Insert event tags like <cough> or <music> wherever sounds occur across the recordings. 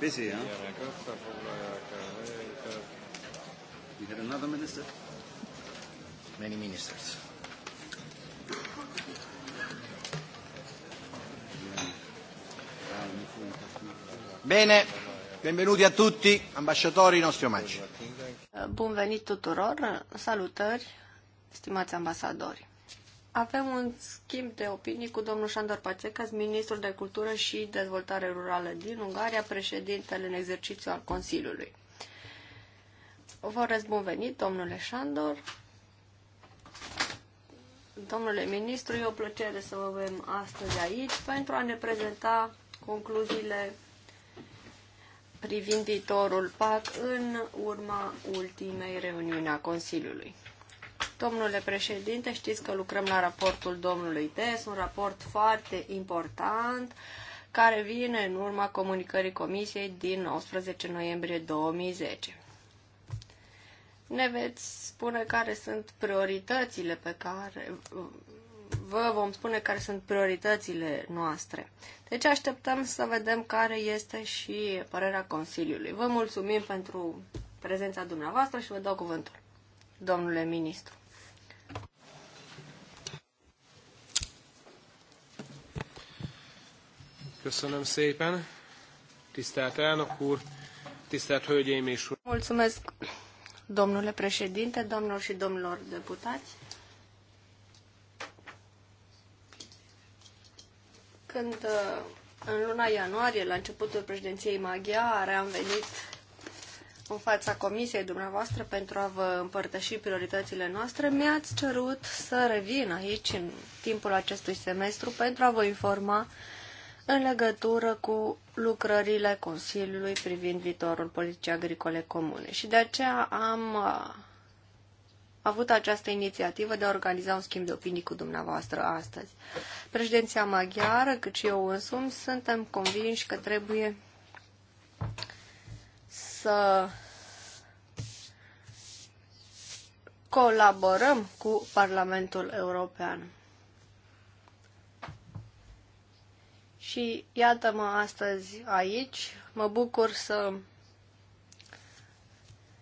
Busy, huh? You had another minister? Many ministers. Bene, benvenuti a tutti, ambasciatorii nostri omaggi. Bun venit tuturor, salutări, stimați ambasadori. Avem un schimb de opinii cu domnul Șandor Pacecas, ministrul de cultură și dezvoltare rurală din Ungaria, președintele în exercițiu al Consiliului. Vă urez bun venit, domnule Șandor. Domnule ministru, e o plăcere să vă avem astăzi aici pentru a ne prezenta concluziile privind viitorul PAC în urma ultimei reuniuni a Consiliului. Domnule președinte, știți că lucrăm la raportul domnului Des, un raport foarte important care vine în urma comunicării Comisiei din 19 noiembrie 2010. Ne veți spune care sunt prioritățile pe care vă vom spune care sunt prioritățile noastre. Deci așteptăm să vedem care este și părerea Consiliului. Vă mulțumim pentru prezența dumneavoastră și vă dau cuvântul domnule ministru. Köszönöm szépen. Tisztelt elnök úr, tisztelt hölgyeim és Mulțumesc, domnule președinte, domnilor și domnilor deputați. Când uh, în luna ianuarie, la începutul președinției maghiare, am venit în fața comisiei dumneavoastră pentru a vă împărtăși prioritățile noastre, mi-ați cerut să revin aici în timpul acestui semestru pentru a vă informa în legătură cu lucrările Consiliului privind viitorul politicii agricole comune. Și de aceea am uh, avut această inițiativă de a organiza un schimb de opinii cu dumneavoastră astăzi. Președinția maghiară, cât și eu însumi, suntem convinși că trebuie să colaborăm cu Parlamentul European. Și iată-mă astăzi aici. Mă bucur să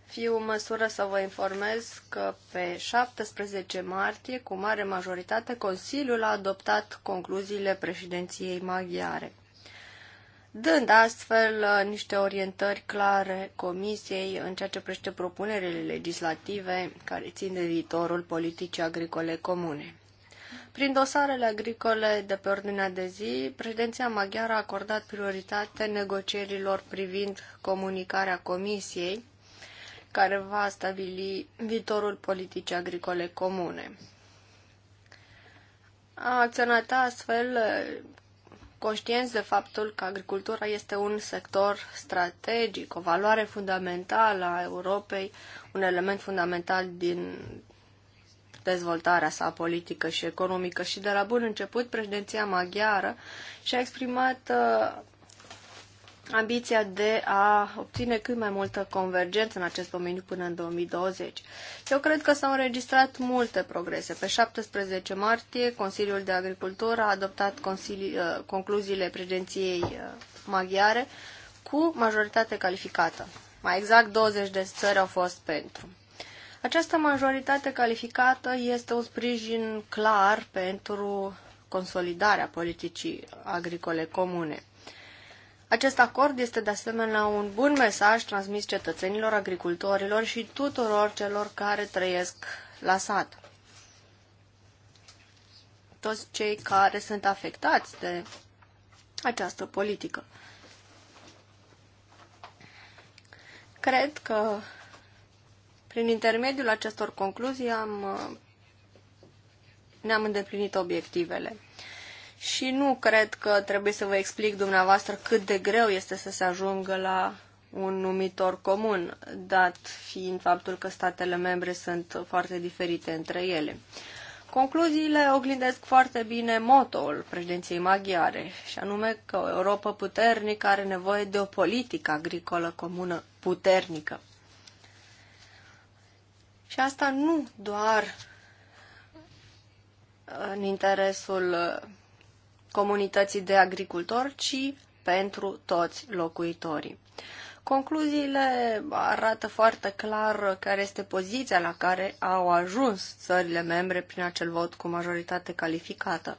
fiu în măsură să vă informez că pe 17 martie, cu mare majoritate, Consiliul a adoptat concluziile președinției maghiare dând astfel uh, niște orientări clare Comisiei în ceea ce prește propunerile legislative care țin de viitorul politicii agricole comune. Prin dosarele agricole de pe ordinea de zi, președinția maghiară a acordat prioritate negocierilor privind comunicarea Comisiei, care va stabili viitorul politicii agricole comune. A acționat astfel conștienți de faptul că agricultura este un sector strategic, o valoare fundamentală a Europei, un element fundamental din dezvoltarea sa politică și economică și de la bun început președinția maghiară și-a exprimat uh, ambiția de a obține cât mai multă convergență în acest domeniu până în 2020. Eu cred că s-au înregistrat multe progrese. Pe 17 martie, Consiliul de Agricultură a adoptat uh, concluziile președinției uh, maghiare cu majoritate calificată. Mai exact, 20 de țări au fost pentru. Această majoritate calificată este un sprijin clar pentru consolidarea politicii agricole comune. Acest acord este de asemenea un bun mesaj transmis cetățenilor, agricultorilor și tuturor celor care trăiesc la sat. Toți cei care sunt afectați de această politică. Cred că prin intermediul acestor concluzii am, ne-am îndeplinit obiectivele și nu cred că trebuie să vă explic dumneavoastră cât de greu este să se ajungă la un numitor comun, dat fiind faptul că statele membre sunt foarte diferite între ele. Concluziile oglindesc foarte bine motoul președinției maghiare, și anume că o Europa puternică are nevoie de o politică agricolă comună puternică. Și asta nu doar în interesul comunității de agricultori, ci pentru toți locuitorii. Concluziile arată foarte clar care este poziția la care au ajuns țările membre prin acel vot cu majoritate calificată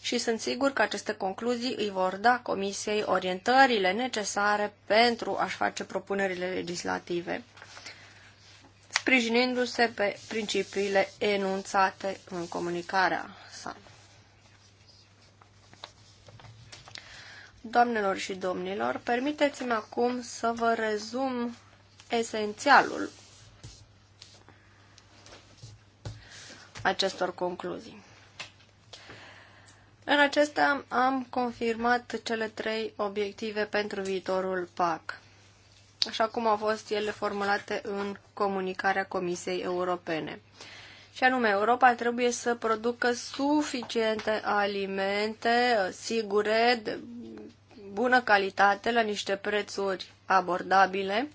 și sunt sigur că aceste concluzii îi vor da Comisiei orientările necesare pentru a-și face propunerile legislative, sprijinindu-se pe principiile enunțate în comunicarea Doamnelor și domnilor, permiteți-mi acum să vă rezum esențialul acestor concluzii. În acestea am confirmat cele trei obiective pentru viitorul PAC, așa cum au fost ele formulate în comunicarea Comisiei Europene. Și anume, Europa trebuie să producă suficiente alimente uh, sigure, de bună calitate la niște prețuri abordabile,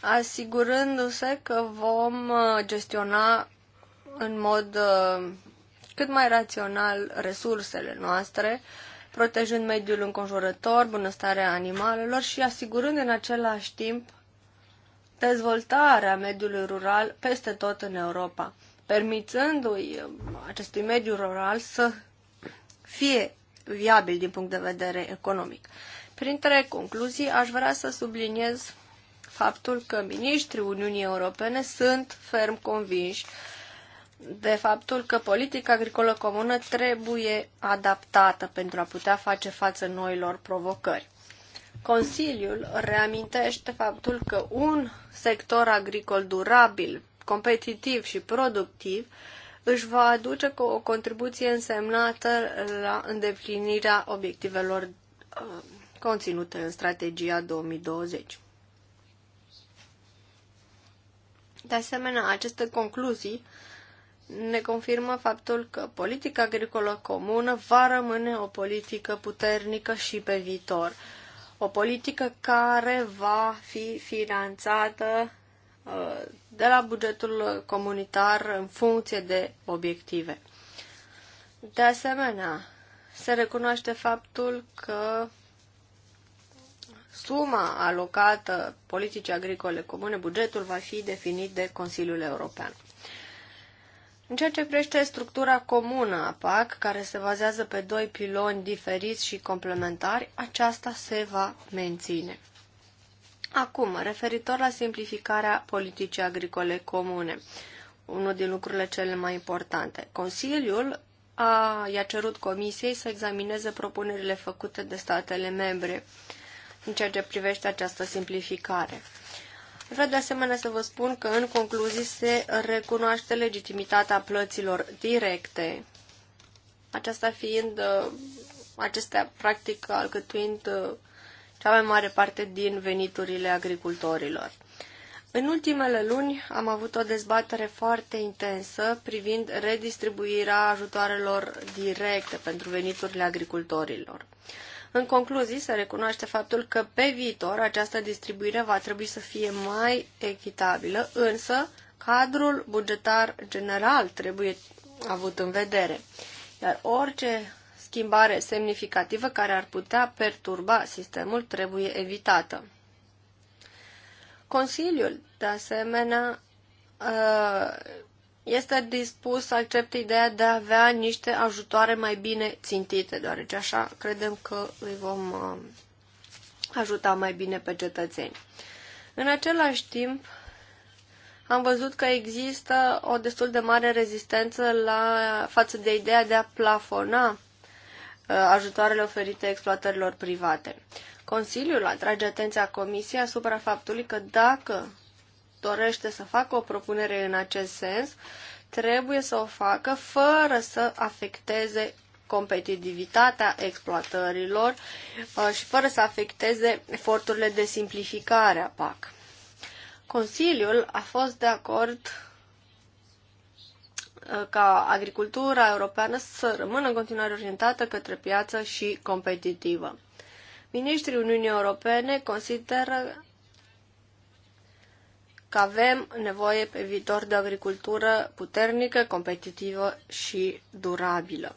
asigurându-se că vom uh, gestiona în mod uh, cât mai rațional resursele noastre, protejând mediul înconjurător, bunăstarea animalelor și asigurând în același timp dezvoltarea mediului rural peste tot în Europa, permițându-i uh, acestui mediu rural să fie viabil din punct de vedere economic. Printre concluzii, aș vrea să subliniez faptul că miniștrii Uniunii Europene sunt ferm convinși de faptul că politica agricolă comună trebuie adaptată pentru a putea face față noilor provocări. Consiliul reamintește faptul că un sector agricol durabil, competitiv și productiv își va aduce cu o contribuție însemnată la îndeplinirea obiectivelor uh, conținute în strategia 2020. De asemenea, aceste concluzii ne confirmă faptul că politica agricolă comună va rămâne o politică puternică și pe viitor. O politică care va fi finanțată de la bugetul comunitar în funcție de obiective. De asemenea, se recunoaște faptul că suma alocată politicii agricole comune, bugetul, va fi definit de Consiliul European. În ceea ce privește structura comună a PAC, care se bazează pe doi piloni diferiți și complementari, aceasta se va menține. Acum, referitor la simplificarea politicii agricole comune, unul din lucrurile cele mai importante. Consiliul a, i-a cerut Comisiei să examineze propunerile făcute de statele membre în ceea ce privește această simplificare. Vreau de asemenea să vă spun că în concluzii se recunoaște legitimitatea plăților directe, aceasta fiind, uh, acestea practic alcătuind uh, cea mai mare parte din veniturile agricultorilor. În ultimele luni am avut o dezbatere foarte intensă privind redistribuirea ajutoarelor directe pentru veniturile agricultorilor. În concluzii, se recunoaște faptul că pe viitor această distribuire va trebui să fie mai echitabilă, însă cadrul bugetar general trebuie avut în vedere, iar orice schimbare semnificativă care ar putea perturba sistemul trebuie evitată. Consiliul, de asemenea, uh, este dispus să accepte ideea de a avea niște ajutoare mai bine țintite, deoarece așa credem că îi vom uh, ajuta mai bine pe cetățeni. În același timp, am văzut că există o destul de mare rezistență la, față de ideea de a plafona Uh, ajutoarele oferite exploatărilor private. Consiliul atrage atenția Comisiei asupra faptului că dacă dorește să facă o propunere în acest sens, trebuie să o facă fără să afecteze competitivitatea exploatărilor uh, și fără să afecteze eforturile de simplificare a PAC. Consiliul a fost de acord ca agricultura europeană să rămână în continuare orientată către piață și competitivă. Ministrii Uniunii Europene consideră că avem nevoie pe viitor de o agricultură puternică, competitivă și durabilă.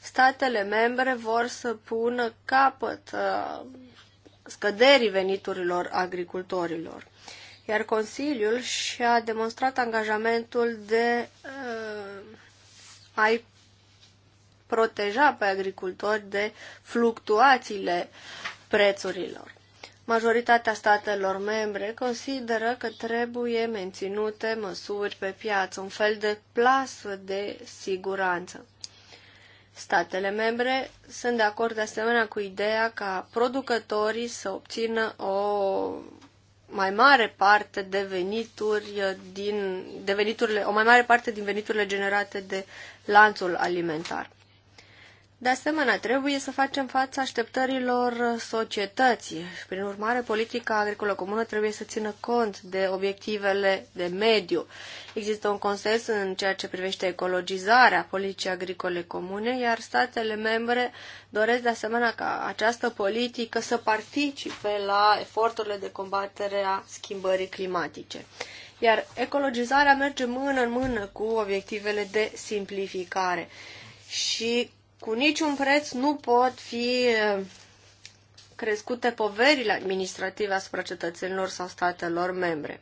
Statele membre vor să pună capăt uh, scăderii veniturilor agricultorilor iar Consiliul și-a demonstrat angajamentul de uh, a-i proteja pe agricultori de fluctuațiile prețurilor. Majoritatea statelor membre consideră că trebuie menținute măsuri pe piață, un fel de plasă de siguranță. Statele membre sunt de acord de asemenea cu ideea ca producătorii să obțină o mai mare parte de venituri uh, din de veniturile, o mai mare parte din veniturile generate de lanțul alimentar. De asemenea, trebuie să facem față așteptărilor societății. Prin urmare, politica agricolă comună trebuie să țină cont de obiectivele de mediu. Există un consens în ceea ce privește ecologizarea politicii agricole comune, iar statele membre doresc de asemenea ca această politică să participe la eforturile de combatere a schimbării climatice. Iar ecologizarea merge mână în mână cu obiectivele de simplificare. Și cu niciun preț nu pot fi crescute poverile administrative asupra cetățenilor sau statelor membre.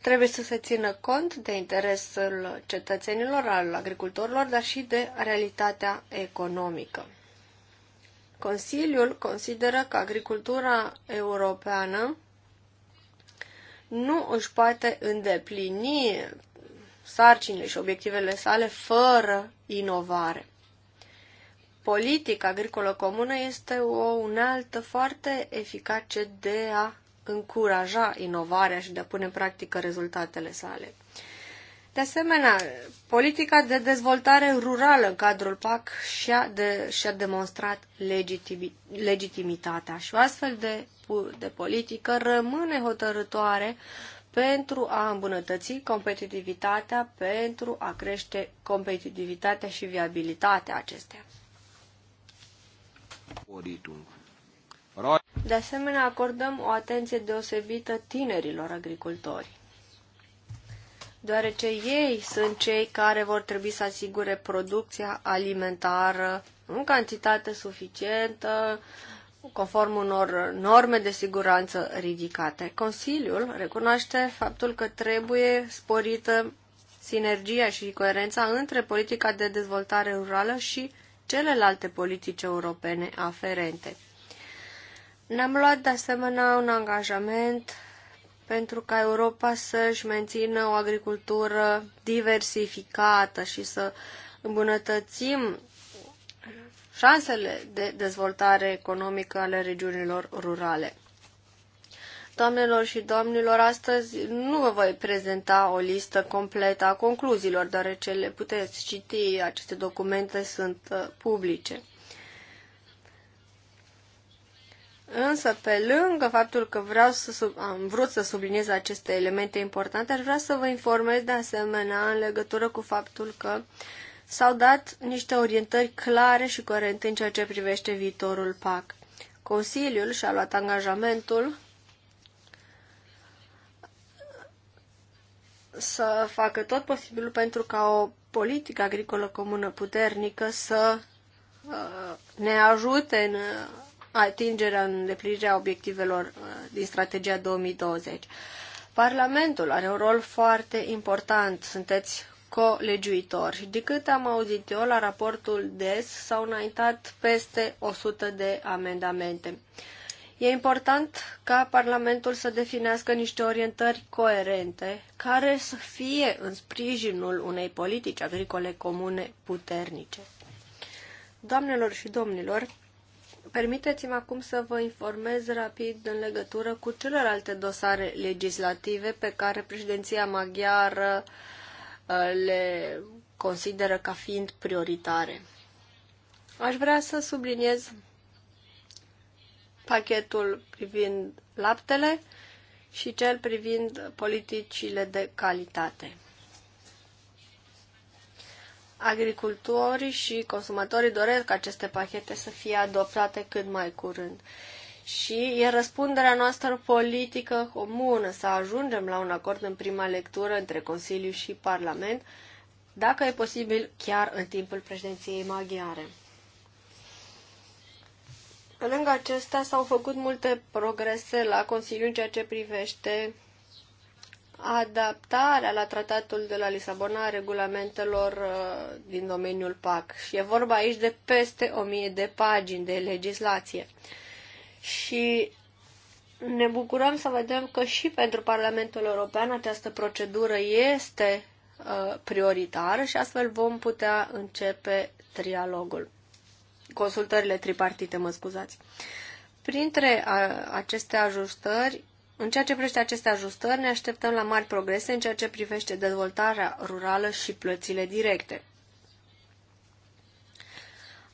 Trebuie să se țină cont de interesul cetățenilor, al agricultorilor, dar și de realitatea economică. Consiliul consideră că agricultura europeană nu își poate îndeplini sarcinile și obiectivele sale fără inovare. Politica agricolă comună este o unealtă foarte eficace de a încuraja inovarea și de a pune în practică rezultatele sale. De asemenea, politica de dezvoltare rurală în cadrul PAC și-a, de, și-a demonstrat legitimi, legitimitatea și o astfel de, de politică rămâne hotărătoare pentru a îmbunătăți competitivitatea, pentru a crește competitivitatea și viabilitatea acesteia. De asemenea, acordăm o atenție deosebită tinerilor agricultori, deoarece ei sunt cei care vor trebui să asigure producția alimentară în cantitate suficientă, conform unor norme de siguranță ridicate. Consiliul recunoaște faptul că trebuie sporită sinergia și coerența între politica de dezvoltare rurală și celelalte politici europene aferente. Ne-am luat de asemenea un angajament pentru ca Europa să-și mențină o agricultură diversificată și să îmbunătățim șansele de dezvoltare economică ale regiunilor rurale. Doamnelor și domnilor, astăzi nu vă voi prezenta o listă completă a concluziilor, deoarece le puteți citi, aceste documente sunt uh, publice. Însă, pe lângă faptul că vreau să sub, am vrut să subliniez aceste elemente importante, aș vrea să vă informez de asemenea în legătură cu faptul că uh, s-au dat niște orientări clare și coerente în ceea ce privește viitorul PAC. Consiliul și-a luat angajamentul să facă tot posibilul pentru ca o politică agricolă comună puternică să uh, ne ajute în uh, atingerea, în îndeplinirea obiectivelor uh, din strategia 2020. Parlamentul are un rol foarte important. Sunteți colegiuitori. de cât am auzit eu la raportul DES, s-au înaintat peste 100 de amendamente. E important ca Parlamentul să definească niște orientări coerente care să fie în sprijinul unei politici agricole comune puternice. Doamnelor și domnilor, permiteți-mi acum să vă informez rapid în legătură cu celelalte dosare legislative pe care președinția maghiară uh, Uh, le consideră ca fiind prioritare. Aș vrea să subliniez pachetul privind laptele și cel privind politicile de calitate. Agricultorii și consumatorii doresc aceste pachete să fie adoptate cât mai curând și e răspunderea noastră politică comună să ajungem la un acord în prima lectură între Consiliu și Parlament, dacă e posibil chiar în timpul președinției maghiare. Pe lângă acestea s-au făcut multe progrese la Consiliu în ceea ce privește adaptarea la tratatul de la Lisabona a regulamentelor uh, din domeniul PAC. Și e vorba aici de peste o mie de pagini de legislație și ne bucurăm să vedem că și pentru Parlamentul European această procedură este uh, prioritară și astfel vom putea începe trialogul. Consultările tripartite, mă scuzați. Printre uh, aceste ajustări, în ceea ce privește aceste ajustări, ne așteptăm la mari progrese în ceea ce privește dezvoltarea rurală și plățile directe.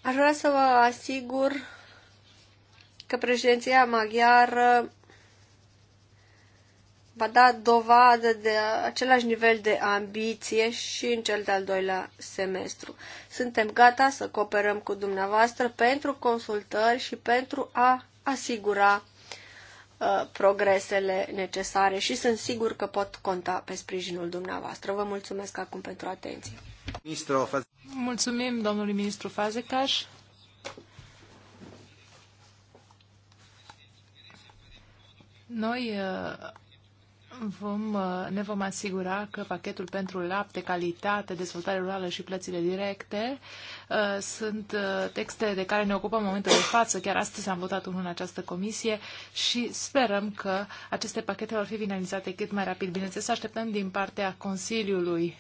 Aș vrea să vă asigur că președinția maghiară va da dovadă de același nivel de ambiție și în cel de-al doilea semestru. Suntem gata să cooperăm cu dumneavoastră pentru consultări și pentru a asigura uh, progresele necesare și sunt sigur că pot conta pe sprijinul dumneavoastră. Vă mulțumesc acum pentru atenție. Mulțumim domnului ministru Fazecaș. Noi uh, vom, uh, ne vom asigura că pachetul pentru lapte, calitate, dezvoltare rurală și plățile directe uh, sunt texte de care ne ocupăm în momentul de față. Chiar astăzi am votat unul în această comisie și sperăm că aceste pachete vor fi finalizate cât mai rapid. Bineînțeles, așteptăm din partea Consiliului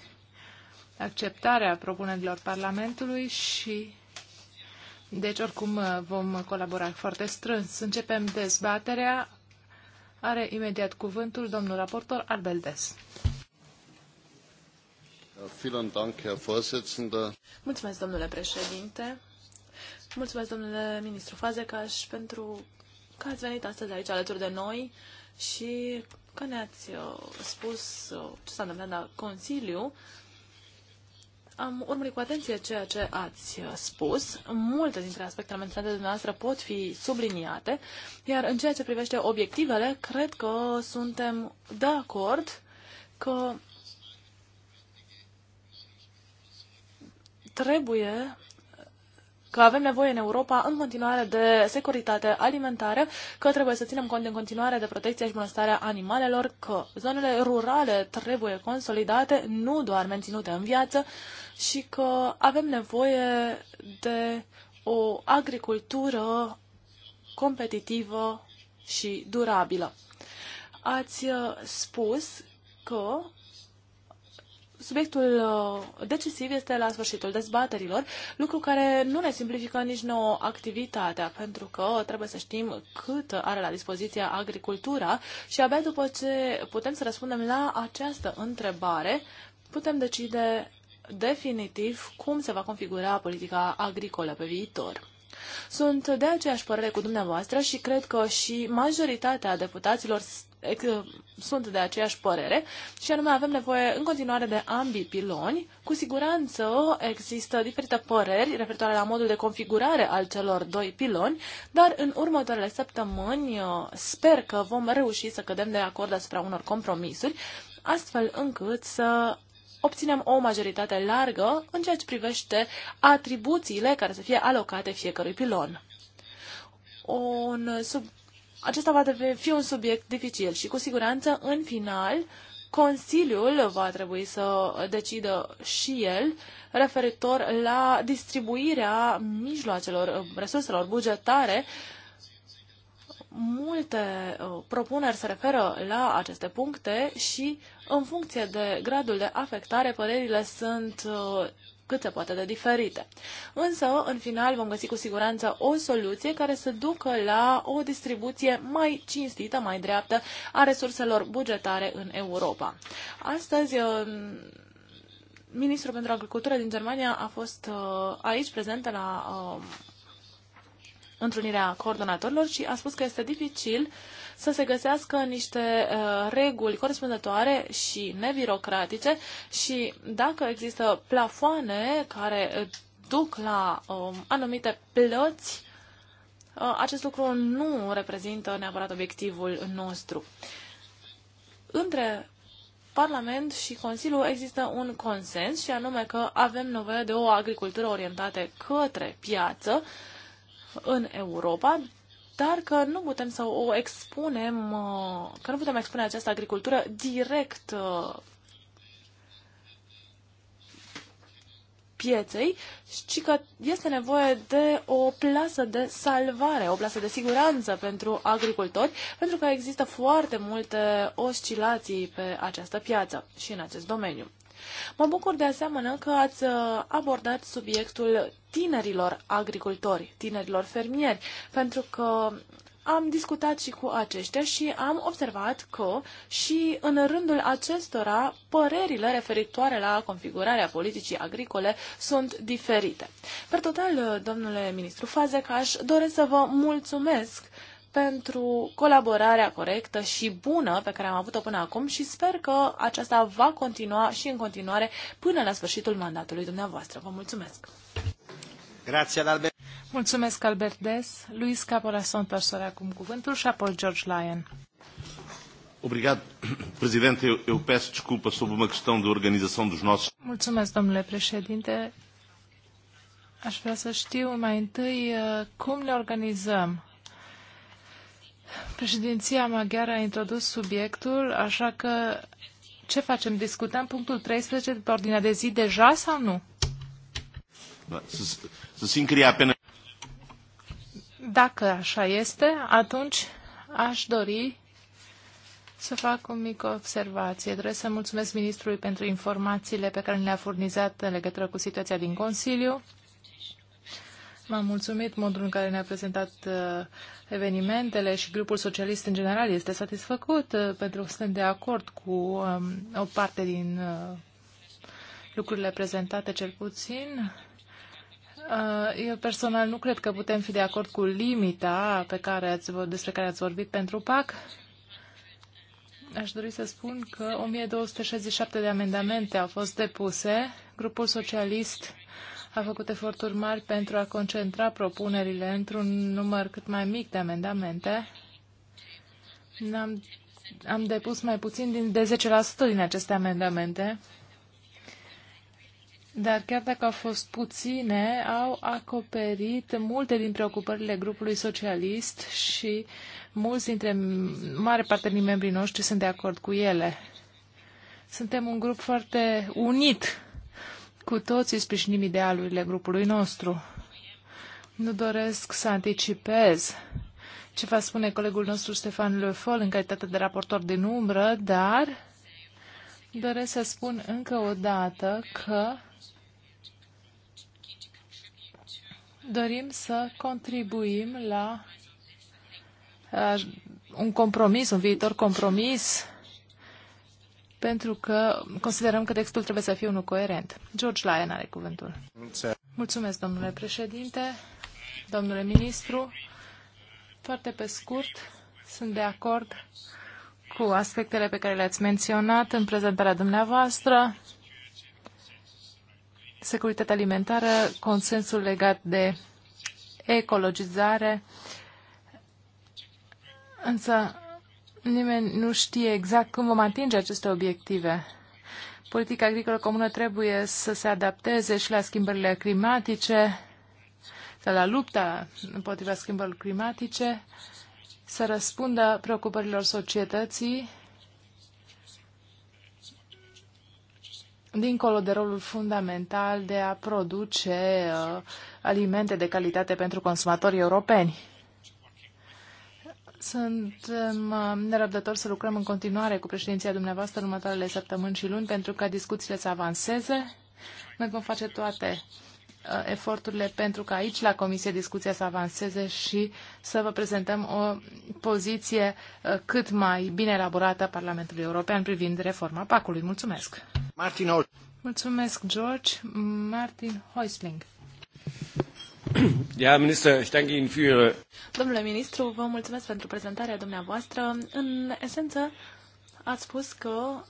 acceptarea propunerilor Parlamentului și deci, oricum, vom colabora foarte strâns. Începem dezbaterea. Are imediat cuvântul domnul raportor Arbeldes. Mulțumesc, domnule președinte. Mulțumesc, domnule ministru Fazekas, pentru că ați venit astăzi aici alături de noi și că ne-ați uh, spus uh, ce s-a întâmplat la Consiliu am urmărit cu atenție ceea ce ați uh, spus. Multe dintre aspectele menționate de dumneavoastră pot fi subliniate, iar în ceea ce privește obiectivele, cred că suntem de acord că trebuie că avem nevoie în Europa în continuare de securitate alimentară, că trebuie să ținem cont în continuare de protecția și bunăstarea animalelor, că zonele rurale trebuie consolidate, nu doar menținute în viață, și că avem nevoie de o agricultură competitivă și durabilă. Ați uh, spus că subiectul uh, decisiv este la sfârșitul dezbaterilor, lucru care nu ne simplifică nici nouă activitatea, pentru că trebuie să știm cât are la dispoziție agricultura și abia după ce putem să răspundem la această întrebare, putem decide definitiv cum se va configura politica agricolă pe viitor. Sunt de aceeași părere cu dumneavoastră și cred că și majoritatea deputaților sunt de aceeași părere și anume avem nevoie în continuare de ambii piloni. Cu siguranță există diferite păreri referitoare la modul de configurare al celor doi piloni, dar în următoarele săptămâni uh, sper că vom reuși să cădem de acord asupra unor compromisuri, astfel încât să obținem o majoritate largă în ceea ce privește atribuțiile care să fie alocate fiecărui pilon. Un sub... Acesta va fi un subiect dificil și cu siguranță în final Consiliul va trebui să decidă și el referitor la distribuirea mijloacelor, resurselor bugetare uh, multe uh, propuneri se referă la aceste puncte și în funcție de gradul de afectare, părerile sunt uh, cât se poate de diferite. Însă, în final, vom găsi cu siguranță o soluție care să ducă la o distribuție mai cinstită, mai dreaptă a resurselor bugetare în Europa. Astăzi, uh, ministrul pentru agricultură din Germania a fost aici prezent la întrunirea coordonatorilor și a spus că este dificil să se găsească niște uh, reguli corespunzătoare și nebirocratice și dacă există plafoane care uh, duc la um, anumite plăți, uh, acest lucru nu reprezintă neapărat obiectivul nostru. Între Parlament și Consiliu există un consens și anume că avem nevoie de o agricultură orientată către piață, uh, în Europa, dar că nu putem să o expunem, uh, că nu putem expune această agricultură direct uh, pieței, ci că este nevoie de o plasă de salvare, o plasă de siguranță pentru agricultori, pentru că există foarte multe oscilații pe această piață și în acest domeniu. Mă bucur de asemenea că ați uh, abordat subiectul tinerilor agricultori, tinerilor fermieri, pentru că am discutat și cu aceștia și am observat că și în rândul acestora părerile referitoare la configurarea politicii agricole sunt diferite. Per total, domnule ministru Fazecaș, doresc să vă mulțumesc pentru colaborarea corectă și bună pe care am avut-o până acum și sper că aceasta va continua și în continuare până la sfârșitul mandatului dumneavoastră. Vă mulțumesc! Grazie, Albert. Mulțumesc, Albert Des. Luis Capola sunt persoane acum cuvântul și apoi George Lyon. Obrigat, președinte, Eu, eu peste desculpa sub o questão de organizare dos nossos... Mulțumesc, domnule președinte. Aș vrea să știu mai întâi uh, cum ne organizăm Președinția maghiară a introdus subiectul, așa că ce facem? Discutăm punctul 13 pe ordinea de zi deja sau nu? să, să se Dacă așa este, atunci aș dori să fac o mică observație. Trebuie să mulțumesc Ministrului pentru informațiile pe care le-a furnizat în legătură cu situația din Consiliu. M-am mulțumit modul în care ne-a prezentat uh, evenimentele și grupul socialist în general este satisfăcut uh, pentru că suntem de acord cu um, o parte din uh, lucrurile prezentate cel puțin. Eu personal nu cred că putem fi de acord cu limita pe care ați, despre care ați vorbit pentru PAC. Aș dori să spun că 1267 de amendamente au fost depuse. Grupul socialist a făcut eforturi mari pentru a concentra propunerile într-un număr cât mai mic de amendamente. Am, am depus mai puțin din, de 10% din aceste amendamente, dar chiar dacă au fost puține, au acoperit multe din preocupările grupului socialist și mulți dintre mare parte din membrii noștri sunt de acord cu ele. Suntem un grup foarte unit cu toții sprijinim idealurile grupului nostru. Nu doresc să anticipez ce va spune colegul nostru Stefan Le în calitate de raportor din umbră, dar doresc să spun încă o dată că dorim să contribuim la uh, un compromis, un viitor compromis pentru că considerăm că textul trebuie să fie unul coerent. George Lyon are cuvântul. Mulțumesc, domnule președinte, domnule ministru. Foarte pe scurt, sunt de acord cu aspectele pe care le-ați menționat în prezentarea dumneavoastră. Securitatea alimentară, consensul legat de ecologizare, însă Nimeni nu știe exact cum vom atinge aceste obiective. Politica agricolă comună trebuie să se adapteze și la schimbările climatice sau la lupta împotriva schimbărilor climatice, să răspundă preocupărilor societății dincolo de rolul fundamental de a produce uh, alimente de calitate pentru consumatorii europeni. Sunt uh, nerăbdător să lucrăm în continuare cu președinția dumneavoastră în următoarele săptămâni și luni pentru ca discuțiile să avanseze. Noi vom face toate uh, eforturile pentru ca aici la Comisie discuția să avanseze și să vă prezentăm o poziție uh, cât mai bine elaborată a Parlamentului European privind reforma PAC-ului. Mulțumesc! Martin Mulțumesc, George. Martin Heusling. <clears throat> Ja, Minister, ich danke Ihnen für Ihre... Domnule ministru, vă mulțumesc pentru prezentarea dumneavoastră. În esență, ați spus că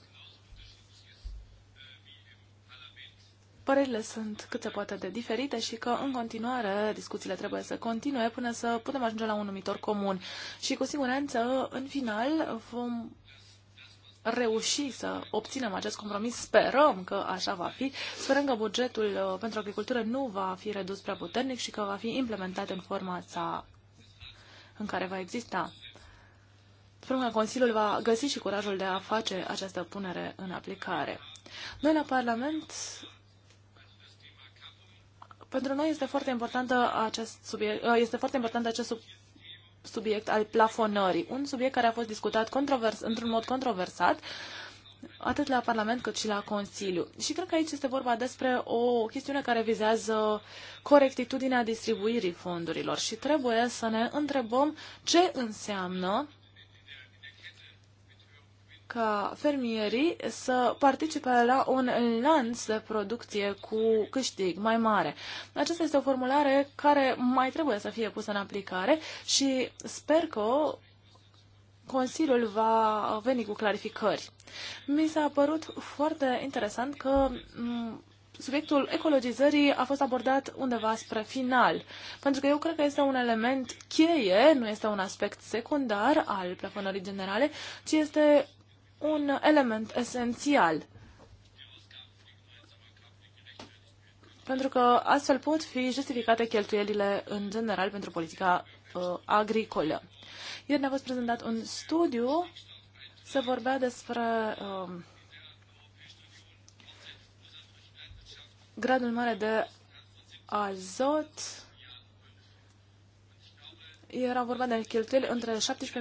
părerile sunt cât se poate de diferite și că în continuare discuțiile trebuie să continue până să putem ajunge la un numitor comun. Și cu siguranță, în final, vom reuși să obținem acest compromis. Sperăm că așa va fi. Sperăm că bugetul uh, pentru agricultură nu va fi redus prea puternic și că va fi implementat în forma sa în care va exista. Sperăm că Consiliul va găsi și curajul de a face această punere în aplicare. Noi la Parlament pentru noi este foarte important acest subiect, uh, este foarte important acest subiect al plafonării, un subiect care a fost discutat controvers, într-un mod controversat, atât la Parlament cât și la Consiliu. Și cred că aici este vorba despre o chestiune care vizează corectitudinea distribuirii fondurilor și trebuie să ne întrebăm ce înseamnă ca fermierii să participe la un lanț de producție cu câștig mai mare. Aceasta este o formulare care mai trebuie să fie pusă în aplicare și sper că Consiliul va veni cu clarificări. Mi s-a părut foarte interesant că subiectul ecologizării a fost abordat undeva spre final, pentru că eu cred că este un element cheie, nu este un aspect secundar al plafonării generale, ci este un element esențial. Pentru că astfel pot fi justificate cheltuielile în general pentru politica uh, agricolă. Ieri ne-a fost prezentat un studiu, se vorbea despre uh, gradul mare de azot era vorba de cheltuieli între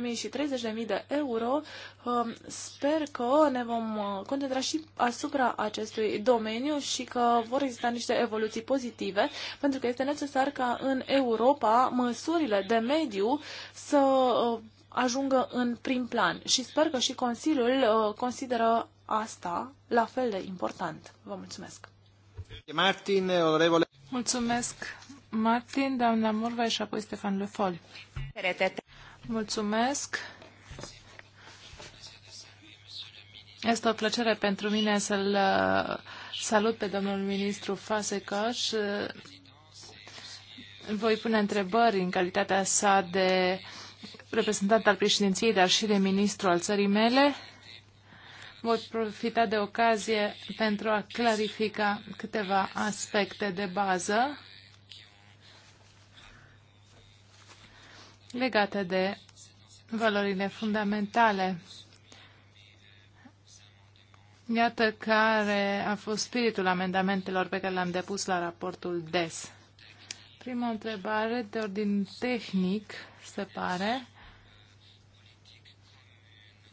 17.000 și 30.000 de euro. Um, sper că ne vom uh, concentra și asupra acestui domeniu și că vor exista niște evoluții pozitive, pentru că este necesar ca în Europa măsurile de mediu să uh, ajungă în prim plan și sper că și Consiliul uh, consideră asta la fel de important. Vă mulțumesc! Martin, onorevole... Mulțumesc, Martin, doamna Murvai și apoi Stefan Lefol. Mulțumesc! Este o plăcere pentru mine să-l uh, salut pe domnul ministru Fasecaș. Voi pune întrebări în calitatea sa de reprezentant al președinției, dar și de ministru al țării mele. Voi profita de ocazie pentru a clarifica câteva aspecte de bază legate de valorile fundamentale. Iată care a fost spiritul amendamentelor pe care le-am depus la raportul DES. Prima întrebare de ordin tehnic, se pare.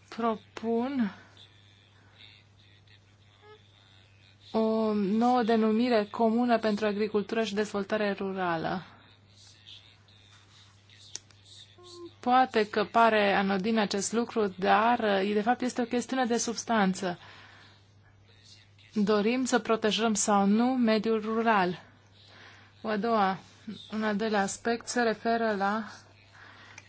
Propun o nouă denumire comună pentru agricultură și dezvoltare rurală. Poate că pare anodin acest lucru, dar de fapt este o chestiune de substanță. Dorim să protejăm sau nu mediul rural. O a doua, un al doilea aspect se referă la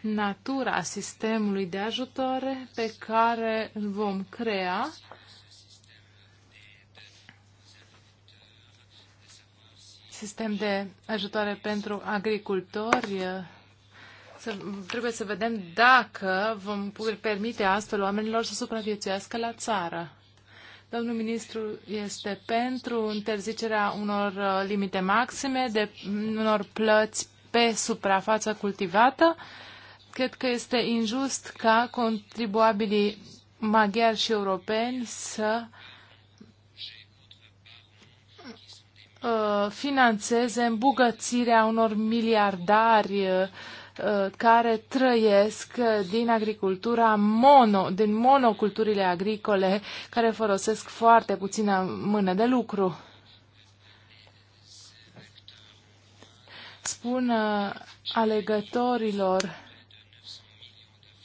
natura sistemului de ajutoare pe care îl vom crea sistem de ajutoare pentru agricultori, să, trebuie să vedem dacă vom permite astfel oamenilor să supraviețuiască la țară. Domnul ministru este pentru interzicerea unor uh, limite maxime, de unor plăți pe suprafața cultivată. Cred că este injust ca contribuabilii maghiari și europeni să uh, finanțeze îmbugățirea unor miliardari uh, Uh, care trăiesc uh, din agricultura mono, din monoculturile agricole, care folosesc foarte puțină mână de lucru. Spun uh, alegătorilor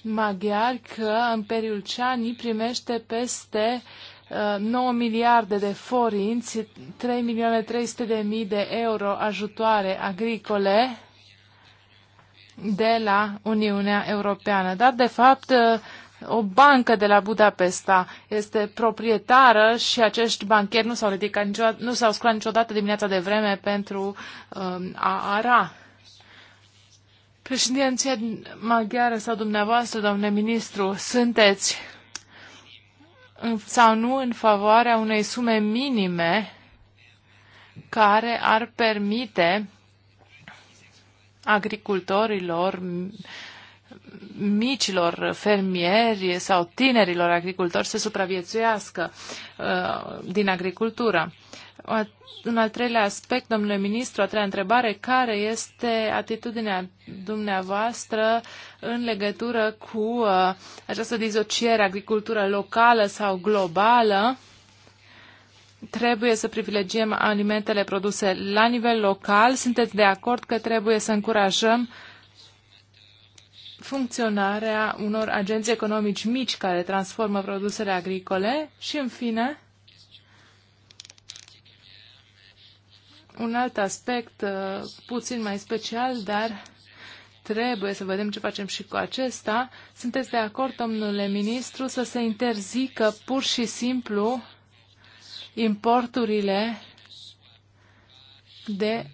maghiari că Imperiul Ceani primește peste 9 miliarde de forinți, 3 milioane 300 de mii de euro ajutoare agricole de la Uniunea Europeană. Dar, de fapt, o bancă de la Budapesta este proprietară și acești bancheri nu s-au ridicat niciodată, nu s-au sculat niciodată dimineața de vreme pentru um, a ara. Președinția maghiară sau dumneavoastră, domnule ministru, sunteți sau nu în favoarea unei sume minime care ar permite agricultorilor, micilor fermieri sau tinerilor agricultori să supraviețuiască uh, din agricultură. Un al treilea aspect, domnule ministru, a treia întrebare, care este atitudinea dumneavoastră în legătură cu uh, această dizociere agricultură locală sau globală? trebuie să privilegiem alimentele produse la nivel local. Sunteți de acord că trebuie să încurajăm funcționarea unor agenți economici mici care transformă produsele agricole și, în fine, un alt aspect uh, puțin mai special, dar trebuie să vedem ce facem și cu acesta. Sunteți de acord, domnule ministru, să se interzică pur și simplu importurile de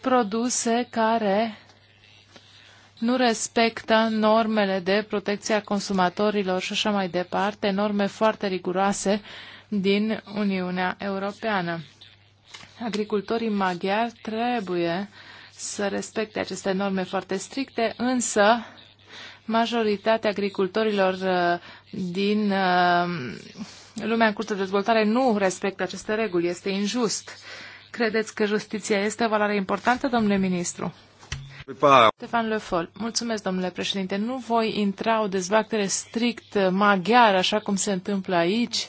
produse care nu respectă normele de protecție a consumatorilor și așa mai departe, norme foarte riguroase din Uniunea Europeană. Agricultorii maghiari trebuie să respecte aceste norme foarte stricte, însă majoritatea agricultorilor uh, din uh, lumea în curs de dezvoltare nu respectă aceste reguli. Este injust. Credeți că justiția este o valoare importantă, domnule ministru? Stefan Lefol, Mulțumesc, domnule președinte. Nu voi intra o dezbatere strict maghiară, așa cum se întâmplă aici.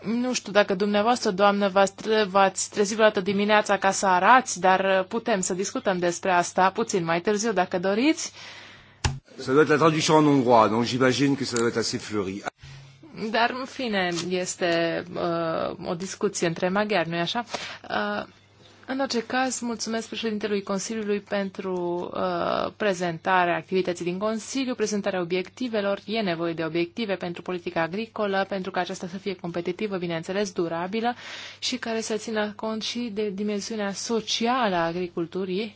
Nu știu dacă dumneavoastră, doamnă, v-ați trezit vreodată dimineața ca să arați, dar putem să discutăm despre asta puțin mai târziu, dacă doriți. Ça doit être la traduction en hongrois, donc j'imagine que ça doit être assez fleuri. Dar, în fine, este uh, o discuție între maghiari, nu-i așa? Uh, în orice caz, mulțumesc președintelui Consiliului pentru uh, prezentarea activității din Consiliu, prezentarea obiectivelor. E nevoie de obiective pentru politica agricolă, pentru ca aceasta să fie competitivă, bineînțeles, durabilă și care să țină cont și de dimensiunea socială a agriculturii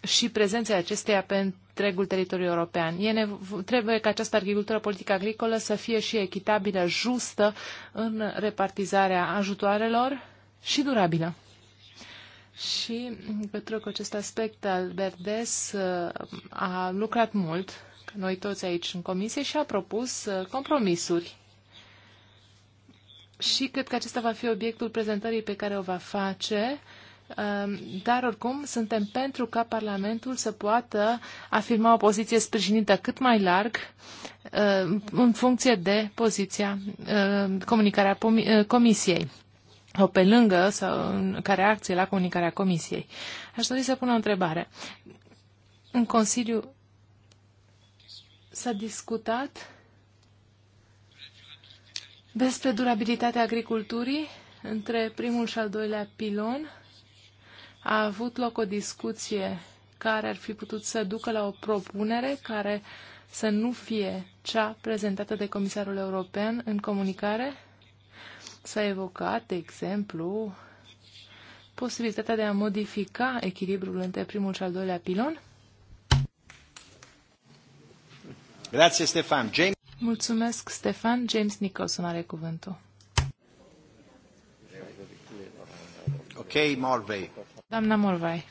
și prezența acesteia pentru întregul teritoriu european. E trebuie ca această agricultură politică agricolă să fie și echitabilă, justă în repartizarea ajutoarelor și durabilă. Și pentru că acest aspect al Berdes uh, a lucrat mult, noi toți aici în comisie, și a propus uh, compromisuri. Și cred că acesta va fi obiectul prezentării pe care o va face Um, dar oricum suntem pentru ca Parlamentul să poată afirma o poziție sprijinită cât mai larg um, în funcție de poziția, um, comunicarea uh, Comisiei sau pe lângă sau ca reacție la comunicarea Comisiei. Aș dori să pun o întrebare. În Consiliu s-a discutat despre durabilitatea agriculturii între primul și al doilea pilon a avut loc o discuție care ar fi putut să ducă la o propunere care să nu fie cea prezentată de Comisarul European în comunicare? S-a evocat, de exemplu, posibilitatea de a modifica echilibrul între primul și al doilea pilon? Grazie, Stefan. James... Mulțumesc, Stefan. James Nicholson are cuvântul. Ok, Morvei. Doamna Morvai,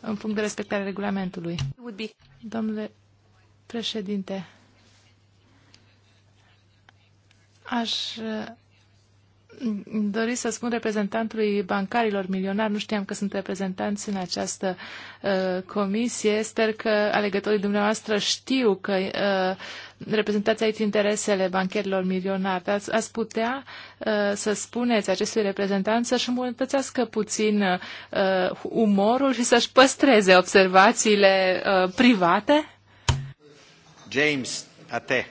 în punct de respectare regulamentului. Domnule președinte, aș dori să spun reprezentantului bancarilor milionari, nu știam că sunt reprezentanți în această uh, comisie. Sper că alegătorii dumneavoastră știu că uh, reprezentați aici interesele bancherilor milionari. Ați, ați putea uh, să spuneți acestui reprezentant să-și îmbunătățească puțin uh, umorul și să-și păstreze observațiile uh, private? James, a te.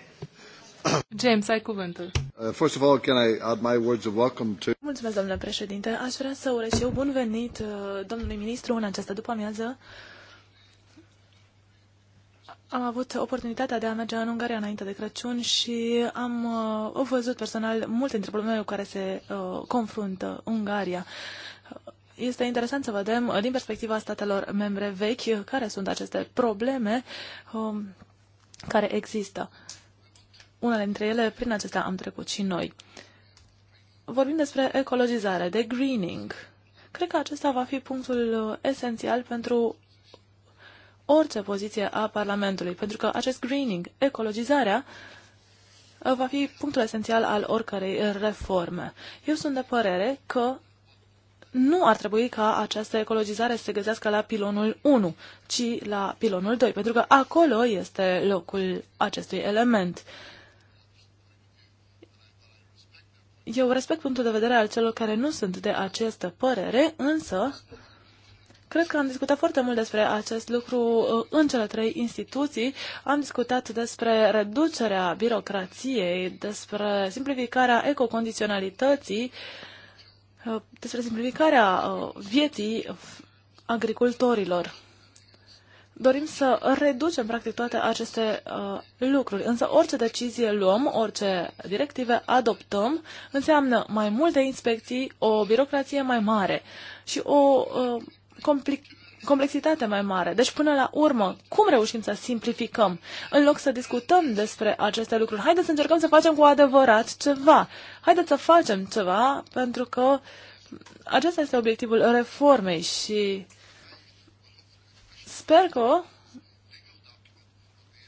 James, ai cuvântul. Uh, first of all, can I add my words of welcome to... Mulțumesc, domnule președinte. Aș vrea să urez eu bun venit uh, domnului ministru în această după-amiază. Am avut oportunitatea de a merge în Ungaria înainte de Crăciun și am uh, văzut personal multe dintre problemele cu care se uh, confruntă Ungaria. Este interesant să vedem uh, din perspectiva statelor membre vechi care sunt aceste probleme care există unele dintre ele, prin acestea am trecut și noi. Vorbim despre ecologizare, de greening. Cred că acesta va fi punctul uh, esențial pentru orice poziție a Parlamentului, pentru că acest greening, ecologizarea, uh, va fi punctul esențial al oricărei reforme. Eu sunt de părere că nu ar trebui ca această ecologizare să se găsească la pilonul 1, ci la pilonul 2, pentru că acolo este locul acestui element. Eu respect punctul de vedere al celor care nu sunt de această părere, însă Cred că am discutat foarte mult despre acest lucru uh, în cele trei instituții. Am discutat despre reducerea birocrației, despre simplificarea ecocondiționalității, uh, despre simplificarea uh, vieții agricultorilor dorim să reducem practic toate aceste uh, lucruri. Însă orice decizie luăm, orice directive adoptăm, înseamnă mai multe inspecții, o birocrație mai mare și o uh, complic- complexitate mai mare. Deci, până la urmă, cum reușim să simplificăm? În loc să discutăm despre aceste lucruri, haideți să încercăm să facem cu adevărat ceva. Haideți să facem ceva, pentru că acesta este obiectivul reformei și Sper că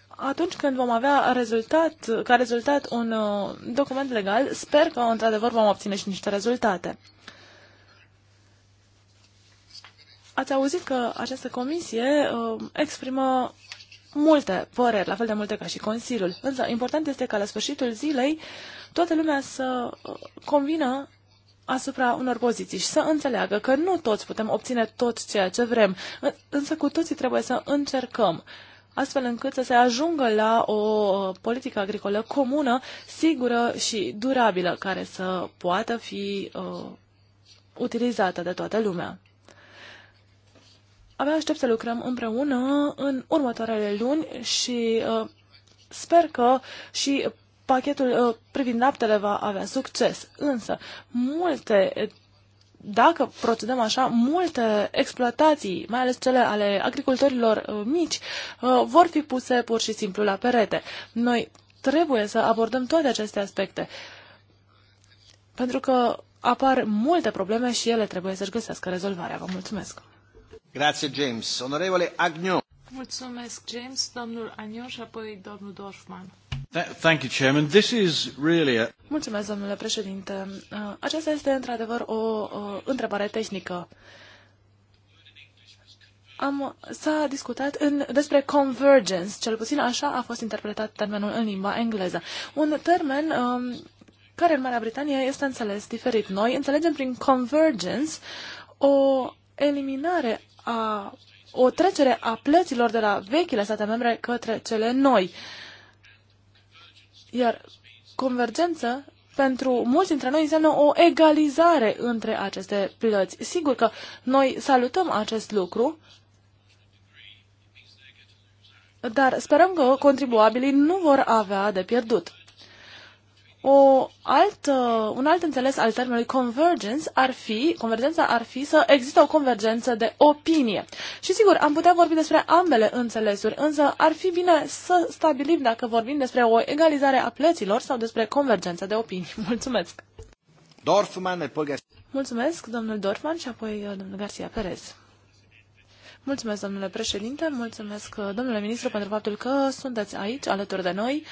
atunci când vom avea rezultat, ca rezultat un uh, document legal, sper că într-adevăr vom obține și niște rezultate. Ați auzit că această comisie uh, exprimă multe păreri, la fel de multe ca și Consiliul. Însă important este ca la sfârșitul zilei toată lumea să uh, convină asupra unor poziții și să înțeleagă că nu toți putem obține tot ceea ce vrem, însă cu toții trebuie să încercăm astfel încât să se ajungă la o politică agricolă comună, sigură și durabilă, care să poată fi uh, utilizată de toată lumea. Abia aștept să lucrăm împreună în următoarele luni și uh, sper că și pachetul uh, privind laptele va avea succes. Însă, multe dacă procedăm așa, multe exploatații, mai ales cele ale agricultorilor uh, mici, uh, vor fi puse pur și simplu la perete. Noi trebuie să abordăm toate aceste aspecte, pentru că apar multe probleme și ele trebuie să-și găsească rezolvarea. Vă mulțumesc! Grazie, James. Onorevole Agnew. Mulțumesc, James, domnul Agnew și apoi domnul Dorfman. Mulțumesc, domnule președinte. Uh, aceasta este într-adevăr o, o întrebare tehnică. Am, s-a discutat în, despre convergence, cel puțin așa a fost interpretat termenul în limba engleză. Un termen um, care în Marea Britanie este înțeles diferit. Noi înțelegem prin convergence o eliminare a o trecere a plăților de la vechile state membre către cele noi. Uh, iar convergență pentru mulți dintre noi înseamnă o egalizare între aceste plăți. Sigur că noi salutăm acest lucru, dar sperăm că contribuabilii nu vor avea de pierdut. O altă, un alt înțeles al termenului convergence ar fi, convergența ar fi să există o convergență de opinie. Și sigur, am putea vorbi despre ambele înțelesuri, însă ar fi bine să stabilim dacă vorbim despre o egalizare a plăților sau despre convergența de opinii. <laughs> Mulțumesc! Dorfman, Mulțumesc, domnul Dorfman și apoi uh, domnul Garcia Perez. Mulțumesc, domnule președinte, mulțumesc, uh, domnule ministru, pentru faptul că sunteți aici alături de noi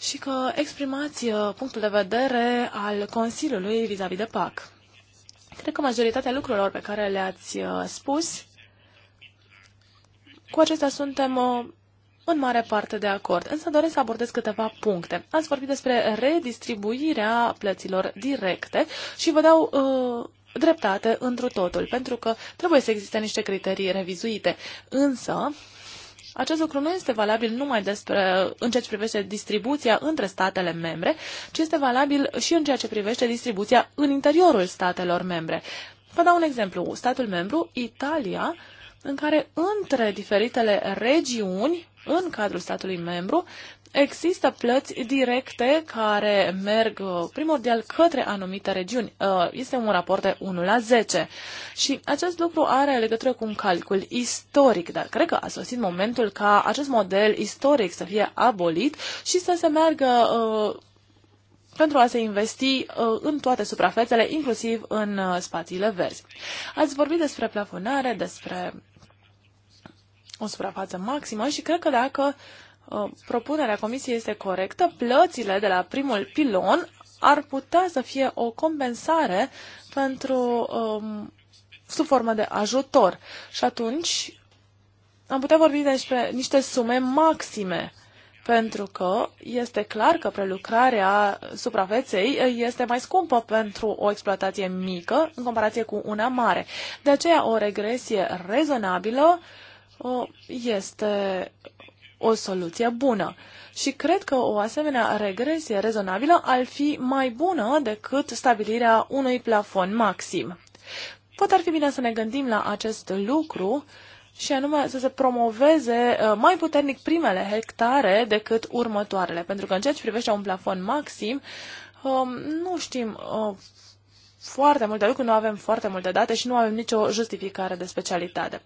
și că exprimați uh, punctul de vedere al Consiliului vis-a-vis -vis de PAC. Cred că majoritatea lucrurilor pe care le-ați uh, spus, cu acestea suntem uh, în mare parte de acord, însă doresc să abordez câteva puncte. Ați vorbit despre redistribuirea plăților directe și vă dau uh, dreptate întru totul, pentru că trebuie să existe niște criterii revizuite. Însă, acest lucru nu este valabil numai despre, în ceea ce privește distribuția între statele membre, ci este valabil și în ceea ce privește distribuția în interiorul statelor membre. Vă dau un exemplu. Statul membru, Italia, în care între diferitele regiuni în cadrul statului membru Există plăți directe care merg uh, primordial către anumite regiuni. Uh, este un raport de 1 la 10 și acest lucru are legătură cu un calcul istoric, dar cred că a sosit momentul ca acest model istoric să fie abolit și să se meargă uh, pentru a se investi în toate suprafețele, inclusiv în spațiile verzi. Ați vorbit despre plafonare, despre o suprafață maximă și cred că dacă Uh, propunerea Comisiei este corectă, plățile de la primul pilon ar putea să fie o compensare pentru um, sub formă de ajutor. Și atunci am putea vorbi despre niște sume maxime, pentru că este clar că prelucrarea suprafeței uh, este mai scumpă pentru o exploatație mică în comparație cu una mare. De aceea o regresie rezonabilă uh, este o soluție bună. Și cred că o asemenea regresie rezonabilă ar fi mai bună decât stabilirea unui plafon maxim. Poate ar fi bine să ne gândim la acest lucru și anume să se promoveze uh, mai puternic primele hectare decât următoarele, pentru că în ceea ce privește un plafon maxim, um, nu știm uh, foarte multe lucruri, nu avem foarte multe date și nu avem nicio justificare de specialitate.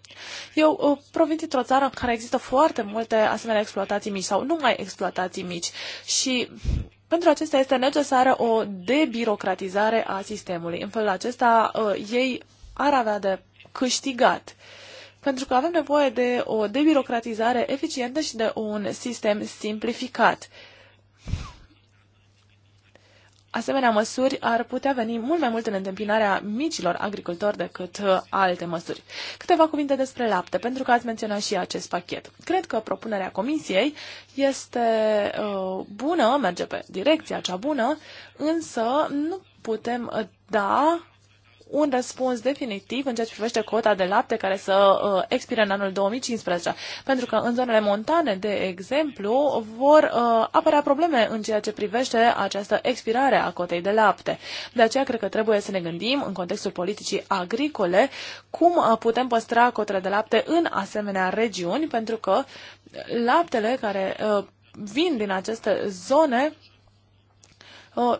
Eu uh, provin dintr-o țară în care există foarte multe asemenea exploatații mici sau numai exploatații mici și pentru acesta este necesară o debirocratizare a sistemului. În felul acesta uh, ei ar avea de câștigat pentru că avem nevoie de o debirocratizare eficientă și de un sistem simplificat asemenea măsuri ar putea veni mult mai mult în întâmpinarea micilor agricultori decât uh, alte măsuri. Câteva cuvinte despre lapte, pentru că ați menționat și acest pachet. Cred că propunerea Comisiei este uh, bună, merge pe direcția cea bună, însă nu putem uh, da un răspuns definitiv în ceea ce privește cota de lapte care să uh, expire în anul 2015. Pentru că în zonele montane, de exemplu, vor uh, apărea probleme în ceea ce privește această expirare a cotei de lapte. De aceea cred că trebuie să ne gândim în contextul politicii agricole cum uh, putem păstra cotele de lapte în asemenea regiuni, pentru că laptele care uh, vin din aceste zone uh,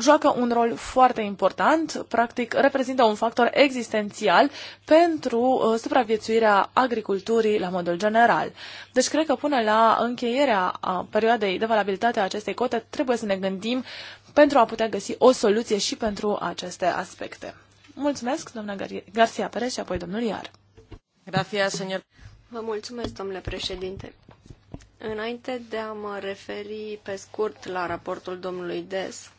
joacă un rol foarte important, practic reprezintă un factor existențial pentru uh, supraviețuirea agriculturii la modul general. Deci cred că până la încheierea a perioadei de valabilitate a acestei cote trebuie să ne gândim pentru a putea găsi o soluție și pentru aceste aspecte. Mulțumesc, doamna Garcia Perez și apoi domnul Iar. Gracias, señor. Vă mulțumesc, domnule președinte. Înainte de a mă referi pe scurt la raportul domnului Des,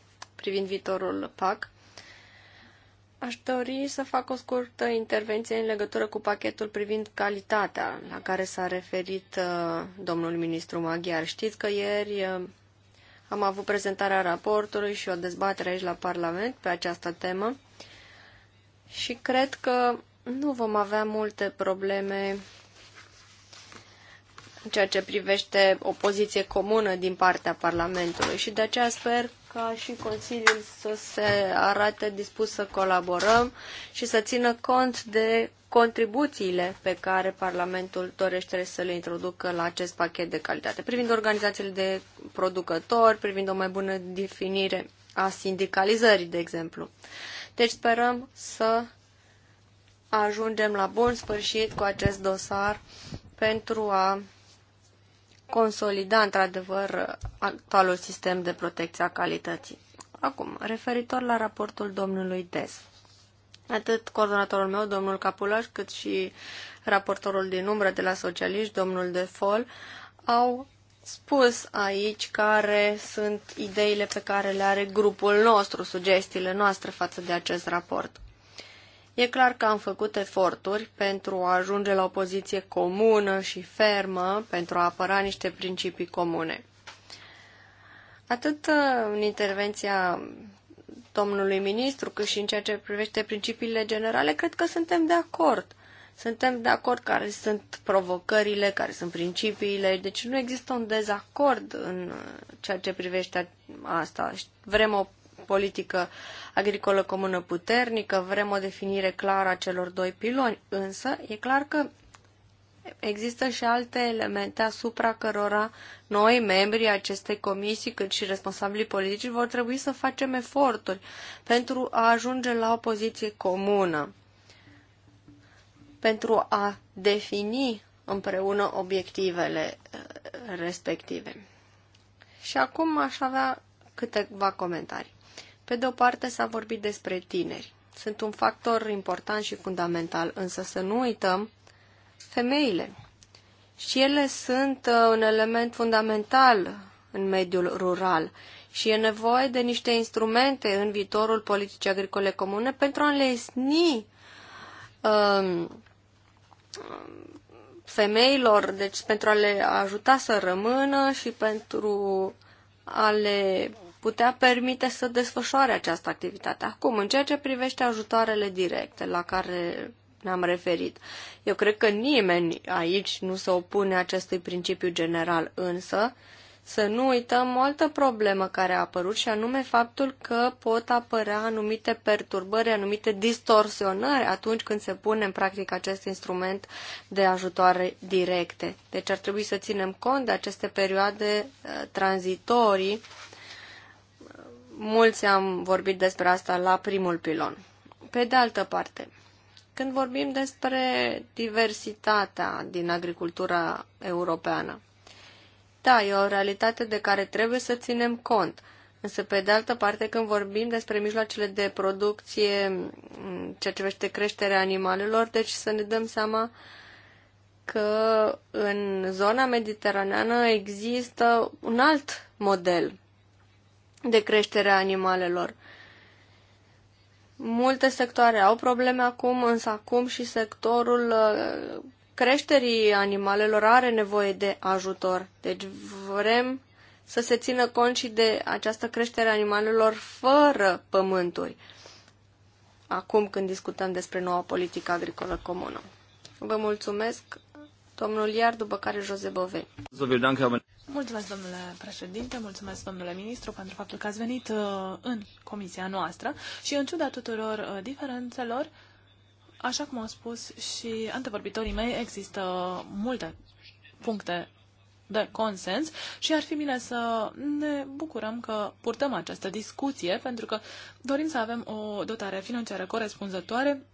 privind viitorul PAC. Aș dori să fac o scurtă intervenție în legătură cu pachetul privind calitatea la care s-a referit uh, domnul ministru maghiar. Știți că ieri uh, am avut prezentarea raportului și o dezbatere aici la Parlament pe această temă și cred că nu vom avea multe probleme în ceea ce privește o poziție comună din partea Parlamentului și de aceea sper ca și Consiliul să se arate dispus să colaborăm și să țină cont de contribuțiile pe care Parlamentul dorește să le introducă la acest pachet de calitate, privind organizațiile de producători, privind o mai bună definire a sindicalizării, de exemplu. Deci sperăm să ajungem la bun sfârșit cu acest dosar pentru a consolida într-adevăr actualul sistem de protecție a calității. Acum, referitor la raportul domnului Des, atât coordonatorul meu, domnul Capulaș, cât și raportorul din umbră de la socialiști, domnul De Fol au spus aici care sunt ideile pe care le are grupul nostru, sugestiile noastre față de acest raport. E clar că am făcut eforturi pentru a ajunge la o poziție comună și fermă pentru a apăra niște principii comune. Atât uh, în intervenția domnului ministru, cât și în ceea ce privește principiile generale, cred că suntem de acord. Suntem de acord care sunt provocările, care sunt principiile, deci nu există un dezacord în uh, ceea ce privește asta. Vrem o politică agricolă comună puternică, vrem o definire clară a celor doi piloni, însă e clar că există și alte elemente asupra cărora noi, membrii acestei comisii, cât și responsabilii politici, vor trebui să facem eforturi pentru a ajunge la o poziție comună, pentru a defini împreună obiectivele eh, respective. Și acum aș avea câteva comentarii. Pe de o parte s-a vorbit despre tineri. Sunt un factor important și fundamental, însă să nu uităm femeile. Și ele sunt uh, un element fundamental în mediul rural și e nevoie de niște instrumente în viitorul politicii agricole comune pentru a înlesni um, femeilor, deci pentru a le ajuta să rămână și pentru a le putea permite să desfășoare această activitate. Acum, în ceea ce privește ajutoarele directe la care ne-am referit, eu cred că nimeni aici nu se opune acestui principiu general, însă să nu uităm o altă problemă care a apărut și anume faptul că pot apărea anumite perturbări, anumite distorsionări atunci când se pune în practică acest instrument de ajutoare directe. Deci ar trebui să ținem cont de aceste perioade uh, tranzitorii Mulți am vorbit despre asta la primul pilon. Pe de altă parte, când vorbim despre diversitatea din agricultura europeană, da, e o realitate de care trebuie să ținem cont. Însă, pe de altă parte, când vorbim despre mijloacele de producție, ceea ce vește creșterea animalelor, deci să ne dăm seama că în zona mediteraneană există un alt model de creștere a animalelor. Multe sectoare au probleme acum, însă acum și sectorul uh, creșterii animalelor are nevoie de ajutor. Deci vrem să se țină cont și de această creștere a animalelor fără pământuri, acum când discutăm despre noua politică agricolă comună. Vă mulțumesc, domnul Iar, după care Jose Bove. Mulțumesc, domnule președinte, mulțumesc, domnule ministru, pentru faptul că ați venit uh, în comisia noastră și în ciuda tuturor uh, diferențelor, așa cum au spus și antevorbitorii mei, există multe puncte de consens și ar fi bine să ne bucurăm că purtăm această discuție pentru că dorim să avem o dotare financiară corespunzătoare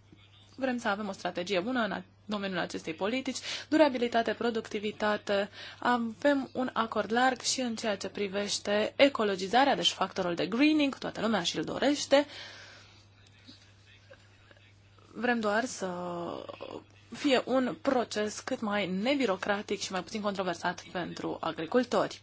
vrem să avem o strategie bună în domeniul acestei politici, durabilitate, productivitate, avem un acord larg și în ceea ce privește ecologizarea, deci factorul de greening, toată lumea și-l dorește. Vrem doar să fie un proces cât mai nebirocratic și mai puțin controversat pentru agricultori.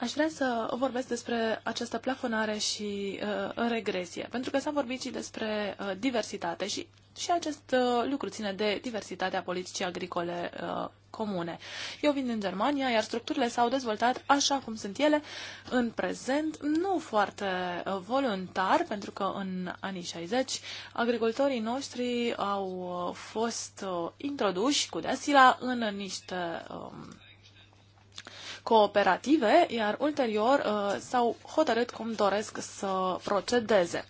Aș vrea să vorbesc despre această plafonare și uh, regresie, pentru că s-a vorbit și despre uh, diversitate și, și acest uh, lucru ține de diversitatea politicii agricole uh, comune. Eu vin din Germania, iar structurile s-au dezvoltat așa cum sunt ele în prezent, nu foarte uh, voluntar, pentru că în anii 60 agricultorii noștri au uh, fost uh, introduși cu deasila în niște... Uh, cooperative, iar ulterior uh, s-au hotărât cum doresc să procedeze.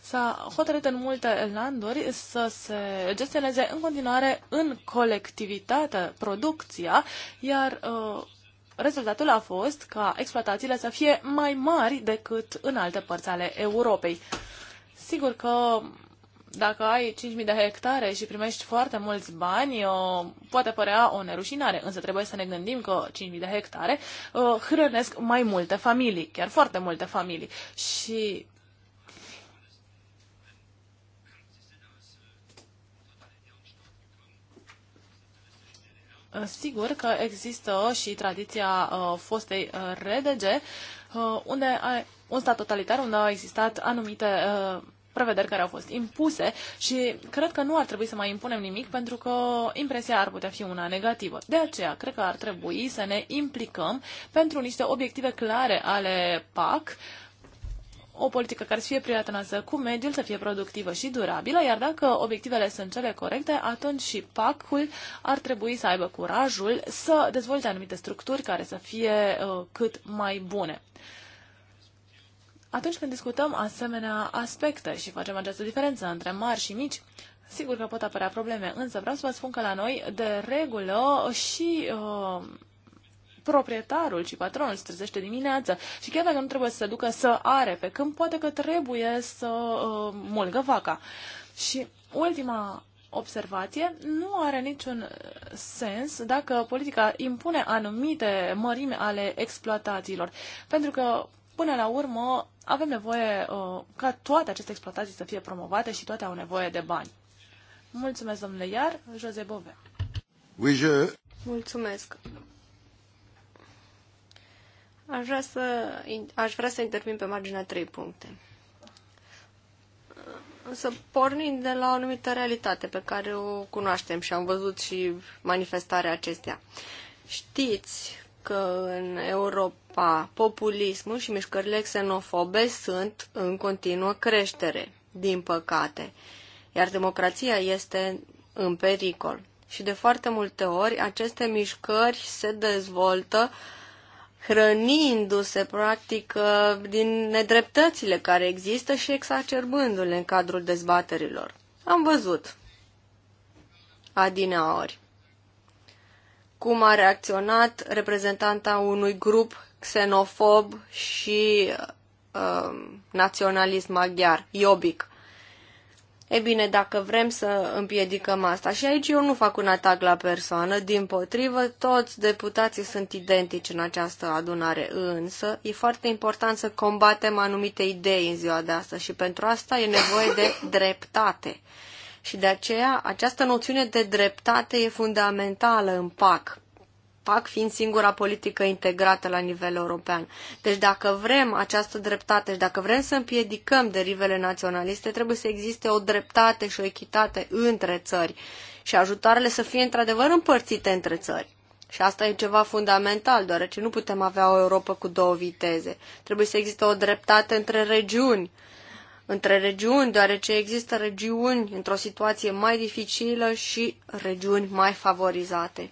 S-a hotărât în multe landuri să se gestioneze în continuare în colectivitate producția, iar uh, rezultatul a fost ca exploatațiile să fie mai mari decât în alte părți ale Europei. Sigur că dacă ai 5.000 de hectare și primești foarte mulți bani, poate părea o nerușinare, însă trebuie să ne gândim că 5.000 de hectare hrănesc mai multe familii, chiar foarte multe familii. Și Sigur că există și tradiția fostei uh, RDG, unde un stat totalitar unde au existat anumite prevederi care au fost impuse și cred că nu ar trebui să mai impunem nimic pentru că impresia ar putea fi una negativă. De aceea, cred că ar trebui să ne implicăm pentru niște obiective clare ale PAC, o politică care să fie prietenoasă cu mediul, să fie productivă și durabilă, iar dacă obiectivele sunt cele corecte, atunci și PAC-ul ar trebui să aibă curajul să dezvolte anumite structuri care să fie uh, cât mai bune. Atunci când discutăm asemenea aspecte și facem această diferență între mari și mici, sigur că pot apărea probleme, însă vreau să vă spun că la noi, de regulă, și uh, proprietarul și patronul se trezește dimineața și chiar dacă nu trebuie să se ducă să are pe câmp, poate că trebuie să uh, mulgă vaca. Și ultima observație nu are niciun uh, sens dacă politica impune anumite mărimi ale exploatațiilor, pentru că Până la urmă, avem nevoie uh, ca toate aceste exploatații să fie promovate și toate au nevoie de bani. Mulțumesc, domnule Iar, Jose Bove. Oui, je... Mulțumesc. Aș vrea, să, aș vrea să intervin pe marginea trei puncte. Să pornim de la o anumită realitate pe care o cunoaștem și am văzut și manifestarea acestea. Știți că în Europa populismul și mișcările xenofobe sunt în continuă creștere, din păcate, iar democrația este în pericol. Și de foarte multe ori aceste mișcări se dezvoltă hrănindu-se practic ă, din nedreptățile care există și exacerbându-le în cadrul dezbaterilor. Am văzut adineori cum a reacționat reprezentanta unui grup xenofob și uh, naționalist maghiar, Iobic. E bine, dacă vrem să împiedicăm asta, și aici eu nu fac un atac la persoană, din potrivă, toți deputații sunt identici în această adunare, însă e foarte important să combatem anumite idei în ziua de astăzi și pentru asta e nevoie de dreptate. Și de aceea această noțiune de dreptate e fundamentală în PAC. PAC fiind singura politică integrată la nivel european. Deci dacă vrem această dreptate și dacă vrem să împiedicăm derivele naționaliste, trebuie să existe o dreptate și o echitate între țări și ajutoarele să fie într-adevăr împărțite între țări. Și asta e ceva fundamental, deoarece nu putem avea o Europa cu două viteze. Trebuie să existe o dreptate între regiuni, între regiuni, deoarece există regiuni într-o situație mai dificilă și regiuni mai favorizate.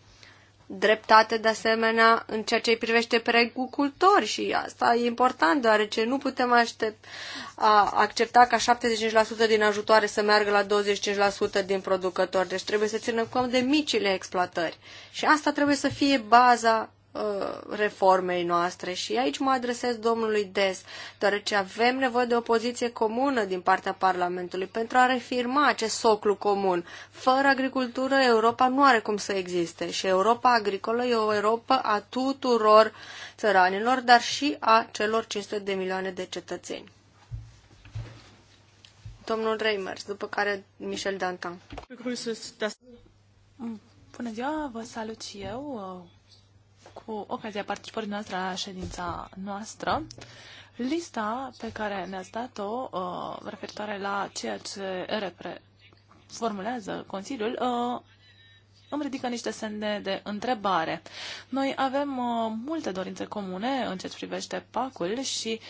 Dreptate, de asemenea, în ceea ce îi privește pe agricultori și asta e important, deoarece nu putem aștept, a, accepta ca 75% din ajutoare să meargă la 25% din producători. Deci trebuie să ținem cont de micile exploatări. Și asta trebuie să fie baza Uh, reformei noastre și aici mă adresez domnului Des, deoarece avem nevoie de o poziție comună din partea Parlamentului pentru a refirma acest soclu comun. Fără agricultură, Europa nu are cum să existe și Europa agricolă e o Europa a tuturor țăranilor, dar și a celor 500 de milioane de cetățeni. Domnul Reimers, după care Michel Dantan. Mm, bună ziua, vă salut și eu cu ocazia participării noastre la ședința noastră. Lista pe care ne-ați dat-o uh, referitoare la ceea ce repre formulează Consiliul uh, îmi ridică niște semne de întrebare. Noi avem uh, multe dorințe comune în ce privește pacul și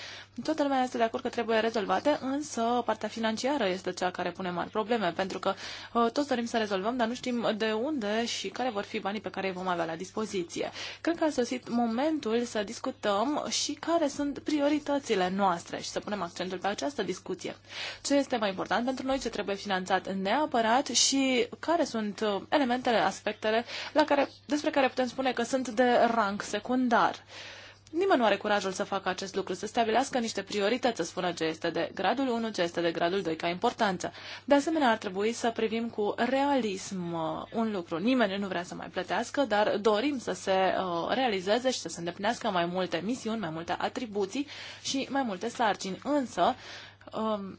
toată lumea este de acord că trebuie rezolvate, însă partea financiară este cea care pune mari probleme, pentru că uh, toți dorim să rezolvăm, dar nu știm de unde și care vor fi banii pe care îi vom avea la dispoziție. Cred că a sosit momentul să discutăm și care sunt prioritățile noastre și să punem accentul pe această discuție. Ce este mai important pentru noi, ce trebuie finanțat neapărat și care sunt uh, elementele aspectele la care, despre care putem spune că sunt de rang secundar. Nimeni nu are curajul să facă acest lucru, să stabilească niște priorități, să spună ce este de gradul 1, ce este de gradul 2 ca importanță. De asemenea, ar trebui să privim cu realism uh, un lucru. Nimeni nu vrea să mai plătească, dar dorim să se uh, realizeze și să se îndeplinească mai multe misiuni, mai multe atribuții și mai multe sarcini. Însă, um,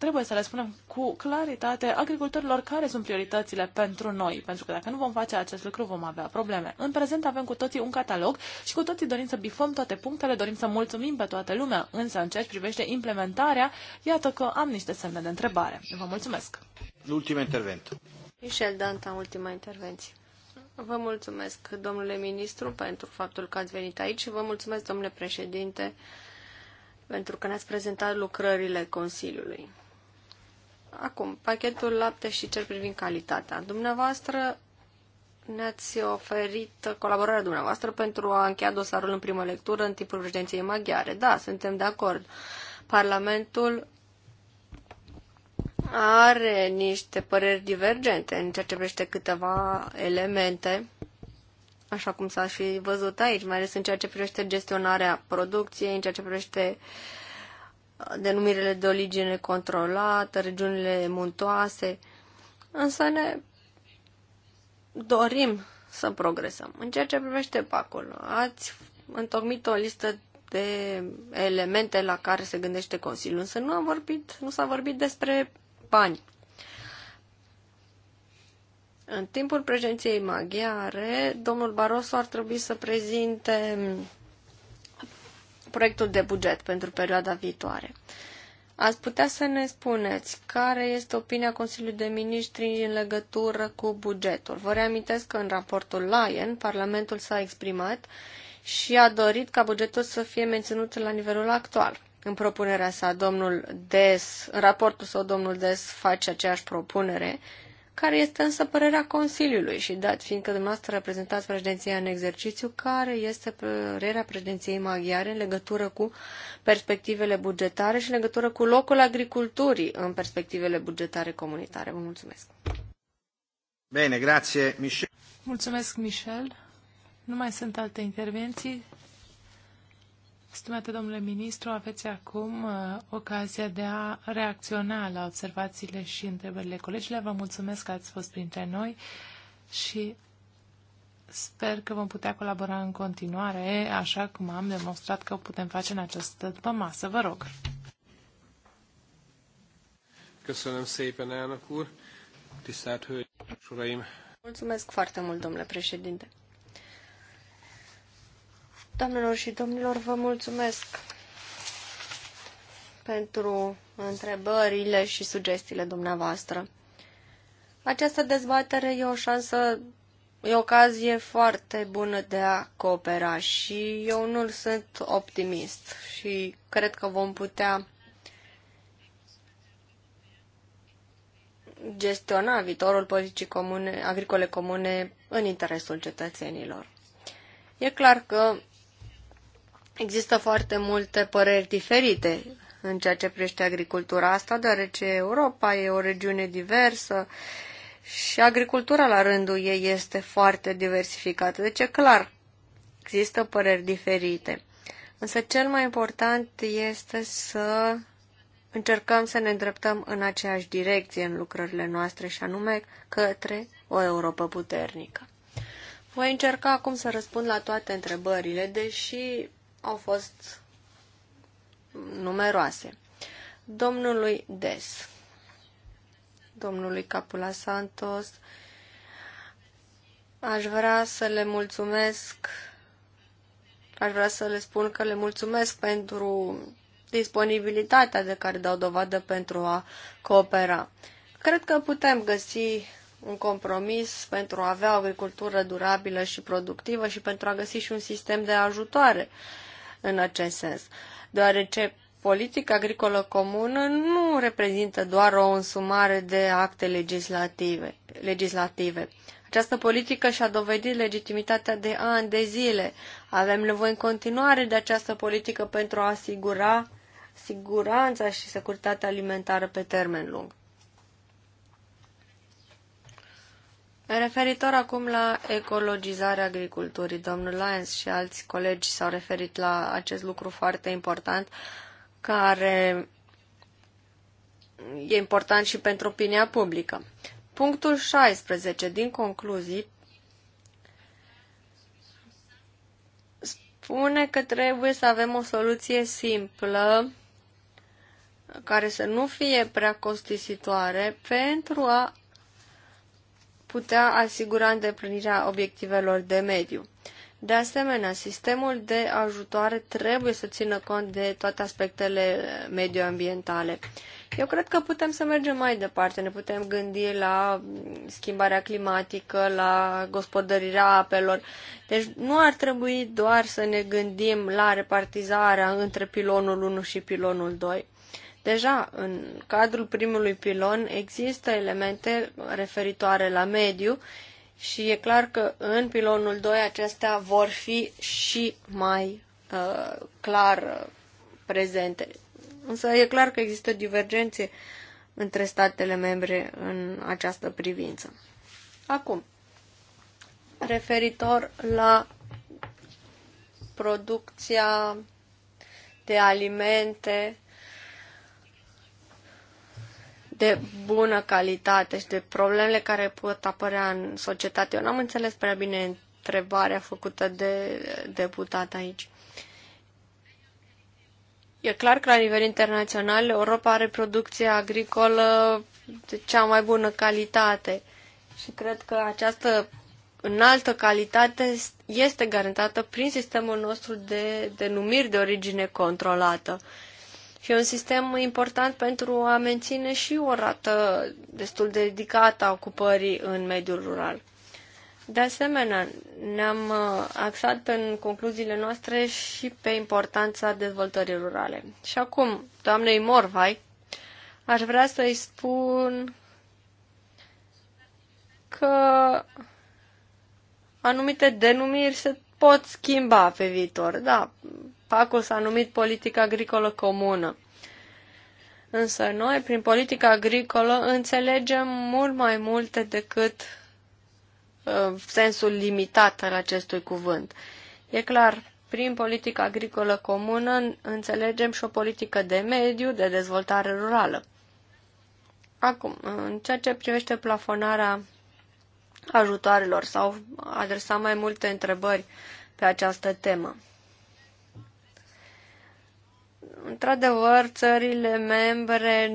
trebuie să le spunem cu claritate agricultorilor care sunt prioritățile pentru noi, pentru că dacă nu vom face acest lucru vom avea probleme. În prezent avem cu toții un catalog și cu toții dorim să bifăm toate punctele, dorim să mulțumim pe toată lumea, însă în ceea ce privește implementarea, iată că am niște semne de întrebare. Vă mulțumesc! Ultima intervenție. Michel Danta, ultima intervenție. Vă mulțumesc, domnule ministru, pentru faptul că ați venit aici și vă mulțumesc, domnule președinte, pentru că ne-ați prezentat lucrările Consiliului. Acum, pachetul lapte și cel privind calitatea. Dumneavoastră ne-ați oferit colaborarea dumneavoastră pentru a încheia dosarul în primă lectură în timpul președinției maghiare. Da, suntem de acord. Parlamentul are niște păreri divergente în ceea ce privește câteva elemente, așa cum s-a și văzut aici, mai ales în ceea ce privește gestionarea producției, în ceea ce privește uh, denumirile de origine controlată, regiunile muntoase, însă ne dorim să progresăm. În ceea ce privește pacul, ați întocmit o listă de elemente la care se gândește Consiliul, însă nu, am vorbit, nu s-a vorbit despre bani. În timpul prezenției maghiare, domnul Barroso ar trebui să prezinte proiectul de buget pentru perioada viitoare. Ați putea să ne spuneți care este opinia Consiliului de Ministri în legătură cu bugetul? Vă reamintesc că în raportul Lyon, Parlamentul s-a exprimat și a dorit ca bugetul să fie menținut la nivelul actual. În propunerea sa, domnul Des, în raportul său, domnul Des face aceeași propunere care este însă părerea Consiliului și dat fiindcă dumneavoastră reprezentați președinția în exercițiu, care este părerea președinției maghiare în legătură cu perspectivele bugetare și în legătură cu locul agriculturii în perspectivele bugetare comunitare? Vă mulțumesc! Bine, grație, Michel. Mulțumesc, Michel. Nu mai sunt alte intervenții. Stimate domnule ministru, aveți acum uh, ocazia de a reacționa la observațiile și întrebările colegilor. Vă mulțumesc că ați fost printre noi și sper că vom putea colabora în continuare, așa cum am demonstrat că o putem face în această după masă. Vă rog. Mulțumesc foarte mult, domnule președinte. Doamnelor și domnilor, vă mulțumesc pentru întrebările și sugestiile dumneavoastră. Această dezbatere e o șansă, e o ocazie foarte bună de a coopera și eu nu sunt optimist și cred că vom putea gestiona viitorul politicii comune, agricole comune în interesul cetățenilor. E clar că Există foarte multe păreri diferite în ceea ce privește agricultura asta, deoarece Europa e o regiune diversă și agricultura la rândul ei este foarte diversificată. Deci e clar, există păreri diferite. Însă cel mai important este să încercăm să ne îndreptăm în aceeași direcție în lucrările noastre și anume către o Europa puternică. Voi încerca acum să răspund la toate întrebările, deși au fost numeroase. Domnului Des, domnului Capula Santos, aș vrea să le mulțumesc, aș vrea să le spun că le mulțumesc pentru disponibilitatea de care dau dovadă pentru a coopera. Cred că putem găsi un compromis pentru a avea o agricultură durabilă și productivă și pentru a găsi și un sistem de ajutoare uh, în acest sens, deoarece politica agricolă comună nu reprezintă doar o însumare de acte legislative. legislative. Această politică și-a dovedit legitimitatea de ani de zile. Avem nevoie în continuare de această politică pentru a asigura siguranța și securitatea alimentară pe termen lung. Referitor acum la ecologizarea agriculturii, domnul Lyons și alți colegi s-au referit la acest lucru foarte important, care e important și pentru opinia publică. Punctul 16 din concluzii spune că trebuie să avem o soluție simplă care să nu fie prea costisitoare pentru a putea asigura îndeplinirea obiectivelor de mediu. De asemenea, sistemul de ajutoare trebuie să țină cont de toate aspectele medioambientale. Eu cred că putem să mergem mai departe, ne putem gândi la schimbarea climatică, la gospodărirea apelor. Deci nu ar trebui doar să ne gândim la repartizarea între pilonul 1 și pilonul 2. Deja, în cadrul primului pilon există elemente referitoare la mediu și e clar că în pilonul 2 acestea vor fi și mai uh, clar uh, prezente. Însă e clar că există divergențe între statele membre în această privință. Acum, referitor la producția de alimente de bună calitate și de problemele care pot apărea în societate. Eu n-am înțeles prea bine întrebarea făcută de deputat aici. E clar că la nivel internațional Europa are producție agricolă de cea mai bună calitate și cred că această înaltă calitate este garantată prin sistemul nostru de denumiri de origine controlată. Uh, și e un sistem important pentru a menține și o rată destul de ridicată a ocupării în mediul rural. De asemenea, ne-am uh, axat în concluziile noastre și pe importanța dezvoltării rurale. Și acum, doamnei Morvai, aș vrea să-i spun că anumite denumiri se pot schimba pe viitor. Da, PACO s-a numit politica agricolă comună. Însă noi, prin politica agricolă, înțelegem mult mai multe decât uh, sensul limitat al acestui cuvânt. E clar, prin politica agricolă comună înțelegem și o politică de mediu, de dezvoltare rurală. Acum, în ceea ce privește plafonarea ajutoarelor, s-au adresat mai multe întrebări pe această temă. Într-adevăr, țările membre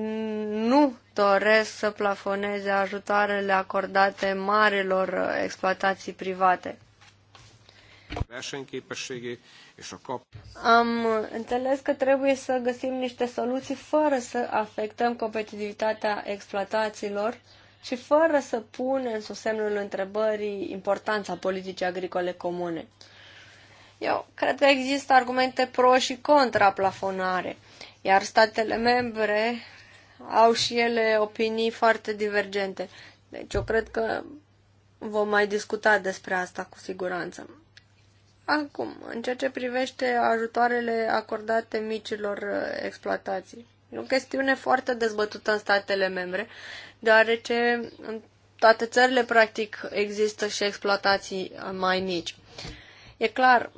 nu doresc să plafoneze ajutoarele acordate marilor exploatații private. Am înțeles că trebuie să găsim niște soluții fără să afectăm competitivitatea exploatațiilor și fără să punem sub semnul întrebării importanța politicii agricole comune. Eu cred că există argumente pro și contra plafonare, iar statele membre au și ele opinii foarte divergente. Deci eu cred că vom mai discuta despre asta cu siguranță. Acum, în ceea ce privește ajutoarele acordate micilor uh, exploatații. E o chestiune foarte dezbătută în statele membre, deoarece în toate țările, practic, există și exploatații mai mici. E clar,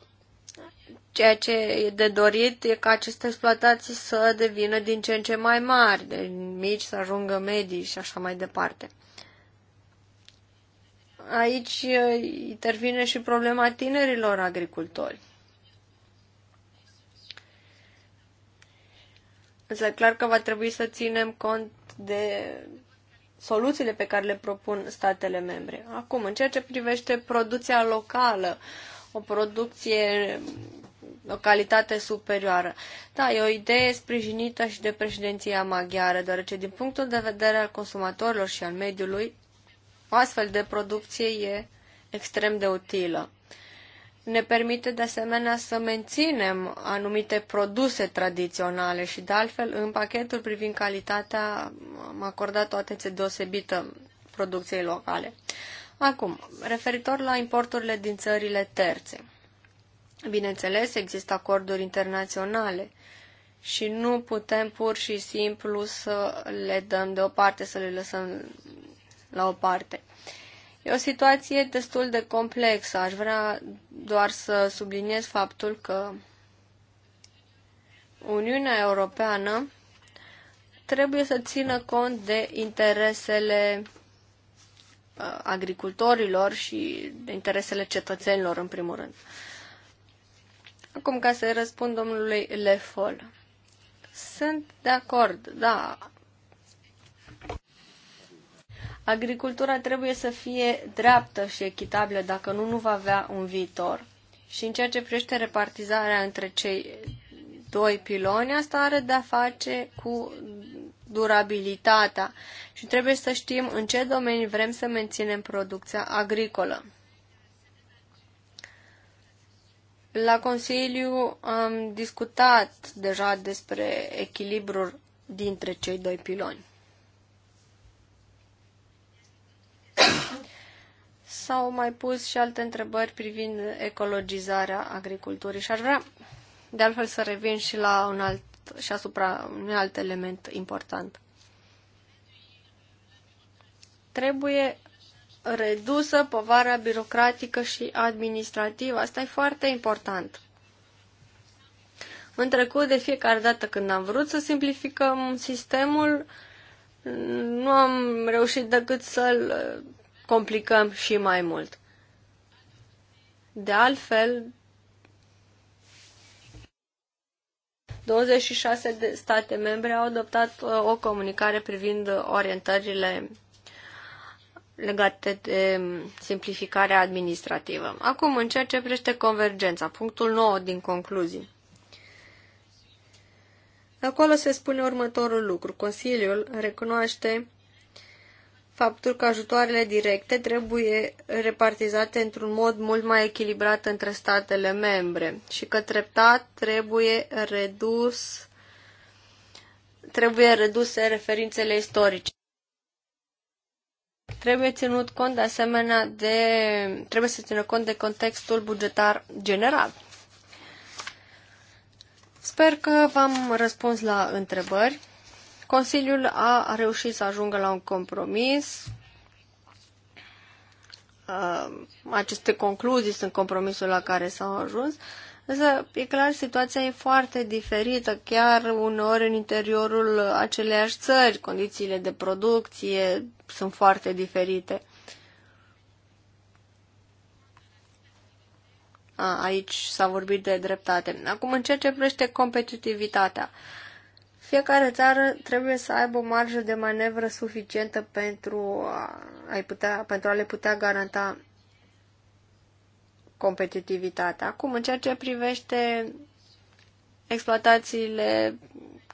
Ceea ce e de dorit e ca aceste exploatații să devină din ce în ce mai mari, de mici să ajungă medii și așa mai departe. Aici intervine și problema tinerilor agricultori. Însă clar că va trebui să ținem cont de soluțiile pe care le propun statele membre. Acum, în ceea ce privește producția locală, o producție o calitate superioară. Da, e o idee sprijinită și de președinția maghiară, deoarece din punctul de vedere al consumatorilor și al mediului, o astfel de producție e extrem de utilă. Ne permite de asemenea să menținem anumite produse tradiționale și de altfel în pachetul privind calitatea am acordat o atenție deosebită producției locale. Acum, referitor la importurile din țările terțe. Bineînțeles, există acorduri internaționale și nu putem pur și simplu să le dăm deoparte, să le lăsăm la o parte. E o situație destul de complexă. Aș vrea doar să subliniez faptul că Uniunea Europeană trebuie să țină cont de interesele uh, agricultorilor și de interesele cetățenilor, în primul rând. Acum ca să răspund domnului Lefol. Sunt de acord, da. Agricultura trebuie să fie dreaptă și echitabilă, dacă nu, nu va avea un viitor. Și în ceea ce privește repartizarea între cei doi piloni, asta are de-a face cu durabilitatea și trebuie să știm în ce domenii vrem să menținem producția agricolă. La Consiliu am discutat deja despre echilibrul dintre cei doi piloni. <coughs> S-au mai pus și alte întrebări privind ecologizarea agriculturii și aș vrea de altfel să revin și la un alt și asupra unui alt element important. Trebuie redusă povara birocratică și administrativă. Asta e foarte important. În trecut, de fiecare dată când am vrut să simplificăm sistemul, nu am reușit decât să-l uh, complicăm și mai mult. De altfel, 26 de state membre au adoptat uh, o comunicare privind orientările legate de simplificarea administrativă. Acum, în ceea ce privește convergența, punctul 9 din concluzii. Acolo se spune următorul lucru. Consiliul recunoaște faptul că ajutoarele directe trebuie repartizate într-un mod mult mai echilibrat între statele membre și că treptat trebuie redus trebuie reduse referințele istorice. Trebuie ținut cont de asemenea de, trebuie să țină cont de contextul bugetar general. Sper că v-am răspuns la întrebări. Consiliul a reușit să ajungă la un compromis. Uh, aceste concluzii sunt compromisul la care s-au ajuns. Însă, e clar, situația e foarte diferită, chiar uneori în interiorul aceleiași țări, condițiile de producție sunt foarte diferite. A, aici s-a vorbit de dreptate. Acum, în ceea ce privește competitivitatea, fiecare țară trebuie să aibă o marjă de manevră suficientă pentru a, putea, pentru a le putea garanta competitivitatea. Acum, în ceea ce privește exploatațiile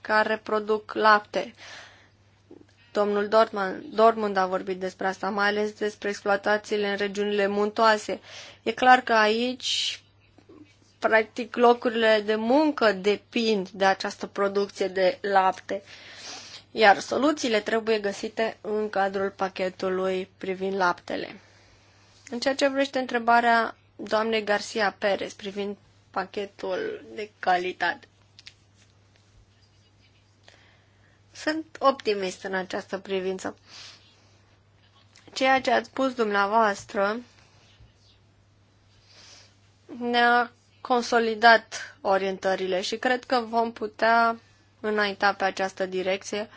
care produc lapte, domnul Dortman, Dortmund a vorbit despre asta, mai ales despre exploatațiile în regiunile muntoase. E clar că aici practic locurile de muncă depind de această producție de lapte. Iar soluțiile trebuie găsite în cadrul pachetului privind laptele. În ceea ce vrește întrebarea doamnei Garcia Perez privind pachetul de calitate. Sunt optimist în această privință. Ceea ce ați spus dumneavoastră ne-a consolidat orientările și cred că vom putea înainta pe această direcție,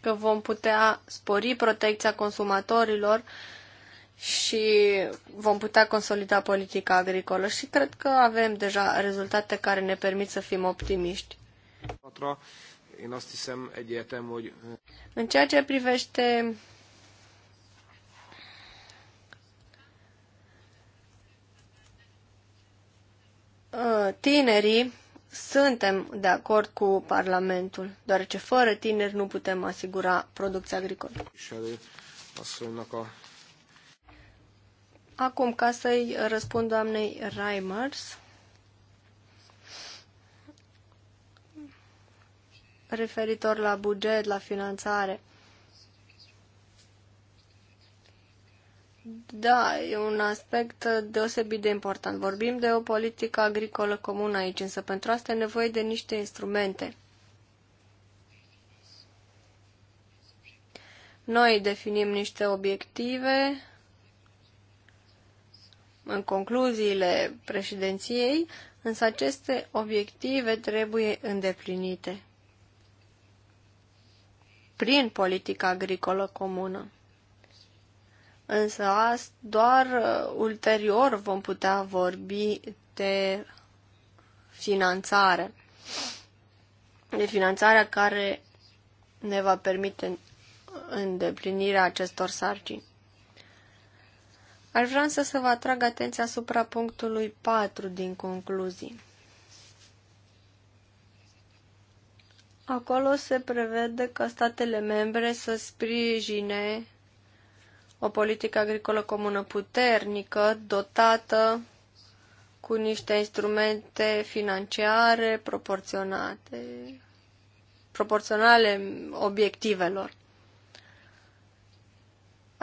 că vom putea spori protecția consumatorilor și vom putea consolida politica agricolă și cred că avem deja rezultate care ne permit să fim optimiști. În ceea ce privește ă, tinerii, suntem de acord cu Parlamentul, deoarece fără tineri nu putem asigura producția agricolă. Acum, ca să-i răspund doamnei Reimers, referitor la buget, la finanțare. Da, e un aspect deosebit de important. Vorbim de o politică agricolă comună aici, însă pentru asta e nevoie de niște instrumente. Noi definim niște obiective în concluziile președinției, însă aceste obiective trebuie îndeplinite prin politica agricolă comună. Însă doar uh, ulterior vom putea vorbi de finanțare. De finanțarea care ne va permite îndeplinirea acestor sarcini. Aș vrea însă să vă atrag atenția asupra punctului 4 din concluzii. Acolo se prevede ca statele membre să sprijine o politică agricolă comună puternică, dotată cu niște instrumente financiare proporționate, proporționale obiectivelor.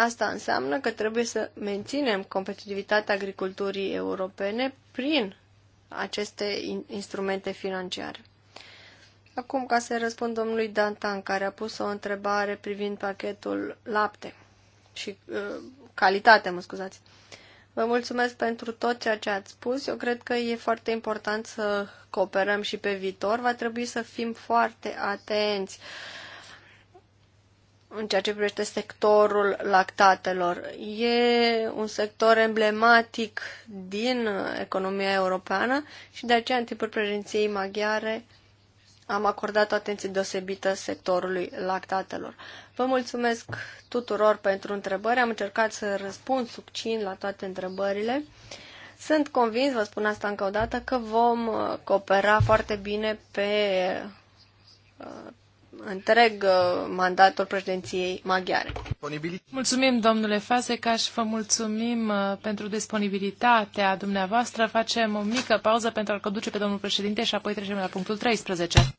Asta înseamnă că trebuie să menținem competitivitatea agriculturii europene prin aceste instrumente financiare. Acum, ca să răspund domnului Dantan, care a pus o întrebare privind pachetul lapte și uh, calitate, mă scuzați. Vă mulțumesc pentru tot ceea ce ați spus. Eu cred că e foarte important să cooperăm și pe viitor. Va trebui să fim foarte atenți uh, în ceea ce privește sectorul lactatelor. E un sector emblematic din economia europeană și de aceea, în timpul președinției maghiare, am acordat o atenție deosebită sectorului lactatelor. Vă mulțumesc tuturor pentru întrebări. Am încercat să răspund succint la toate întrebările. Sunt convins, vă spun asta încă o dată, că vom coopera foarte bine pe întreg uh, mandatul președinției maghiare. Mulțumim, domnule Fazecaș, vă mulțumim uh, pentru disponibilitatea dumneavoastră. Facem o mică pauză pentru a-l conduce pe domnul președinte și apoi trecem la punctul 13.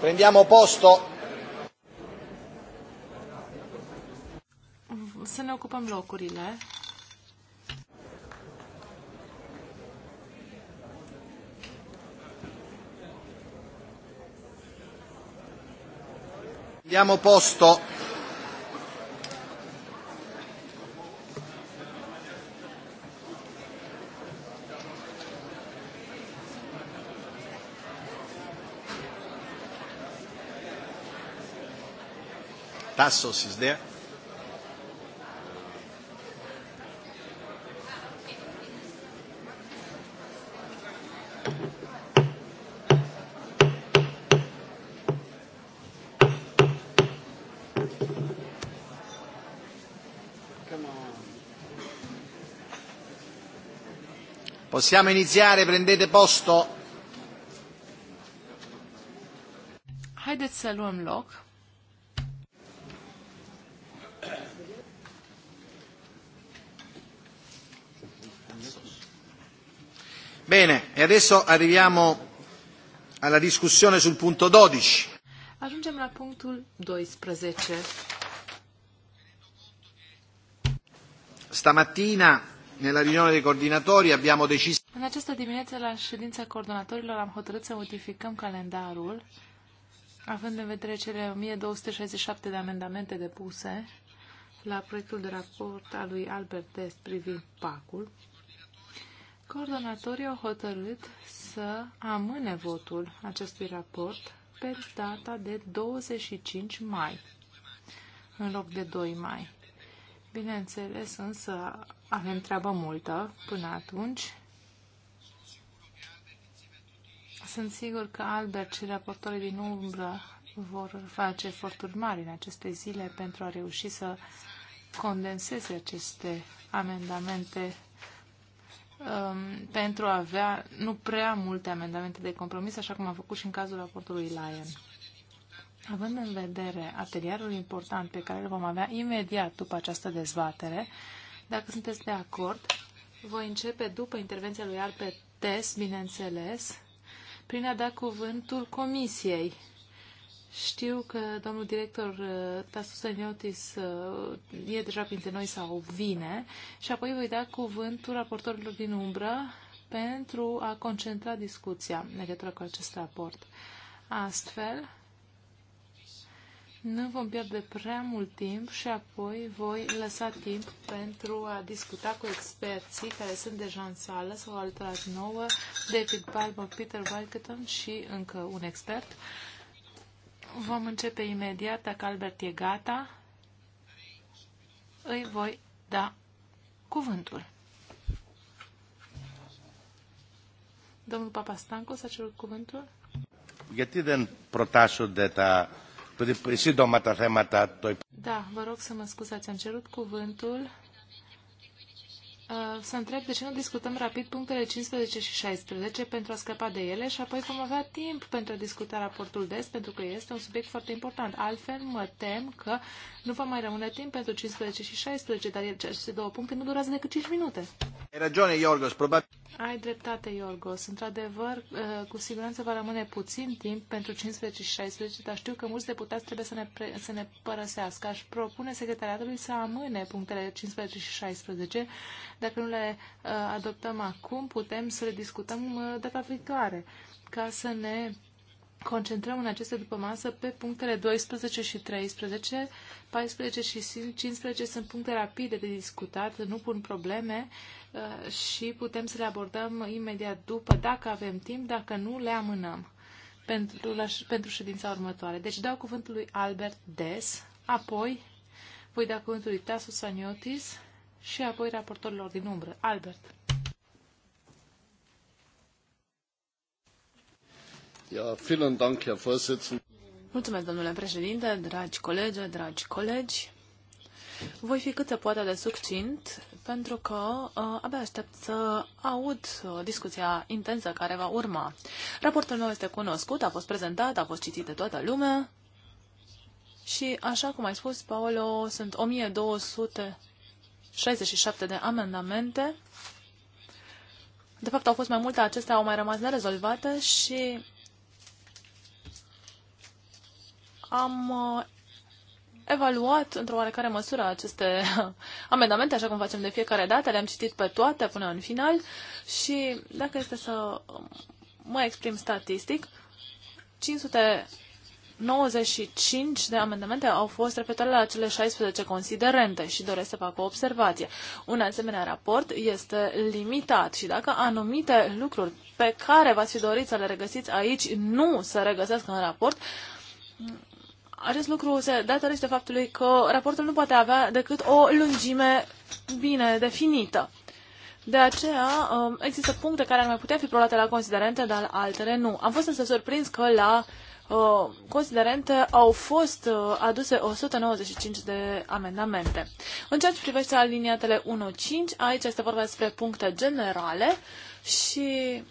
Prendiamo posto. Să ne ocupăm locurile. Prendiamo posto. Tassos is there. Possiamo iniziare, prendete posto. Haideți să luăm loc. E adesso arriviamo alla discussione sul punto 12. Ajungem la punctul 12. Stamattina nella riunione dei coordinatori abbiamo deciso In această dimineață la ședința coordonatorilor am hotărât să modificăm calendarul având în vedere cele 1267 de amendamente depuse la proiectul de raport al lui Albert Dest privind PAC-ul coordonatorii au hotărât să amâne votul acestui raport pe data de 25 mai, în loc de 2 mai. Bineînțeles, însă avem treabă multă până atunci. Sunt sigur că Albert și raportorii din umbră vor face eforturi mari în aceste zile pentru a reuși să condenseze aceste amendamente um, pentru a avea nu prea multe amendamente de compromis, așa cum am făcut și în cazul raportului Lyon. Având în vedere atelierul important pe care îl vom avea imediat după această dezbatere, dacă sunteți de acord, voi începe după intervenția lui Arpe Tes, bineînțeles, prin a da cuvântul Comisiei știu că domnul director uh, Tasus Eniotis uh, e deja printre noi sau vine și apoi voi da cuvântul raportorilor din umbră pentru a concentra discuția în legătură cu acest raport. Astfel, nu vom pierde prea mult timp și apoi voi lăsa timp pentru a discuta cu experții care sunt deja în sală sau alăturați nouă, David Palmer, Peter Wilkerton și încă un expert. Uh, Vom începe imediat, dacă Albert e gata, îi voi da cuvântul. Domnul papa Stancu s-a cerut cuvântul. Γιατί δεν προτάσσονται de σύντομα τα θέματα... Το... Da, vă rog să mă scuzați, am cerut cuvântul Uh, să întreb de ce nu discutăm rapid punctele 15 și 16 pentru a scăpa de ele și apoi vom avea timp pentru a discuta raportul des, pentru că este un subiect foarte important. Altfel, mă tem că nu va mai rămâne timp pentru 15 și 16, dar aceste două puncte nu durează decât 5 minute. Ai ragione, Iorgos, probabil. Ai dreptate, Iorgos. Într-adevăr, uh, cu siguranță va rămâne puțin timp pentru 15 și 16, dar știu că mulți deputați trebuie să ne, pre- să ne părăsească. Aș propune secretariatului să amâne punctele 15 și 16 dacă nu le uh, adoptăm acum, putem să le discutăm uh, data viitoare, ca să ne concentrăm în aceste după masă pe punctele 12 și 13, 14 și 15 sunt puncte rapide de discutat, nu pun probleme uh, și putem să le abordăm imediat după, dacă avem timp, dacă nu, le amânăm pentru, la, pentru ședința următoare. Deci dau cuvântul lui Albert Des, apoi voi da cuvântul lui Tasus Aniotis, și apoi raportorilor din umbră. Albert. Ja, vielen Dank, Herr Vorsitzender. Mulțumesc, domnule președinte, dragi colegi, dragi colegi. Voi fi cât se poate de succint, pentru că uh, abia aștept să aud uh, discuția intensă care va urma. Raportul meu este cunoscut, a fost prezentat, a fost citit de toată lumea și, așa cum ai spus, Paolo, sunt 1200 67 de amendamente. De fapt, au fost mai multe, acestea au mai rămas nerezolvate și am uh, evaluat într-o oarecare măsură aceste <laughs> amendamente, așa cum facem de fiecare dată, le-am citit pe toate până în final și dacă este să mă exprim statistic, 500 95 de amendamente au fost repetate la cele 16 considerente și doresc să fac o observație. Un asemenea raport este limitat și dacă anumite lucruri pe care v-ați fi dorit să le regăsiți aici nu se regăsesc în raport, acest lucru se datorește faptului că raportul nu poate avea decât o lungime bine definită. De aceea um, există puncte care ar mai putea fi prolate la considerente, dar altele nu. Am fost însă surprins că la Uh, considerente au fost uh, aduse 195 de amendamente. În ceea ce privește aliniatele 1.5, aici este vorba despre puncte generale și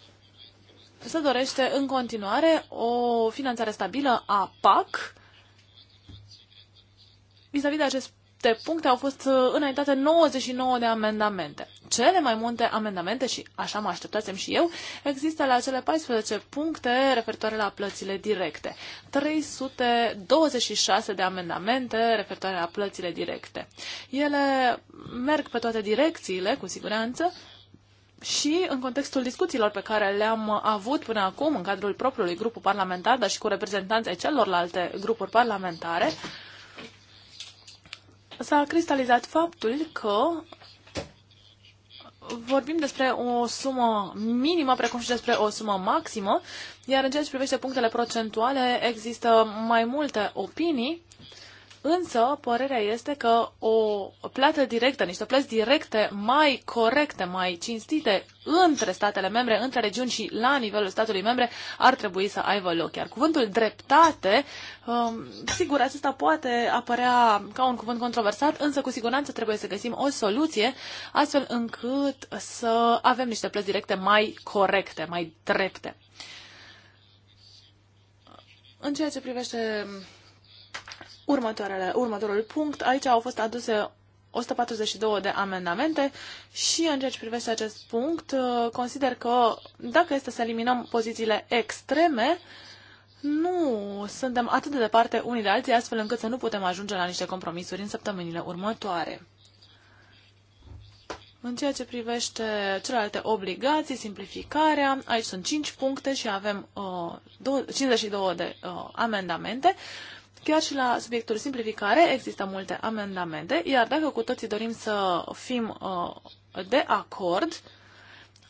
se dorește în continuare o finanțare stabilă a PAC. Vis-a-vis -vis de aceste puncte au fost uh, înaintate 99 de amendamente cele mai multe amendamente și așa mă așteptasem și eu, există la cele 14 puncte referitoare la plățile directe. 326 de amendamente referitoare la plățile directe. Ele merg pe toate direcțiile, cu siguranță, și în contextul discuțiilor pe care le-am avut până acum în cadrul propriului grup parlamentar, dar și cu reprezentanții celorlalte grupuri parlamentare, s-a cristalizat faptul că vorbim despre o sumă minimă, precum și despre o sumă maximă, iar în ceea ce privește punctele procentuale există mai multe opinii. Însă, părerea este că o plată directă, niște plăți directe mai corecte, mai cinstite între statele membre, între regiuni și la nivelul statului membre ar trebui să aibă loc. Iar cuvântul dreptate, um, sigur, acesta poate apărea ca un cuvânt controversat, însă cu siguranță trebuie să găsim o soluție astfel încât să avem niște plăți directe mai corecte, mai drepte. În ceea ce privește următoarele, următorul punct. Aici au fost aduse 142 de amendamente și în ceea ce privește acest punct, uh, consider că dacă este să eliminăm pozițiile extreme, nu suntem atât de departe unii de alții, astfel încât să nu putem ajunge la niște compromisuri în săptămânile următoare. În ceea ce privește celelalte obligații, simplificarea, aici sunt 5 puncte și avem uh, 52 de uh, amendamente. Uh, Chiar și la subiectul simplificare există multe amendamente, iar dacă cu toții dorim să fim uh, de acord,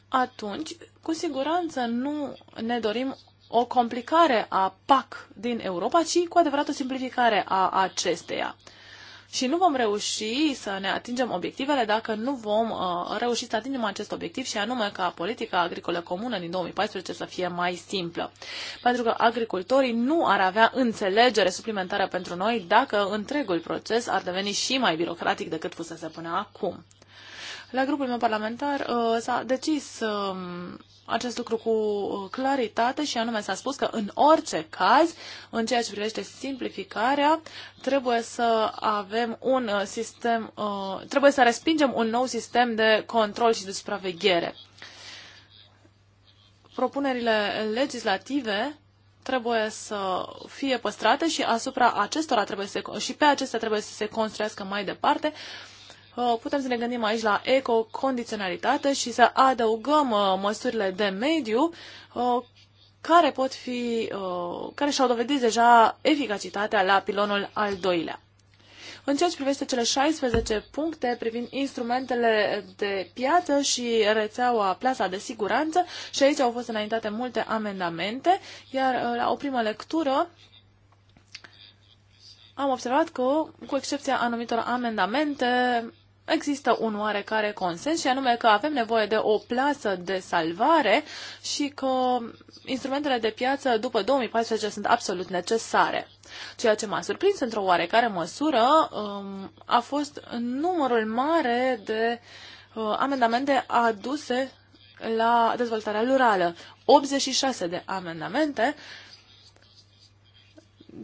atunci cu siguranță nu ne dorim o complicare a PAC din Europa, ci cu adevărat o simplificare a acesteia și nu vom reuși să ne atingem obiectivele dacă nu vom uh, reuși să atingem acest obiectiv și anume ca politica agricolă comună din 2014 să fie mai simplă. Pentru că agricultorii nu ar avea înțelegere suplimentară pentru noi dacă întregul proces ar deveni și mai birocratic decât fusese până acum. La grupul meu parlamentar uh, s-a decis uh, acest lucru cu uh, claritate și anume s-a spus că în orice caz, în ceea ce privește simplificarea, trebuie să avem un uh, sistem, uh, trebuie să respingem un nou sistem de control și de supraveghere. Propunerile legislative trebuie să fie păstrate și asupra acestora trebuie să, și pe acestea trebuie să se construiască mai departe uh, Uh, putem să ne gândim aici la ecocondiționalitate și să adăugăm uh, măsurile de mediu uh, care pot fi, care și-au dovedit deja eficacitatea la pilonul al doilea. În ceea ce privește cele 16 puncte privind instrumentele de piață și rețeaua plasa de siguranță, și aici au fost înaintate multe amendamente, iar la o primă lectură am observat că, cu excepția anumitor amendamente, există un oarecare consens și anume că avem nevoie de o plasă de salvare și că instrumentele de piață după 2014 sunt absolut necesare. Ceea ce m-a surprins într-o oarecare măsură um, a fost numărul mare de uh, amendamente aduse la dezvoltarea rurală. 86 de amendamente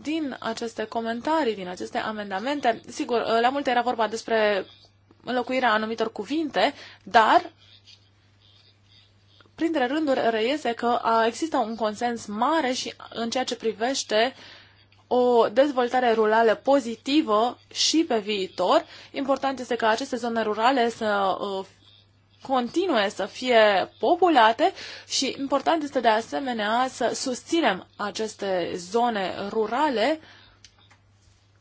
din aceste comentarii, din aceste amendamente, sigur, uh, la multe era vorba despre înlocuirea anumitor cuvinte, dar printre rânduri reiese că există un consens mare și în ceea ce privește o dezvoltare rurală pozitivă și pe viitor. Important este ca aceste zone rurale să uh, continue să fie populate și important este de asemenea să susținem aceste zone rurale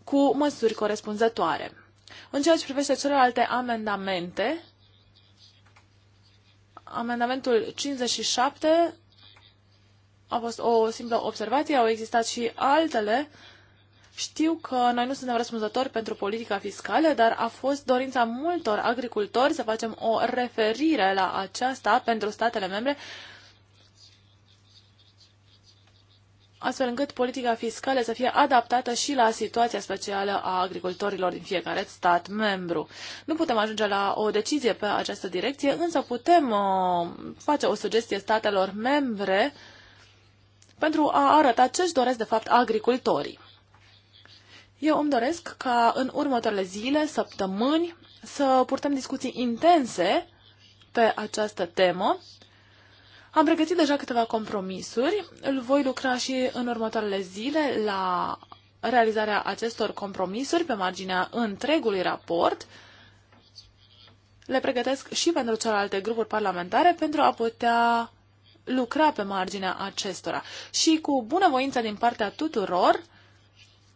cu măsuri corespunzătoare. În ceea ce privește celelalte amendamente, amendamentul 57 a fost o simplă observație, au existat și altele. Știu că noi nu suntem răspunzători pentru politica fiscală, dar a fost dorința multor agricultori să facem o referire la aceasta pentru statele membre astfel încât politica fiscală să fie adaptată și la situația specială a agricultorilor din fiecare stat membru. Nu putem ajunge la o decizie pe această direcție, însă putem uh, face o sugestie statelor membre pentru a arăta ce își doresc de fapt agricultorii. Eu îmi doresc ca în următoarele zile, săptămâni, să purtăm discuții intense pe această temă am pregătit deja câteva compromisuri, îl voi lucra și în următoarele zile la realizarea acestor compromisuri pe marginea întregului raport. Le pregătesc și pentru celelalte grupuri parlamentare pentru a putea lucra pe marginea acestora. Și cu bunăvoință din partea tuturor,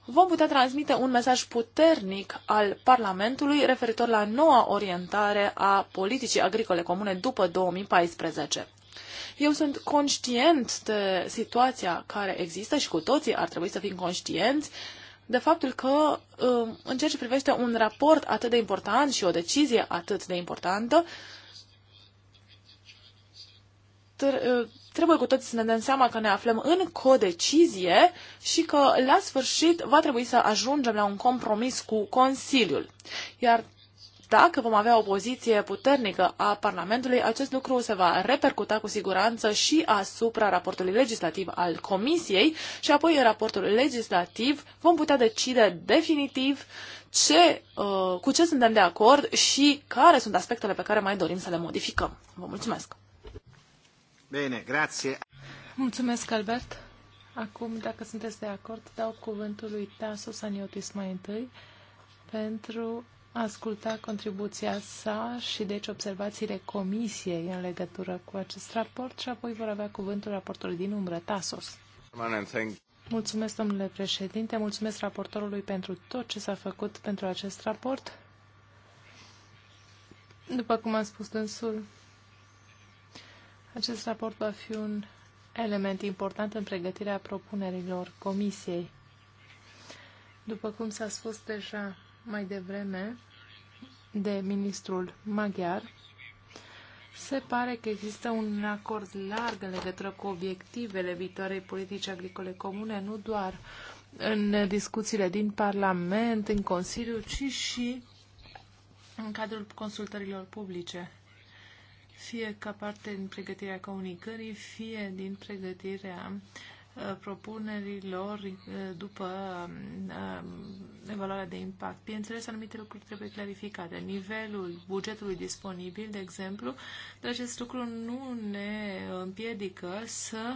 vom putea transmite un mesaj puternic al Parlamentului referitor la noua orientare a politicii agricole comune după 2014. Eu sunt conștient de situația care există și cu toții ar trebui să fim conștienți de faptul că um, în ceea ce privește un raport atât de important și o decizie atât de importantă, uh, trebuie cu toți să ne dăm seama că ne aflăm în codecizie și că la sfârșit va trebui să ajungem la un compromis cu Consiliul. Iar dacă vom avea o poziție puternică a Parlamentului, acest lucru se va repercuta cu siguranță și asupra raportului legislativ al Comisiei și apoi în raportul legislativ vom putea decide definitiv ce, uh, cu ce suntem de acord și care sunt aspectele pe care mai dorim să le modificăm. Vă mulțumesc! Bine, grație! Mulțumesc, Albert! Acum, dacă sunteți de acord, dau cuvântul lui Taso Saniotis mai întâi pentru asculta contribuția sa și deci observațiile comisiei în legătură cu acest raport și apoi vor avea cuvântul raportului din umbră, Tasos. Mulțumesc, domnule președinte, mulțumesc raportorului pentru tot ce s-a făcut pentru acest raport. După cum am spus dânsul, acest raport va fi un element important în pregătirea propunerilor comisiei. După cum s-a spus deja, mai devreme de ministrul maghiar, se pare că există un acord larg în legătură cu obiectivele viitoarei politici agricole comune, nu doar în discuțiile din Parlament, în Consiliu, ci și în cadrul consultărilor publice, fie ca parte din pregătirea comunicării, fie din pregătirea Uh, propunerilor uh, după um, uh, evaluarea de impact. Bineînțeles, anumite lucruri trebuie clarificate. Nivelul bugetului disponibil, de exemplu, dar acest lucru nu ne împiedică să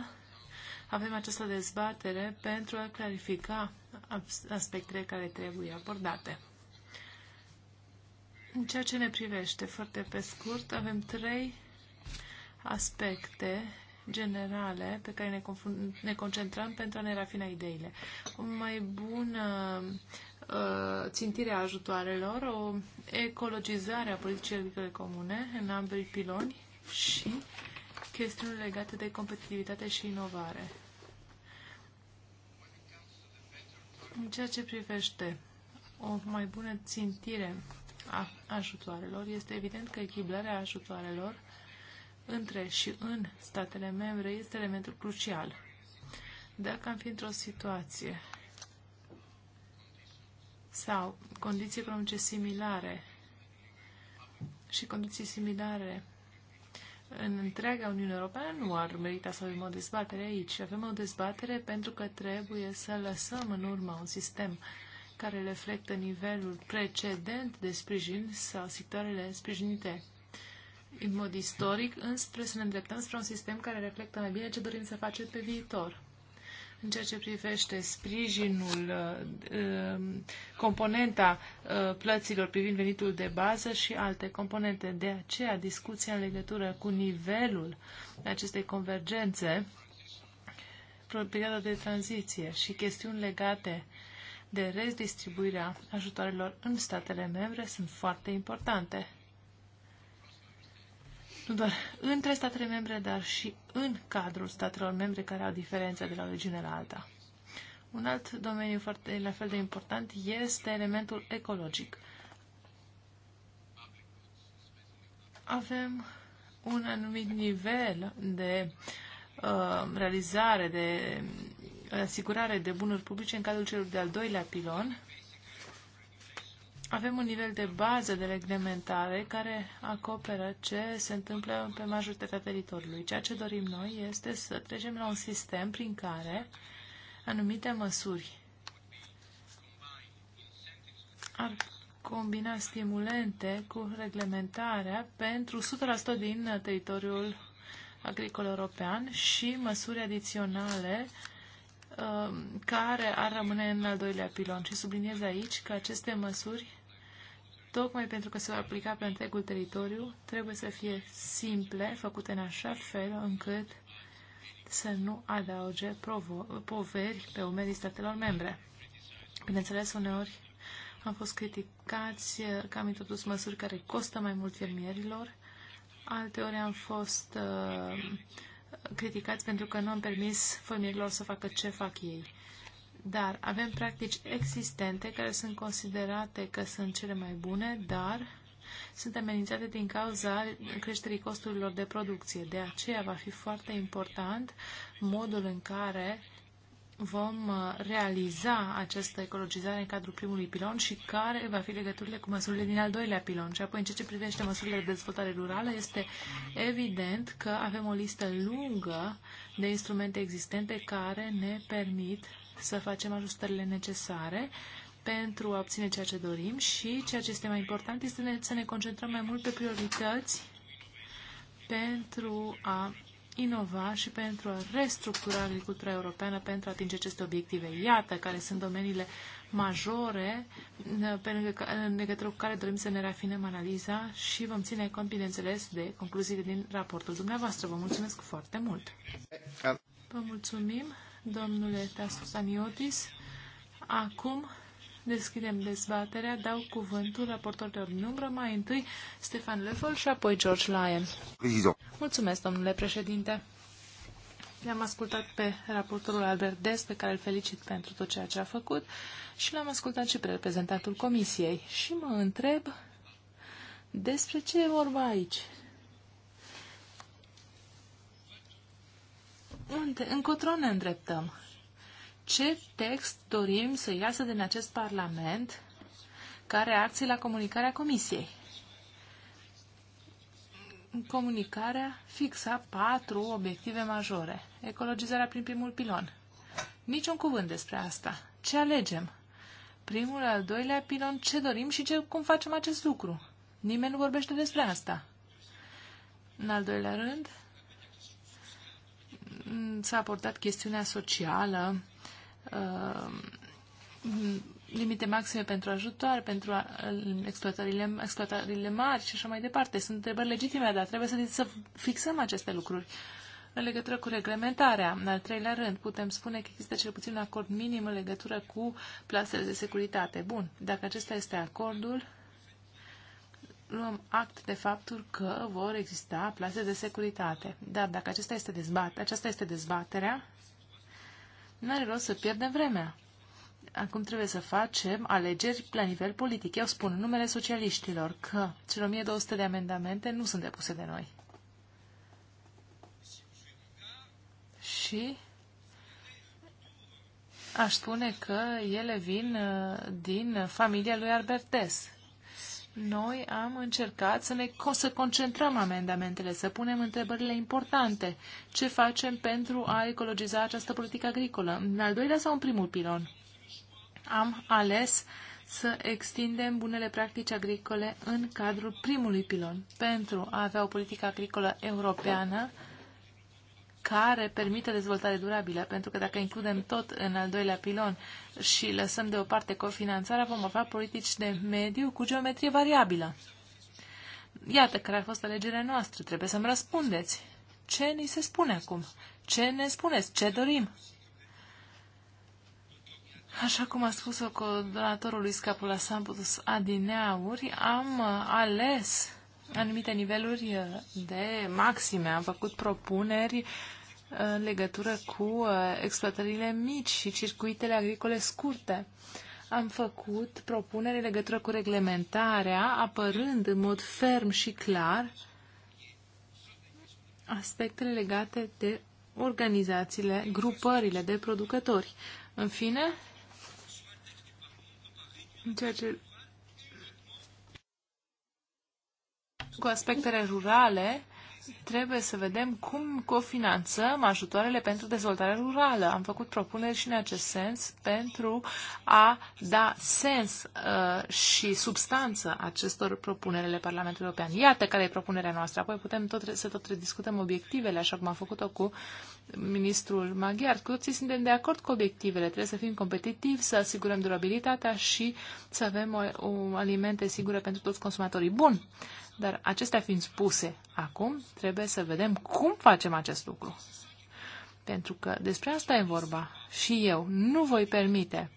avem această dezbatere pentru a clarifica aspectele care trebuie abordate. În ceea ce ne privește, foarte pe scurt, avem trei aspecte generale pe care ne, ne concentrăm pentru a ne rafina ideile. O mai bună uh, țintire a ajutoarelor, o ecologizare a politicii agricole comune în ambele piloni și chestiuni legate de competitivitate și inovare. În ceea ce privește o mai bună țintire a ajutoarelor, este evident că echilibrarea ajutoarelor între și în statele membre este elementul crucial. Dacă am fi într-o situație sau condiții economice similare și condiții similare în întreaga Uniune Europeană nu ar merita să avem o dezbatere aici. Avem o dezbatere pentru că trebuie să lăsăm în urmă un sistem care reflectă nivelul precedent de sprijin sau sectoarele sprijinite în mod istoric, înspre să ne îndreptăm spre un sistem care reflectă mai bine ce dorim să facem pe viitor. În ceea ce privește sprijinul, uh, um, componenta uh, plăților privind venitul de bază și alte componente. De aceea, discuția în legătură cu nivelul acestei convergențe, perioada de tranziție și chestiuni legate de redistribuirea ajutoarelor în statele membre sunt foarte importante nu doar între statele membre, dar și în cadrul statelor membre care au diferențe de la o regiune la alta. Un alt domeniu foarte, la fel de important este elementul ecologic. Avem un anumit nivel de uh, realizare, de asigurare de bunuri publice în cadrul celor de-al doilea pilon avem un nivel de bază de reglementare care acoperă ce se întâmplă pe majoritatea teritoriului. Ceea ce dorim noi este să trecem la un sistem prin care anumite măsuri ar combina stimulente cu reglementarea pentru 100% din teritoriul agricol european și măsuri adiționale uh, care ar rămâne în al doilea pilon. Și subliniez aici că aceste măsuri tocmai pentru că se va aplica pe întregul teritoriu, trebuie să fie simple, făcute în așa fel încât să nu adauge poveri pe umerii statelor membre. Bineînțeles, uneori am fost criticați că am introdus măsuri care costă mai mult fermierilor, alteori am fost uh, criticați pentru că nu am permis fermierilor să facă ce fac ei. Dar avem practici existente care sunt considerate că sunt cele mai bune, dar sunt amenințate din cauza creșterii costurilor de producție. De aceea va fi foarte important modul în care vom uh, realiza această ecologizare în cadrul primului pilon și care va fi legăturile cu măsurile din al doilea pilon. Și apoi, în ceea ce privește măsurile de dezvoltare rurală, este evident că avem o listă lungă de instrumente existente care ne permit să facem ajustările necesare pentru a obține ceea ce dorim și ceea ce este mai important este să ne, să ne concentrăm mai mult pe priorități pentru a inova și pentru a restructura agricultura europeană pentru a atinge aceste obiective. Iată care sunt domeniile majore pe în legătură cu care dorim să ne rafinăm analiza și vom ține cont, bineînțeles, de concluziile din raportul dumneavoastră. Vă mulțumesc foarte mult! Vă mulțumim! domnule Tasus Aniotis. Acum deschidem dezbaterea, dau cuvântul raportorilor din umbră, mai întâi Stefan Leffel și apoi George Lyon. Mulțumesc, domnule președinte. L-am ascultat pe raportorul Albert Des, pe care îl felicit pentru tot ceea ce a făcut, și l-am ascultat și pe reprezentantul comisiei. Și mă întreb despre ce e vorba aici. unde, încotro ne îndreptăm? Ce text dorim să iasă din acest Parlament ca reacție la comunicarea Comisiei? Comunicarea fixa patru obiective majore. Ecologizarea prin primul pilon. Niciun cuvânt despre asta. Ce alegem? Primul, al doilea pilon, ce dorim și ce, cum facem acest lucru? Nimeni nu vorbește despre asta. În al doilea rând, Mm, s-a abordat chestiunea socială, uh, limite maxime pentru ajutoare, pentru uh, exploatările, exploatările mari și așa mai departe. Sunt întrebări legitime, dar trebuie să, să fixăm aceste lucruri. În legătură cu reglementarea, în al treilea rând, putem spune că există cel puțin un acord minim în legătură cu plasele de securitate. Bun, dacă acesta este acordul, luăm act de faptul că vor exista plase de securitate. Dar dacă acesta este dezbat, aceasta este dezbaterea, nu are rost să pierdem vremea. Acum trebuie să facem alegeri la nivel politic. Eu spun numele socialiștilor că cele 1200 de amendamente nu sunt depuse de noi. Și aș spune că ele vin uh, din familia lui Albertes noi am încercat să ne să concentrăm amendamentele, să punem întrebările importante. Ce facem pentru a ecologiza această politică agricolă? În al doilea sau în primul pilon? Am ales să extindem bunele practici agricole în cadrul primului pilon pentru a avea o politică agricolă europeană care permite dezvoltare durabilă, pentru că dacă includem tot în al doilea pilon și lăsăm deoparte cofinanțarea, vom avea politici de mediu cu geometrie variabilă. Iată care a fost alegerea noastră. Trebuie să-mi răspundeți. Ce ni se spune acum? Ce ne spuneți? Ce dorim? Așa cum a spus-o lui Scapula Samputus adineauri, am uh, ales anumite niveluri uh, de maxime. Am făcut propuneri uh, în legătură cu uh, exploatările mici și circuitele agricole scurte. Am făcut propuneri în legătură cu reglementarea, apărând în mod ferm și clar aspectele legate de organizațiile, grupările de producători. În fine, în ceea ce cu aspectele rurale, trebuie să vedem cum cofinanțăm ajutoarele pentru dezvoltare rurală. Am făcut propuneri și în acest sens pentru a da sens uh, și substanță acestor propunerele Parlamentului European. Iată care e propunerea noastră. Apoi putem tot, să tot rediscutăm obiectivele, așa cum am făcut-o cu ministrul maghiar. Cu toții suntem de acord cu obiectivele. Trebuie să fim competitivi, să asigurăm durabilitatea și să avem o, o alimente sigure pentru toți consumatorii. Bun. Dar acestea fiind spuse acum, trebuie să vedem cum facem acest lucru. Pentru că despre asta e vorba. Și eu nu voi permite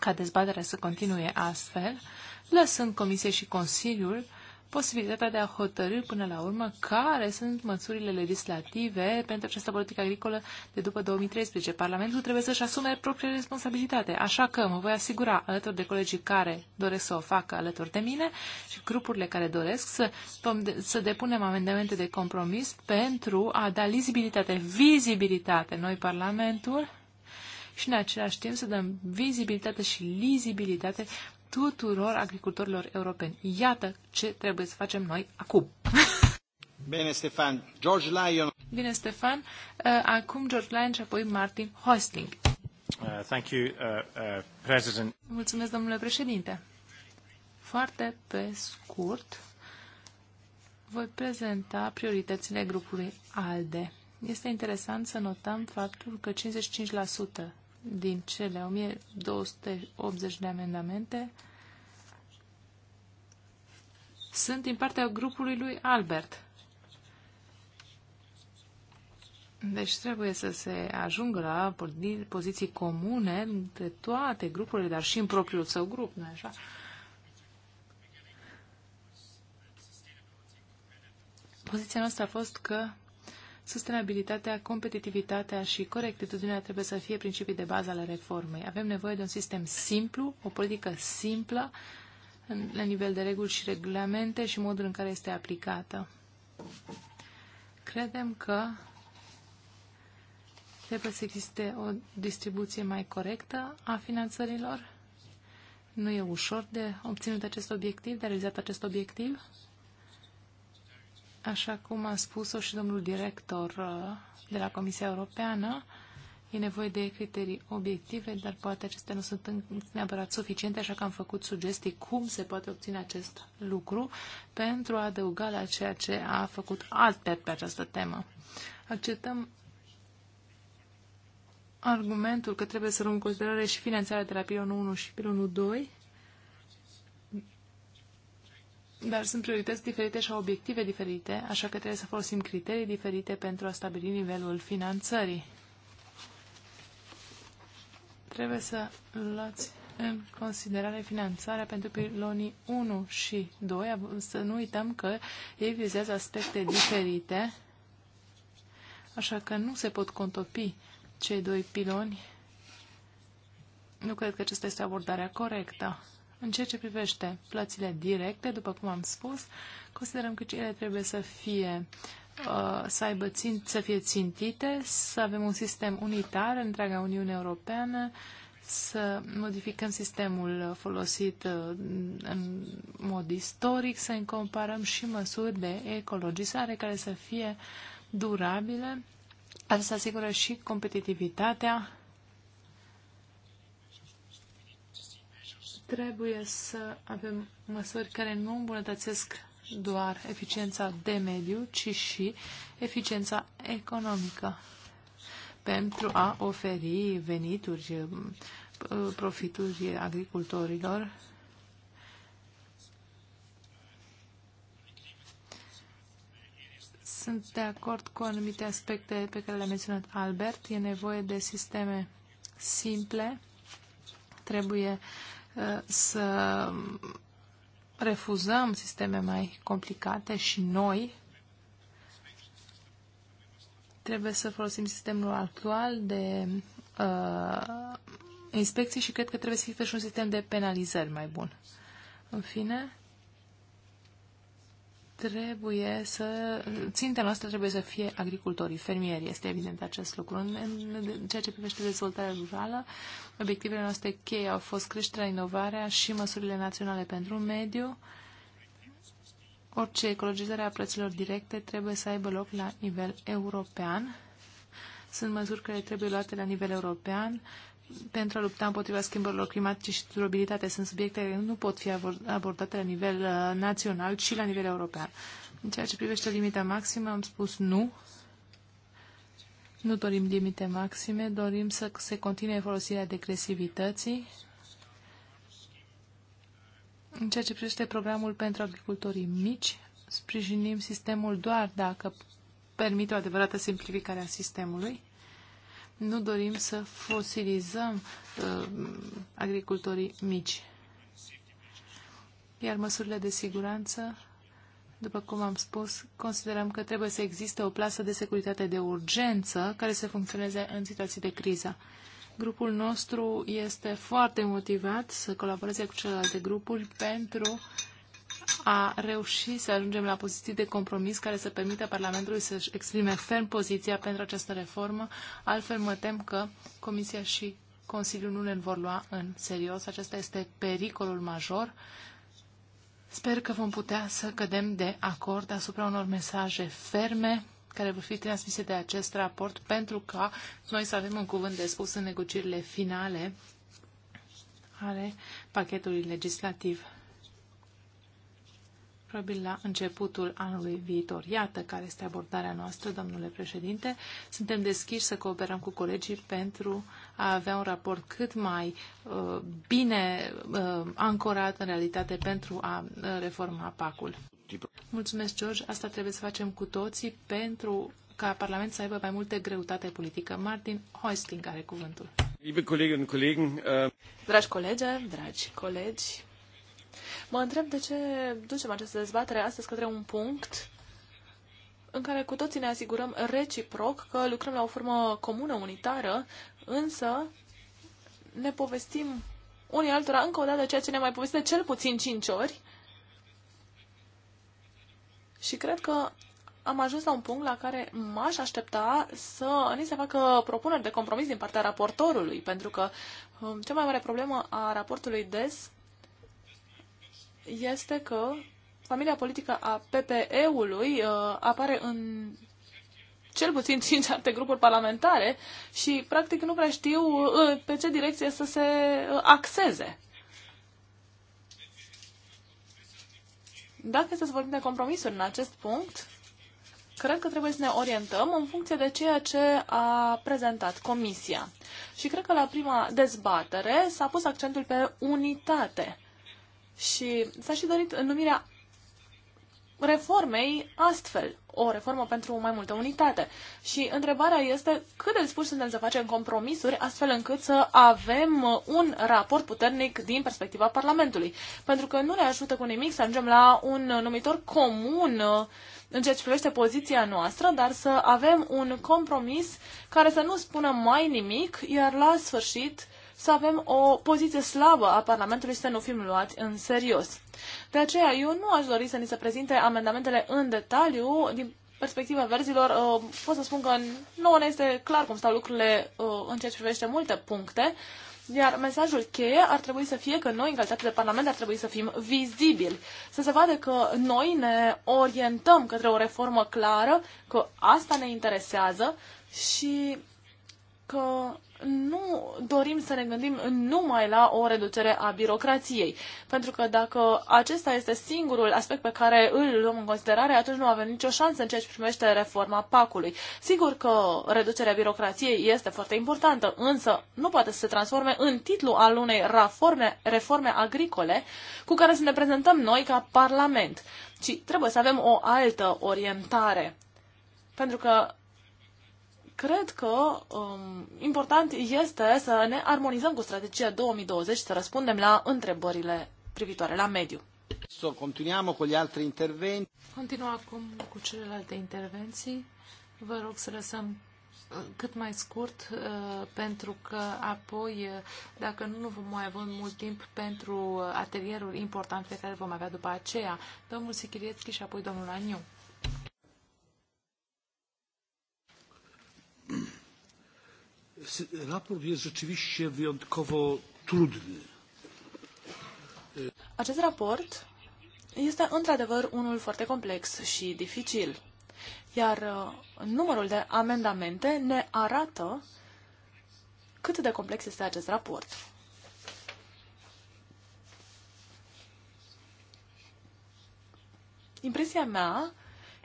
ca dezbaterea să continue astfel, lăsând Comisiei și Consiliul posibilitatea de a hotărâi până la urmă care sunt măsurile legislative pentru această politică agricolă de după 2013. Parlamentul trebuie să-și asume propria responsabilitate, așa că mă voi asigura alături de colegii care doresc să o facă alături de mine și grupurile care doresc să, să depunem amendamente de compromis pentru a da lizibilitate, vizibilitate noi Parlamentul și în același timp să dăm vizibilitate și lizibilitate tuturor agricultorilor europeni. Iată ce trebuie să facem noi acum. Bine, Stefan. George Lyon. Bine, Stefan. Uh, acum George Lyon și apoi Martin Hosting. Uh, thank you, uh, uh, President. Mulțumesc, domnule președinte. Foarte pe scurt, voi prezenta prioritățile grupului ALDE. Este interesant să notăm faptul că 55% din cele 1280 de amendamente sunt din partea grupului lui Albert. Deci trebuie să se ajungă la poziții comune între toate grupurile, dar și în propriul său grup, nu așa? Poziția noastră a fost că sustenabilitatea, competitivitatea și corectitudinea trebuie să fie principii de bază ale reformei. Avem nevoie de un sistem simplu, o politică simplă, la nivel de reguli și regulamente și modul în care este aplicată. Credem că trebuie să existe o distribuție mai corectă a finanțărilor. Nu e ușor de obținut acest obiectiv, de realizat acest obiectiv. Așa cum a spus-o și domnul director uh, de la Comisia Europeană, e nevoie de criterii obiective, dar poate acestea nu sunt neapărat suficiente, așa că am făcut sugestii cum se poate obține acest lucru pentru a adăuga la ceea ce a făcut alt pe această temă. Acceptăm argumentul că trebuie să luăm în considerare și finanțarea de la pilonul 1 și pilonul 2 dar sunt priorități diferite și obiective diferite, așa că trebuie să folosim criterii diferite pentru a stabili nivelul finanțării. Trebuie să luați în considerare finanțarea pentru pilonii 1 și 2, să nu uităm că ei vizează aspecte diferite, așa că nu se pot contopi cei doi piloni. Nu cred că acesta este abordarea corectă. În ceea ce privește plățile directe, după cum am spus, considerăm că ele trebuie să fie uh, să, aibă țin, să fie țintite, să avem un sistem unitar în întreaga Uniune Europeană, să modificăm sistemul folosit uh, în mod istoric, să încomparăm și măsuri de ecologizare care să fie durabile, să asigură și competitivitatea trebuie să avem măsuri care nu îmbunătățesc doar eficiența de mediu, ci și eficiența economică pentru a oferi venituri, profituri agricultorilor. Sunt de acord cu anumite aspecte pe care le-a menționat Albert. E nevoie de sisteme simple. Trebuie uh, să refuzăm sisteme mai complicate și noi trebuie să folosim sistemul actual de uh, inspecții și cred că trebuie să existe și un sistem de penalizări mai bun. În fine, trebuie să, ținta noastră trebuie să fie agricultorii, fermieri, este evident acest lucru. În, în ceea ce privește dezvoltarea rurală, obiectivele noastre cheie au fost creșterea, inovarea și măsurile naționale pentru mediu. Orice ecologizare a prețurilor directe trebuie să aibă loc la nivel european. Sunt măsuri care trebuie luate la nivel european pentru a lupta împotriva schimbărilor climatice și durabilitate sunt subiecte care nu pot fi abordate la nivel uh, național, și la nivel european. În ceea ce privește limita maximă, am spus nu. Nu dorim limite maxime, dorim să se continue folosirea degresivității. În ceea ce privește programul pentru agricultorii mici, sprijinim sistemul doar dacă permite o adevărată simplificare a sistemului nu dorim să fosilizăm uh, agricultorii mici. Iar măsurile de siguranță, după cum am spus, considerăm că trebuie să existe o plasă de securitate de urgență care să funcționeze în situații de criză. Grupul nostru este foarte motivat să colaboreze cu celelalte grupuri pentru uh, a reușit să ajungem la poziții de compromis care să permită Parlamentului să-și exprime ferm poziția pentru această reformă. Altfel mă tem că Comisia și Consiliul nu le vor lua în serios. Acesta este pericolul major. Sper că vom putea să cădem de acord asupra unor mesaje ferme care vor fi transmise de acest raport pentru ca noi să avem un cuvânt de spus în negocierile finale ale pachetului legislativ probabil la începutul anului viitor. Iată care este abordarea noastră, domnule președinte. Suntem deschiși să cooperăm cu colegii pentru a avea un raport cât mai uh, bine uh, ancorat în realitate pentru a uh, reforma PAC-ul. Mulțumesc, George. Asta trebuie să facem cu toții pentru ca Parlament să aibă mai multe greutate politică. Martin Hoisting are cuvântul. Äh, dragi colegi, dragi colegi, Mă întreb de ce ducem această dezbatere astăzi către un punct în care cu toții ne asigurăm reciproc că lucrăm la o formă comună, unitară, însă ne povestim unii altora încă o dată ceea ce ne mai povestit cel puțin cinci ori. Și cred că am ajuns la un punct la care m-aș aștepta să ni se facă propuneri de compromis din partea raportorului, pentru că um, cea mai mare problemă a raportului DES este că familia politică a PPE-ului uh, apare în cel puțin <laughs> cinci alte grupuri parlamentare și practic nu prea știu uh, pe ce direcție să se uh, axeze. Dacă să vorbim de compromisuri în acest punct, cred că trebuie să ne orientăm în funcție de ceea ce a prezentat Comisia. Și cred că la prima dezbatere s-a pus accentul pe unitate. Și s-a și dorit numirea reformei astfel, o reformă pentru mai multă unitate. Și întrebarea este cât de dispuși suntem să facem compromisuri astfel încât să avem un raport puternic din perspectiva Parlamentului. Pentru că nu ne ajută cu nimic să ajungem la un numitor comun în ceea ce privește poziția noastră, dar să avem un compromis care să nu spună mai nimic, iar la sfârșit să avem o poziție slabă a Parlamentului să nu fim luați în serios. De aceea, eu nu aș dori să ni se prezinte amendamentele în detaliu. Din perspectiva verzilor, uh, pot să spun că nouă ne este clar cum stau lucrurile uh, în ceea ce privește multe puncte. Iar mesajul cheie ar trebui să fie că noi, în calitate de Parlament, ar trebui să fim vizibili, să se vadă că noi ne orientăm către o reformă clară, că asta ne interesează și că nu dorim să ne gândim numai la o reducere a birocrației. Pentru că dacă acesta este singurul aspect pe care îl luăm în considerare, atunci nu avem nicio șansă în ceea ce primește reforma PAC-ului. Sigur că reducerea birocrației este foarte importantă, însă nu poate să se transforme în titlu al unei reforme, reforme agricole cu care să ne prezentăm noi ca Parlament, ci trebuie să avem o altă orientare. Pentru că Cred că um, important este să ne armonizăm cu strategia 2020 și să răspundem la întrebările privitoare la mediu. So, continuăm cu altri interventi. Continuăm acum cu celelalte intervenții. Vă rog să lăsăm uh, cât mai scurt, uh, pentru că apoi, uh, dacă nu, nu vom mai avea mult timp pentru atelierul important pe care vom avea după aceea, domnul Sichirietski și apoi domnul Aniu. Raport jest rzeczywiście wyjątkowo trudny. Acest raport este într-adevăr unul foarte complex și dificil. Iar uh, numărul de amendamente ne arată cât de complex este acest raport. Impresia mea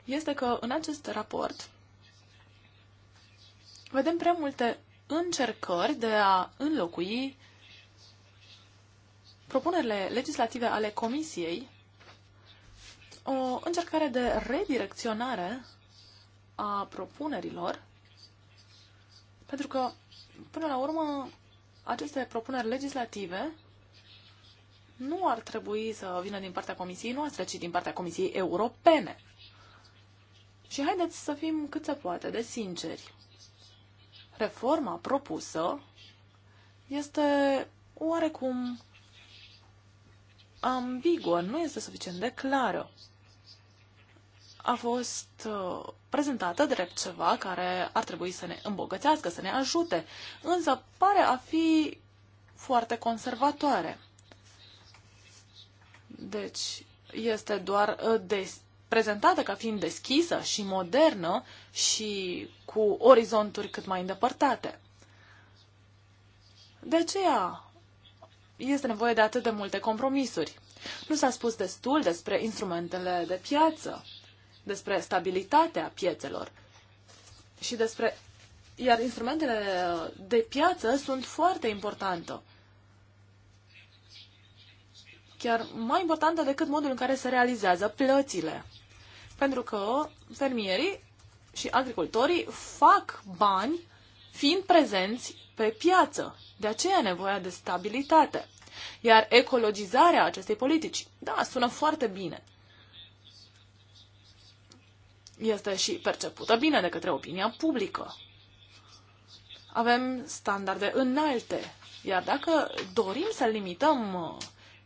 este că în acest raport vedem prea multe încercări de a înlocui propunerile legislative ale Comisiei, o încercare de redirecționare a propunerilor, pentru că, până la urmă, aceste propuneri legislative nu ar trebui să vină din partea Comisiei noastre, ci din partea Comisiei Europene. Și haideți să fim cât se poate de sinceri reforma propusă este oarecum ambiguă, nu este suficient de clară. A fost uh, prezentată drept ceva care ar trebui să ne îmbogățească, să ne ajute, însă pare a fi foarte conservatoare. Deci, este doar uh, des, prezentată ca fiind deschisă și modernă și cu orizonturi cât mai îndepărtate. De aceea este nevoie de atât de multe compromisuri. Nu s-a spus destul despre instrumentele de piață, despre stabilitatea piețelor și despre... Iar instrumentele de piață sunt foarte importante. Chiar mai importante decât modul în care se realizează plățile. Pentru că fermierii și agricultorii fac bani fiind prezenți pe piață. De aceea nevoia de stabilitate. Iar ecologizarea acestei politici, da, sună foarte bine. Este și percepută bine de către opinia publică. Avem standarde înalte, iar dacă dorim să limităm uh,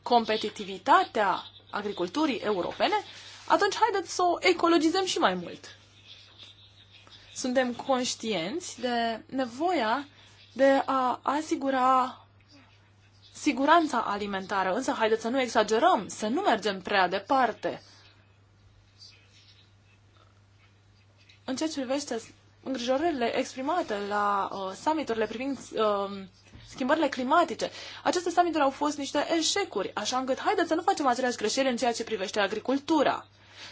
competitivitatea agriculturii europene, atunci haideți să o ecologizăm și mai mult. Suntem conștienți de nevoia de a asigura siguranța alimentară, însă haideți să nu exagerăm, să nu mergem prea departe. În ceea ce privește îngrijorările exprimate la uh, summiturile privind uh, schimbările climatice. Aceste summituri au fost niște eșecuri, așa încât haideți să nu facem aceleași greșeli în ceea ce privește agricultura.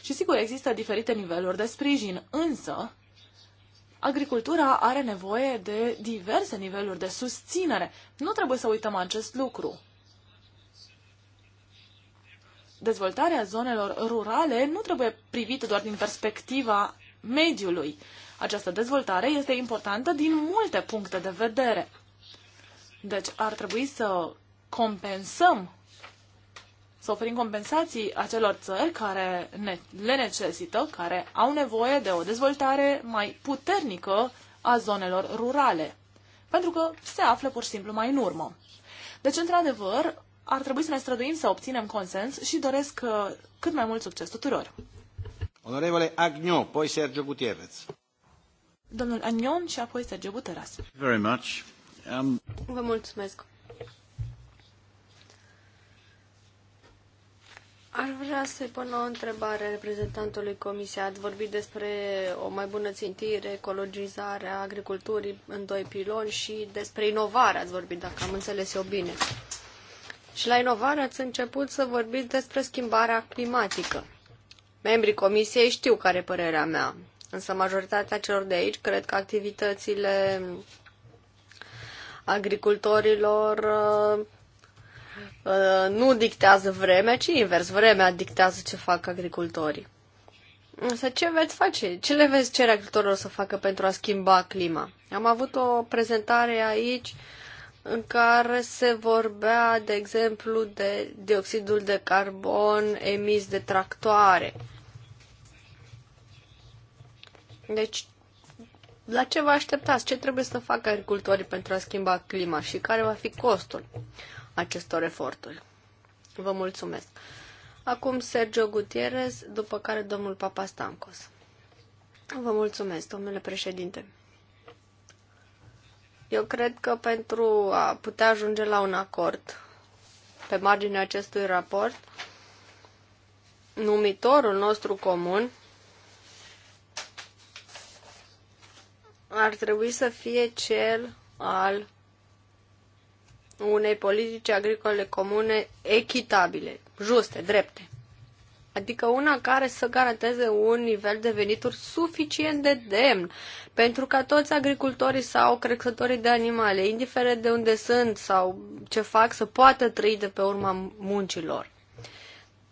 Și sigur, există diferite niveluri de sprijin, însă agricultura are nevoie de diverse niveluri de susținere. Nu trebuie să uităm acest lucru. Dezvoltarea zonelor rurale nu trebuie privită doar din perspectiva mediului. Această dezvoltare este importantă din multe puncte de vedere. Deci ar trebui să compensăm să oferim compensații acelor țări care ne, le necesită, care au nevoie de o dezvoltare mai puternică a zonelor rurale, pentru că se află pur și simplu mai în urmă. Deci, într-adevăr, ar trebui să ne străduim să obținem consens și doresc uh, cât mai mult succes tuturor. Onorevole Agnion, poi Sergio Gutierrez. Domnul Agnion și apoi Sergio Buteras. Very much. Um... Vă mulțumesc. Ar vrea să-i pun o întrebare reprezentantului Comisiei. Ați vorbit despre o mai bună țintire, ecologizarea agriculturii în doi piloni și despre inovare ați vorbit, dacă am înțeles eu bine. Și la inovare ați început să vorbiți despre schimbarea climatică. Membrii Comisiei știu care e părerea mea, însă majoritatea celor de aici cred că activitățile agricultorilor Uh, nu dictează vremea, ci invers, vremea dictează ce fac agricultorii. Însă ce veți face? Ce le veți cere agricultorilor să facă pentru a schimba clima? Am avut o prezentare aici în care se vorbea, de exemplu, de dioxidul de carbon emis de tractoare. Deci, la ce vă așteptați? Ce trebuie să facă agricultorii pentru a schimba clima și care va fi costul? acestor eforturi. Vă mulțumesc. Acum Sergio Gutierrez, după care domnul Papa Stancos. Vă mulțumesc, domnule președinte. Eu cred că pentru a putea ajunge la un acord pe marginea acestui raport, numitorul nostru comun ar trebui să fie cel al unei politici agricole comune echitabile, juste, drepte. Adică una care să garanteze un nivel de venituri suficient de demn pentru ca toți agricultorii sau crescătorii de animale, indiferent de unde sunt sau ce fac, să poată trăi de pe urma muncilor.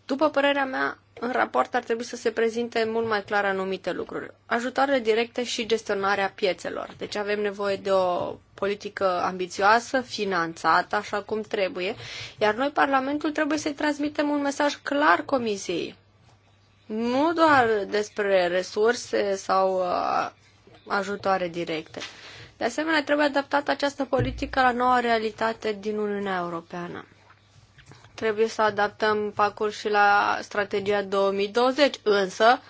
După părerea mea, în raport ar trebui să se prezinte mult mai clar anumite lucruri. Ajutoarele directe și gestionarea piețelor. Deci avem nevoie de o politică ambițioasă, finanțată așa cum trebuie, iar noi, Parlamentul, trebuie să-i transmitem un mesaj clar Comisiei. Nu doar despre resurse sau uh, ajutoare directe. De asemenea, trebuie adaptată această politică la noua realitate din Uniunea Europeană. Trebuie să adaptăm pacul și la strategia 2020, însă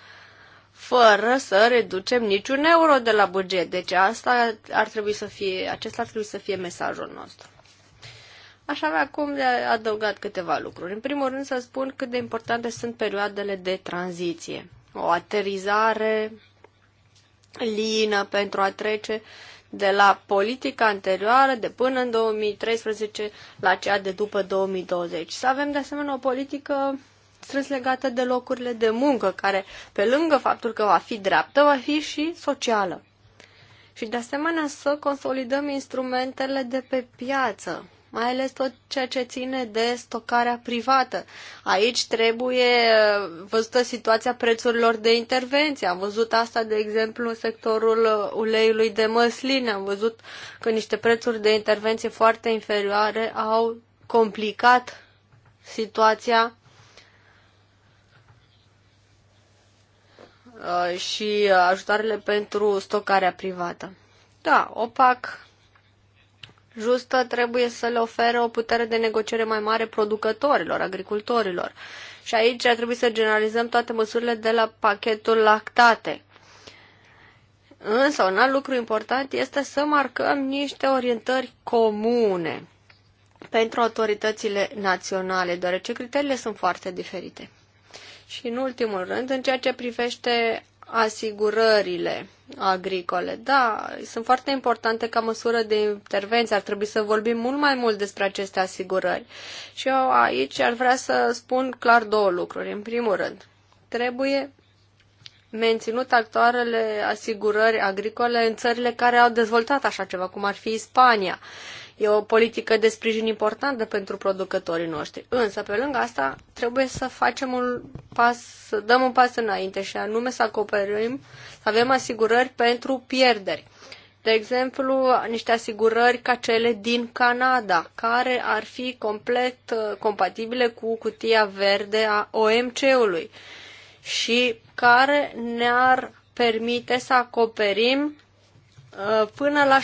fără să reducem niciun euro de la buget. Deci asta ar trebui să fie, acesta ar trebui să fie mesajul nostru. Aș avea acum de adăugat câteva lucruri. În primul rând să spun cât de importante sunt perioadele de tranziție. O aterizare lină pentru a trece de la politica anterioară de până în 2013 la cea de după 2020. Să avem de asemenea o politică strâns legată de locurile de muncă, care, pe lângă faptul că va fi dreaptă, va fi și socială. Și, de asemenea, să consolidăm instrumentele de pe piață, mai ales tot ceea ce ține de stocarea privată. Aici trebuie uh, văzută situația prețurilor de intervenție. Am văzut asta, de exemplu, în sectorul uh, uleiului de măsline. Am văzut că niște prețuri de intervenție foarte inferioare au complicat situația Uh, și uh, ajutoarele pentru stocarea privată. Da, OPAC justă trebuie să le ofere o putere de negociere mai mare producătorilor, agricultorilor. Și aici ar trebui să generalizăm toate măsurile de la pachetul lactate. Însă, un alt lucru important este să marcăm niște orientări comune pentru autoritățile naționale, deoarece criteriile sunt foarte diferite. Și în ultimul rând, în ceea ce privește asigurările agricole. Da, sunt foarte importante ca măsură de intervenție. Ar trebui să vorbim mult mai mult despre aceste asigurări. Și eu aici ar vrea să spun clar două lucruri. În primul rând, trebuie menținut actualele asigurări agricole în țările care au dezvoltat așa ceva, cum ar fi Spania. Uh, E o politică de sprijin importantă pentru producătorii noștri. Însă, pe lângă asta, trebuie să facem un pas, să dăm un pas înainte și anume să acoperim, să avem asigurări pentru pierderi. De exemplu, niște asigurări ca cele din Canada, care ar fi complet uh, compatibile cu cutia verde a OMC-ului și care ne-ar permite să acoperim Uh, până la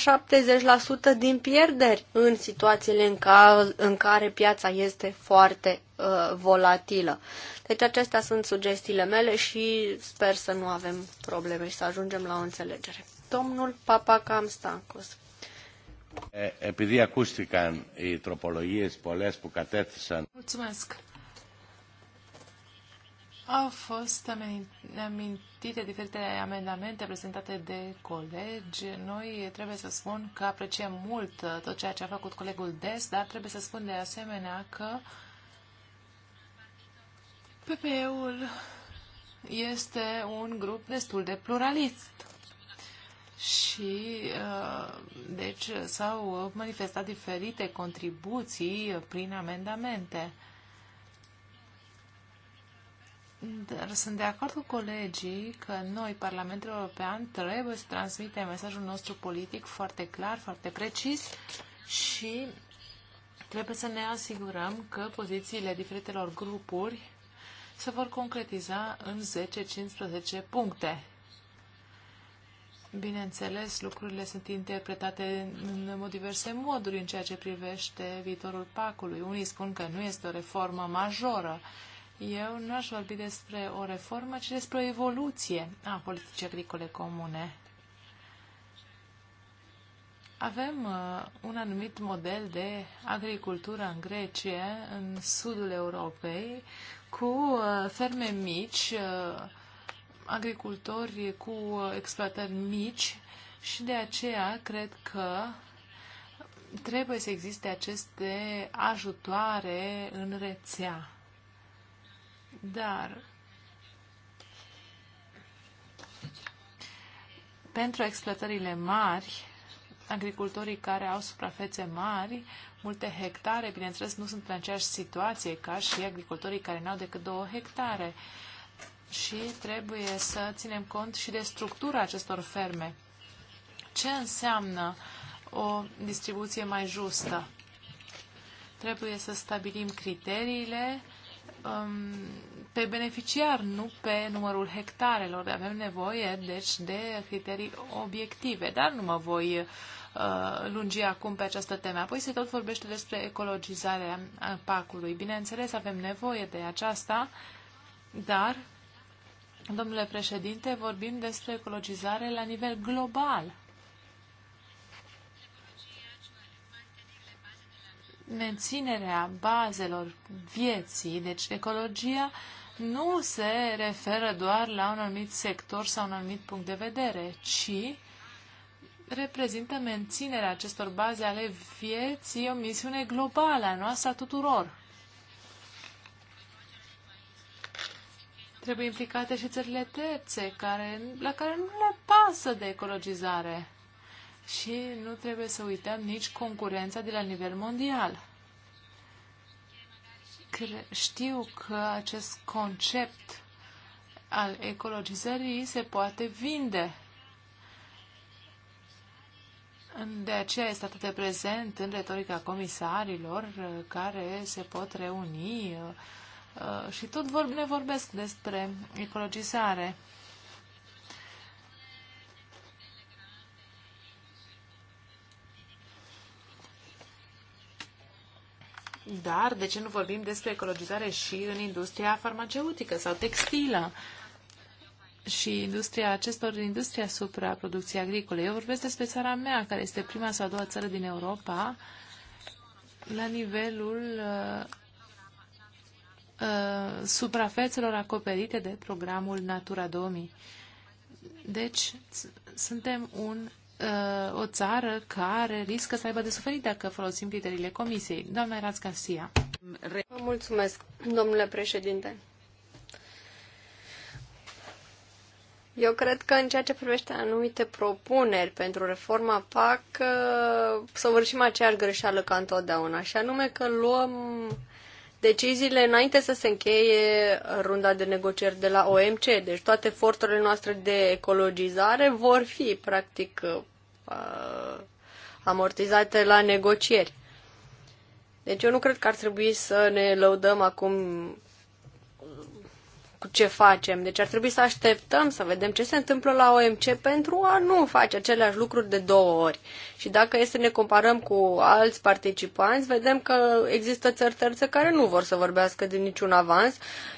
70% din pierderi în situațiile în, ca, în care piața este foarte uh, volatilă. Deci acestea sunt sugestiile mele și sper să nu avem probleme și să ajungem la o înțelegere. Domnul Papacam Stancos. Επειδή ακούστηκαν οι τροπολογίες πολλές που κατέθεσαν... Mulțumesc. Au fost amintite diferite amendamente prezentate de colegi. Noi trebuie să spun că apreciem mult uh, tot ceea ce a făcut colegul Des, dar trebuie să spun de asemenea că PPE-ul este un grup destul de pluralist. Și, uh, deci, s-au manifestat diferite contribuții prin amendamente. Dar sunt de acord cu colegii că noi, Parlamentul European, trebuie să transmitem mesajul nostru politic foarte clar, foarte precis și trebuie să ne asigurăm că pozițiile diferitelor grupuri se vor concretiza în 10-15 puncte. Bineînțeles, lucrurile sunt interpretate în mod diverse moduri în ceea ce privește viitorul pacului. Unii spun că nu este o reformă majoră, eu nu aș vorbi despre o reformă, ci despre o evoluție a politicii agricole comune. Avem uh, un anumit model de agricultură în Grecie, în sudul Europei, cu uh, ferme mici, uh, agricultori cu uh, exploatări mici și de aceea cred că trebuie să existe aceste ajutoare în rețea. Dar pentru exploatările mari, agricultorii care au suprafețe mari, multe hectare, bineînțeles, nu sunt în aceeași situație ca și agricultorii care n-au decât două hectare. Și trebuie să ținem cont și de structura acestor ferme. Ce înseamnă o distribuție mai justă? Trebuie să stabilim criteriile um, pe beneficiar, nu pe numărul hectarelor. Avem nevoie, deci, de criterii obiective, dar nu mă voi uh, lungi acum pe această temă. Apoi se tot vorbește despre ecologizarea pacului. Bineînțeles, avem nevoie de aceasta, dar, domnule președinte, vorbim despre ecologizare la nivel global. menținerea bazelor vieții, deci ecologia nu se referă doar la un anumit sector sau un anumit punct de vedere, ci reprezintă menținerea acestor baze ale vieții, o misiune globală a noastră a tuturor. Trebuie implicate și țările terțe, care, la care nu le pasă de ecologizare și nu trebuie să uităm nici concurența de la nivel mondial. Cre știu că acest concept al ecologizării se poate vinde. De aceea este atât de prezent în retorica comisarilor uh, care se pot reuni uh, uh, și tot vor, ne vorbesc despre ecologizare. Dar de ce nu vorbim despre ecologizare și în industria farmaceutică sau textilă? și industria acestor, industria supra producției agricole. Eu vorbesc despre țara mea, care este prima sau a doua țară din Europa, la nivelul uh, uh, suprafețelor acoperite de programul Natura 2000. Deci, suntem un Uh, o țară care riscă să aibă de suferit dacă folosim criteriile Comisiei. Doamna Erați Garcia. Vă mulțumesc, domnule președinte. Eu cred că în ceea ce privește anumite propuneri pentru reforma PAC, uh, vârșim aceeași greșeală ca întotdeauna, și anume că luăm uh, deciziile înainte să se încheie runda de negocieri de la OMC. Deci toate eforturile noastre de ecologizare vor fi, practic, uh, amortizate la negocieri. Deci eu nu cred că ar trebui să ne lăudăm acum cu ce facem. Deci ar trebui să așteptăm să vedem ce se întâmplă la OMC pentru a nu face aceleași lucruri de două ori. Și dacă este să ne comparăm cu alți participanți, vedem că există țări terțe care nu vor să vorbească de niciun avans,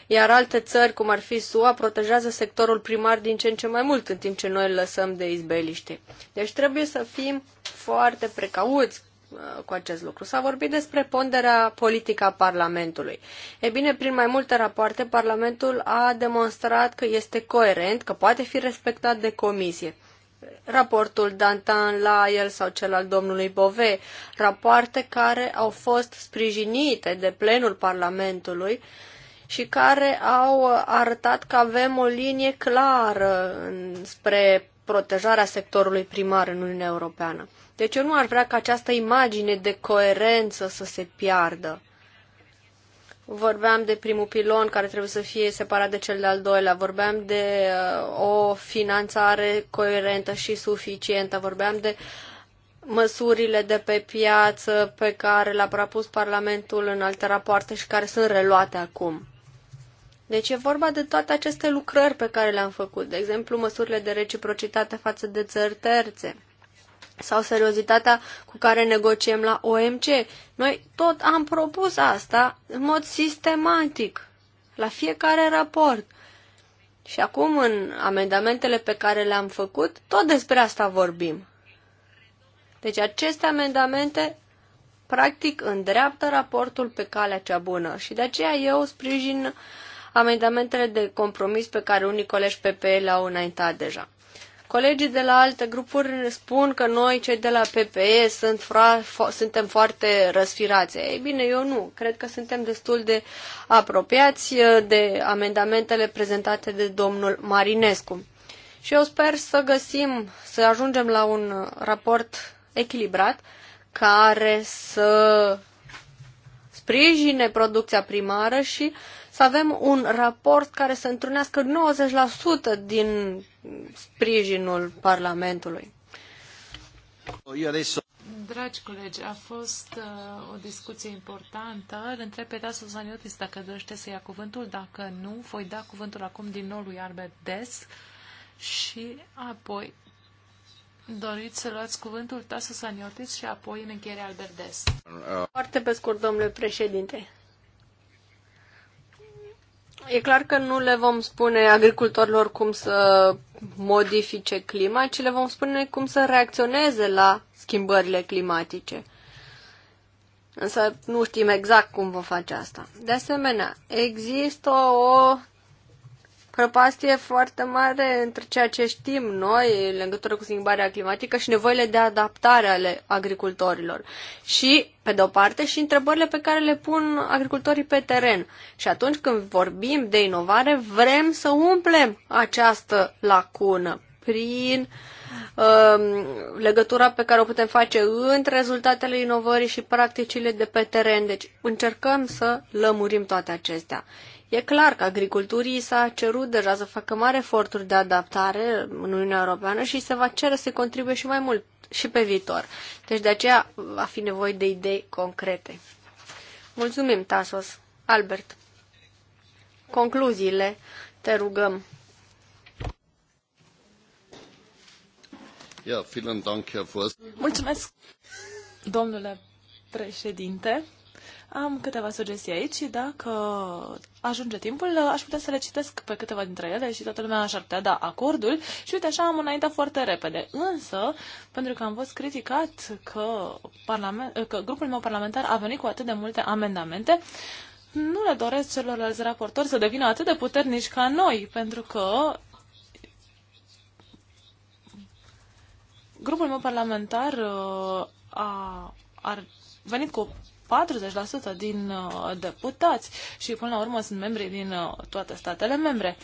iar alte țări, cum ar fi SUA, protejează sectorul primar din ce în ce mai mult, în timp ce noi îl lăsăm de izbeliște. Deci trebuie să fim foarte precauți Uh, cu acest lucru. S-a vorbit despre ponderea politică a Parlamentului. E bine, prin mai multe rapoarte, Parlamentul a demonstrat că este coerent, că poate fi respectat de comisie. Raportul Dantan la el sau cel al domnului Bove, rapoarte care au fost sprijinite de plenul Parlamentului, și care au arătat că avem o linie clară spre protejarea sectorului primar în Uniunea Europeană. Deci eu nu ar vrea ca această imagine de coerență să se piardă. Vorbeam de primul pilon care trebuie să fie separat de cel de-al doilea, vorbeam de uh, o finanțare coerentă și suficientă, vorbeam de măsurile de pe piață pe care le-a propus Parlamentul în alte rapoarte și care sunt reluate acum. Deci e vorba de toate aceste lucrări pe care le-am făcut, de exemplu măsurile de reciprocitate față de țări terțe sau seriozitatea cu care negociem la OMC. Noi tot am propus asta în mod sistematic, la fiecare raport. Și acum, în amendamentele pe care le-am făcut, tot despre asta vorbim. Deci aceste amendamente, practic, îndreaptă raportul pe calea cea bună și de aceea eu sprijin uh, amendamentele de compromis pe care unii colegi PPE le-au înaintat deja. Colegii de la alte grupuri spun că noi, cei de la PPE, sunt fra, fo, suntem foarte răsfirați. Ei bine, eu nu. Cred că suntem destul de apropiați uh, de amendamentele prezentate de domnul Marinescu. Și eu sper să găsim, să ajungem la un raport echilibrat care să sprijine producția primară și uh, să avem un raport care să întrunească 90% din sprijinul Parlamentului. Dragi colegi, a fost uh, o discuție importantă. Îl întreb pe Tasu Zaniotis dacă dorește să ia cuvântul. Dacă nu, voi da cuvântul acum din nou lui Albert Des și apoi Doriți să luați cuvântul Tasu Zaniotis și apoi în încheiere Albert Des. Foarte pe scurt, domnule președinte. E clar că nu le vom spune agricultorilor cum să modifice clima, ci le vom spune cum să reacționeze la schimbările climatice. Însă nu știm exact cum vom face asta. De asemenea, există o prăpastie foarte mare între ceea ce știm noi în legătură cu schimbarea climatică și nevoile de adaptare ale agricultorilor. Și, pe de o parte, și întrebările pe care le pun agricultorii pe teren. Și atunci când vorbim de inovare, vrem să umplem această lacună prin um, legătura pe care o putem face între rezultatele inovării și practicile de pe teren. Deci încercăm să lămurim toate acestea. E clar că agriculturii s-a cerut deja să facă mari eforturi de adaptare în Uniunea Europeană și se va cere să contribuie și mai mult și pe viitor. Deci de aceea va fi nevoie de idei concrete. Mulțumim, Tasos. Albert. Concluziile, te rugăm. Mulțumesc, domnule președinte. Am câteva sugestii aici și dacă ajunge timpul, aș putea să le citesc pe câteva dintre ele și toată lumea aș ar putea da acordul. Și uite, așa am înaintat foarte repede. Însă, pentru că am fost criticat că, parlament, că grupul meu parlamentar a venit cu atât de multe amendamente, nu le doresc celorlalți raportori să devină atât de puternici ca noi, pentru că grupul meu parlamentar uh, a, a, venit cu 40% din uh, deputați și până la urmă sunt membri din uh, toate statele membre.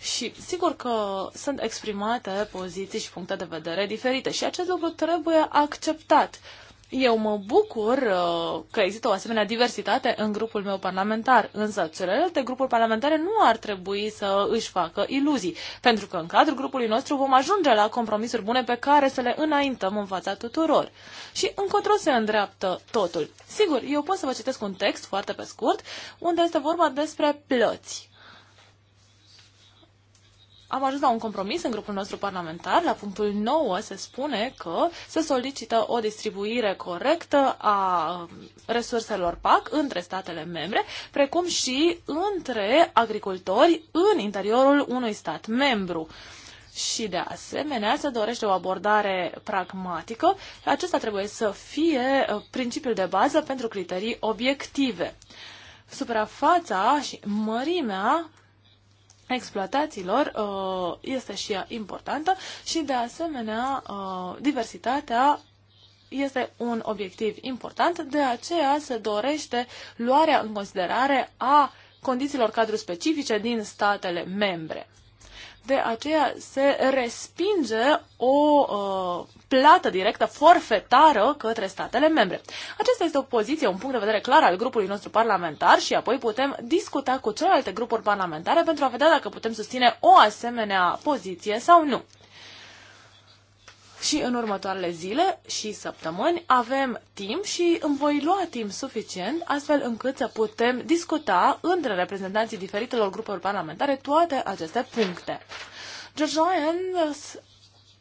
Și sigur că sunt exprimate poziții și puncte de vedere diferite și acest lucru trebuie acceptat. Uh, eu mă bucur uh, că există o asemenea diversitate în grupul meu parlamentar, însă celelalte grupuri parlamentare nu ar trebui să își facă iluzii, pentru că în cadrul grupului nostru vom ajunge la compromisuri bune pe care să le înaintăm în fața tuturor. Și încotro se îndreaptă totul. Sigur, eu pot să vă citesc un text foarte pe scurt, unde este vorba despre plăți am ajuns la un compromis în grupul nostru parlamentar. La punctul 9 se spune că se solicită o distribuire corectă a um, resurselor PAC între statele membre, precum și între agricultori în interiorul unui stat membru. Și de asemenea se dorește o abordare pragmatică. Acesta trebuie să fie uh, principiul de bază pentru criterii obiective. Suprafața și mărimea exploatațiilor uh, este și ea importantă și, de asemenea, uh, diversitatea este un obiectiv important, de aceea se dorește luarea în considerare a condițiilor cadru specifice din statele membre. De aceea se respinge o uh, plată directă forfetară către statele membre. Acesta este o poziție, un punct de vedere clar al grupului nostru parlamentar și apoi putem discuta cu celelalte grupuri parlamentare pentru a vedea dacă putem susține o asemenea poziție sau nu și în următoarele zile și săptămâni avem timp și îmi voi lua timp suficient astfel încât să putem discuta între reprezentanții diferitelor grupuri parlamentare toate aceste puncte. George Ryan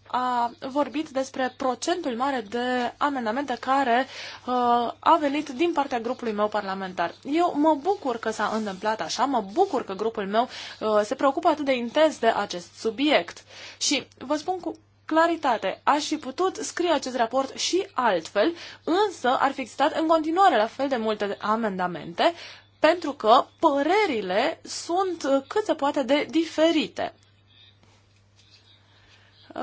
a vorbit despre procentul mare de amendamente care uh, a venit din partea grupului meu parlamentar. Eu mă bucur că s-a întâmplat așa, mă bucur că grupul meu uh, se preocupă atât de intens de acest subiect și vă spun cu claritate. Aș fi putut scrie acest raport și altfel, însă ar fi existat în continuare la fel de multe amendamente, pentru că părerile sunt cât se poate de diferite.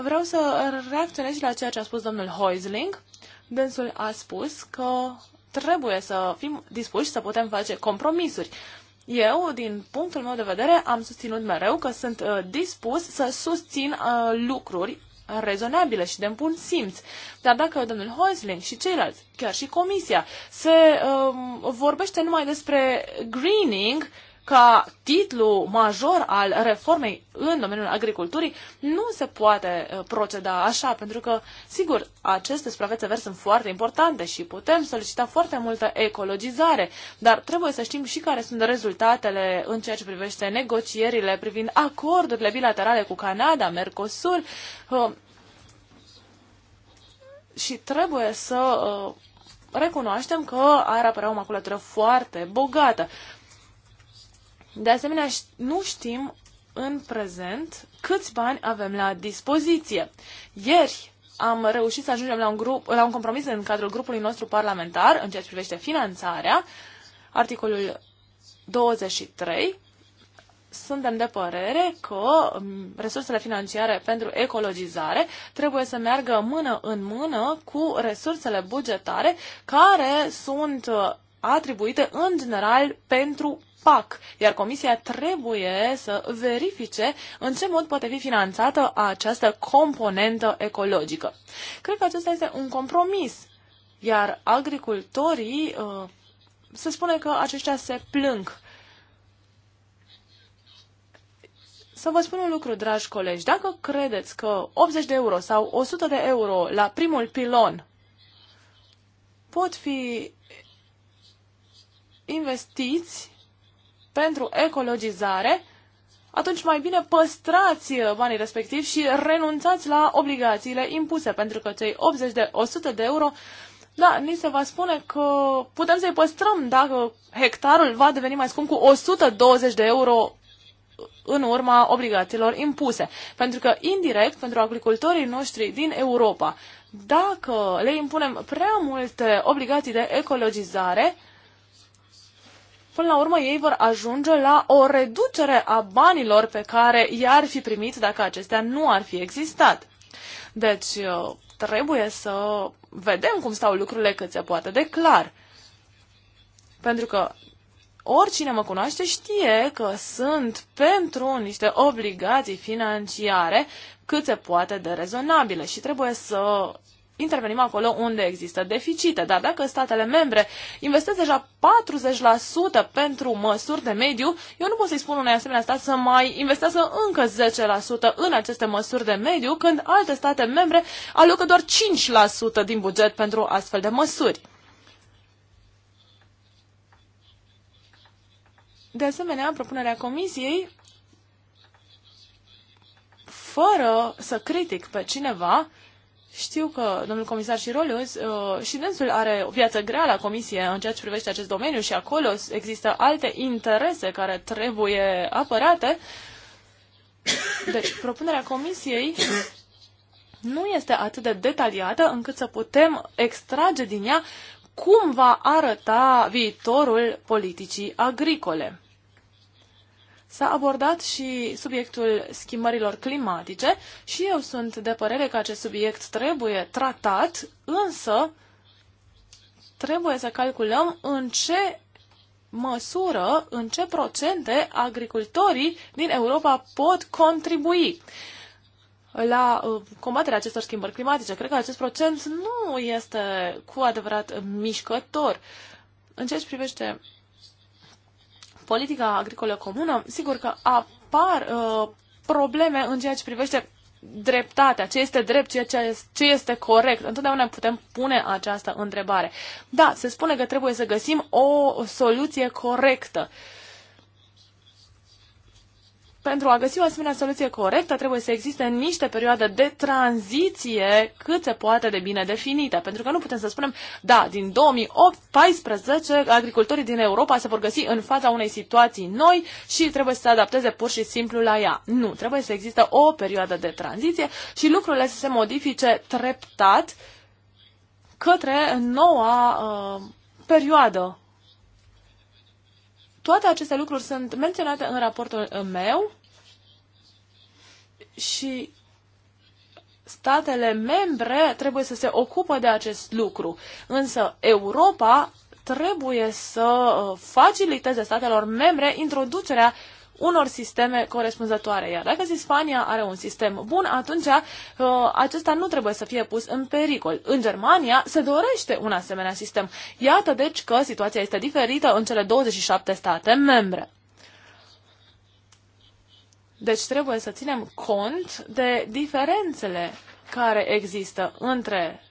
Vreau să reacționez și la ceea ce a spus domnul Heusling. Dânsul a spus că trebuie să fim dispuși să putem face compromisuri. Eu, din punctul meu de vedere, am susținut mereu că sunt uh, dispus să susțin uh, lucruri rezonabile și de bun simț. Dar dacă domnul Hoisling și ceilalți, chiar și comisia, se um, vorbește numai despre greening, uh, ca titlu major al reformei în domeniul agriculturii, nu se poate uh, proceda așa, pentru că, sigur, aceste suprafețe verzi sunt foarte importante și putem solicita foarte multă ecologizare, dar trebuie să știm și care sunt rezultatele în ceea ce privește negocierile privind acordurile bilaterale cu Canada, Mercosur, uh, și trebuie să uh, recunoaștem că ar apărea o maculatură foarte bogată. De asemenea, nu știm în prezent câți bani avem la dispoziție. Ieri am reușit să ajungem la un, grup, la un compromis în cadrul grupului nostru parlamentar în ceea ce privește finanțarea, articolul 23. Suntem de părere că mm, resursele financiare pentru ecologizare trebuie să meargă mână în mână cu resursele bugetare care sunt atribuite în general pentru PAC, iar Comisia trebuie să verifice în ce mod poate fi finanțată această componentă ecologică. Cred că acesta este un compromis, iar agricultorii uh, se spune că aceștia se plâng. Să vă spun un lucru, dragi colegi, dacă credeți că 80 de euro sau 100 de euro la primul pilon pot fi investiți pentru ecologizare, atunci mai bine păstrați banii respectivi și renunțați la obligațiile impuse, pentru că cei 80 de 100 de euro, da, ni se va spune că putem să-i păstrăm dacă hectarul va deveni mai scump cu 120 de euro în urma obligațiilor impuse. Pentru că, indirect, pentru agricultorii noștri din Europa, dacă le impunem prea multe obligații de ecologizare, până la urmă ei vor ajunge la o reducere a banilor pe care i-ar fi primit dacă acestea nu ar fi existat. Deci, uh, trebuie să vedem cum stau lucrurile cât se poate de clar. Pentru că oricine mă cunoaște știe că sunt pentru niște obligații financiare cât se poate de rezonabile și trebuie să intervenim acolo unde există deficite. Dar dacă statele membre investesc deja 40% pentru măsuri de mediu, eu nu pot să-i spun unei asemenea stat să mai investească încă 10% în aceste măsuri de mediu, când alte state membre alocă doar 5% din buget pentru astfel de măsuri. De asemenea, propunerea Comisiei, fără să critic pe cineva, știu că domnul comisar Șirolius uh, și dânsul are o viață grea la comisie în ceea ce privește acest domeniu și acolo există alte interese care trebuie apărate. Deci, propunerea comisiei nu este atât de detaliată încât să putem extrage din ea cum va arăta viitorul politicii agricole. S-a abordat și subiectul schimbărilor climatice și eu sunt de părere că acest subiect trebuie tratat, însă trebuie să calculăm în ce măsură, în ce procente agricultorii din Europa pot contribui la uh, combaterea acestor schimbări climatice. Cred că acest procent nu este cu adevărat mișcător. În ce privește politica agricolă comună, sigur că apar uh, probleme în ceea ce privește dreptatea, ce este drept, ceea ce, ce este corect. Întotdeauna putem pune această întrebare. Da, se spune că trebuie să găsim o soluție corectă. Uh, pentru a găsi o asemenea soluție corectă, trebuie să existe niște perioade de tranziție cât se poate de bine definite. Pentru că nu putem să spunem, da, din 2014 agricultorii din Europa se vor găsi în fața unei situații noi și trebuie să se adapteze pur și simplu la ea. Nu, trebuie să existe o perioadă de tranziție și lucrurile să se modifice treptat către noua uh, perioadă toate aceste lucruri sunt menționate în raportul uh, meu și statele membre trebuie să se ocupă de acest lucru. Însă Europa trebuie să uh, faciliteze statelor membre introducerea uh, unor sisteme corespunzătoare. Iar dacă Spania are un sistem bun, atunci uh, acesta nu trebuie să fie pus în pericol. În Germania se dorește un asemenea sistem. Iată deci că situația este diferită în cele 27 state membre. Deci trebuie să ținem cont de diferențele care există între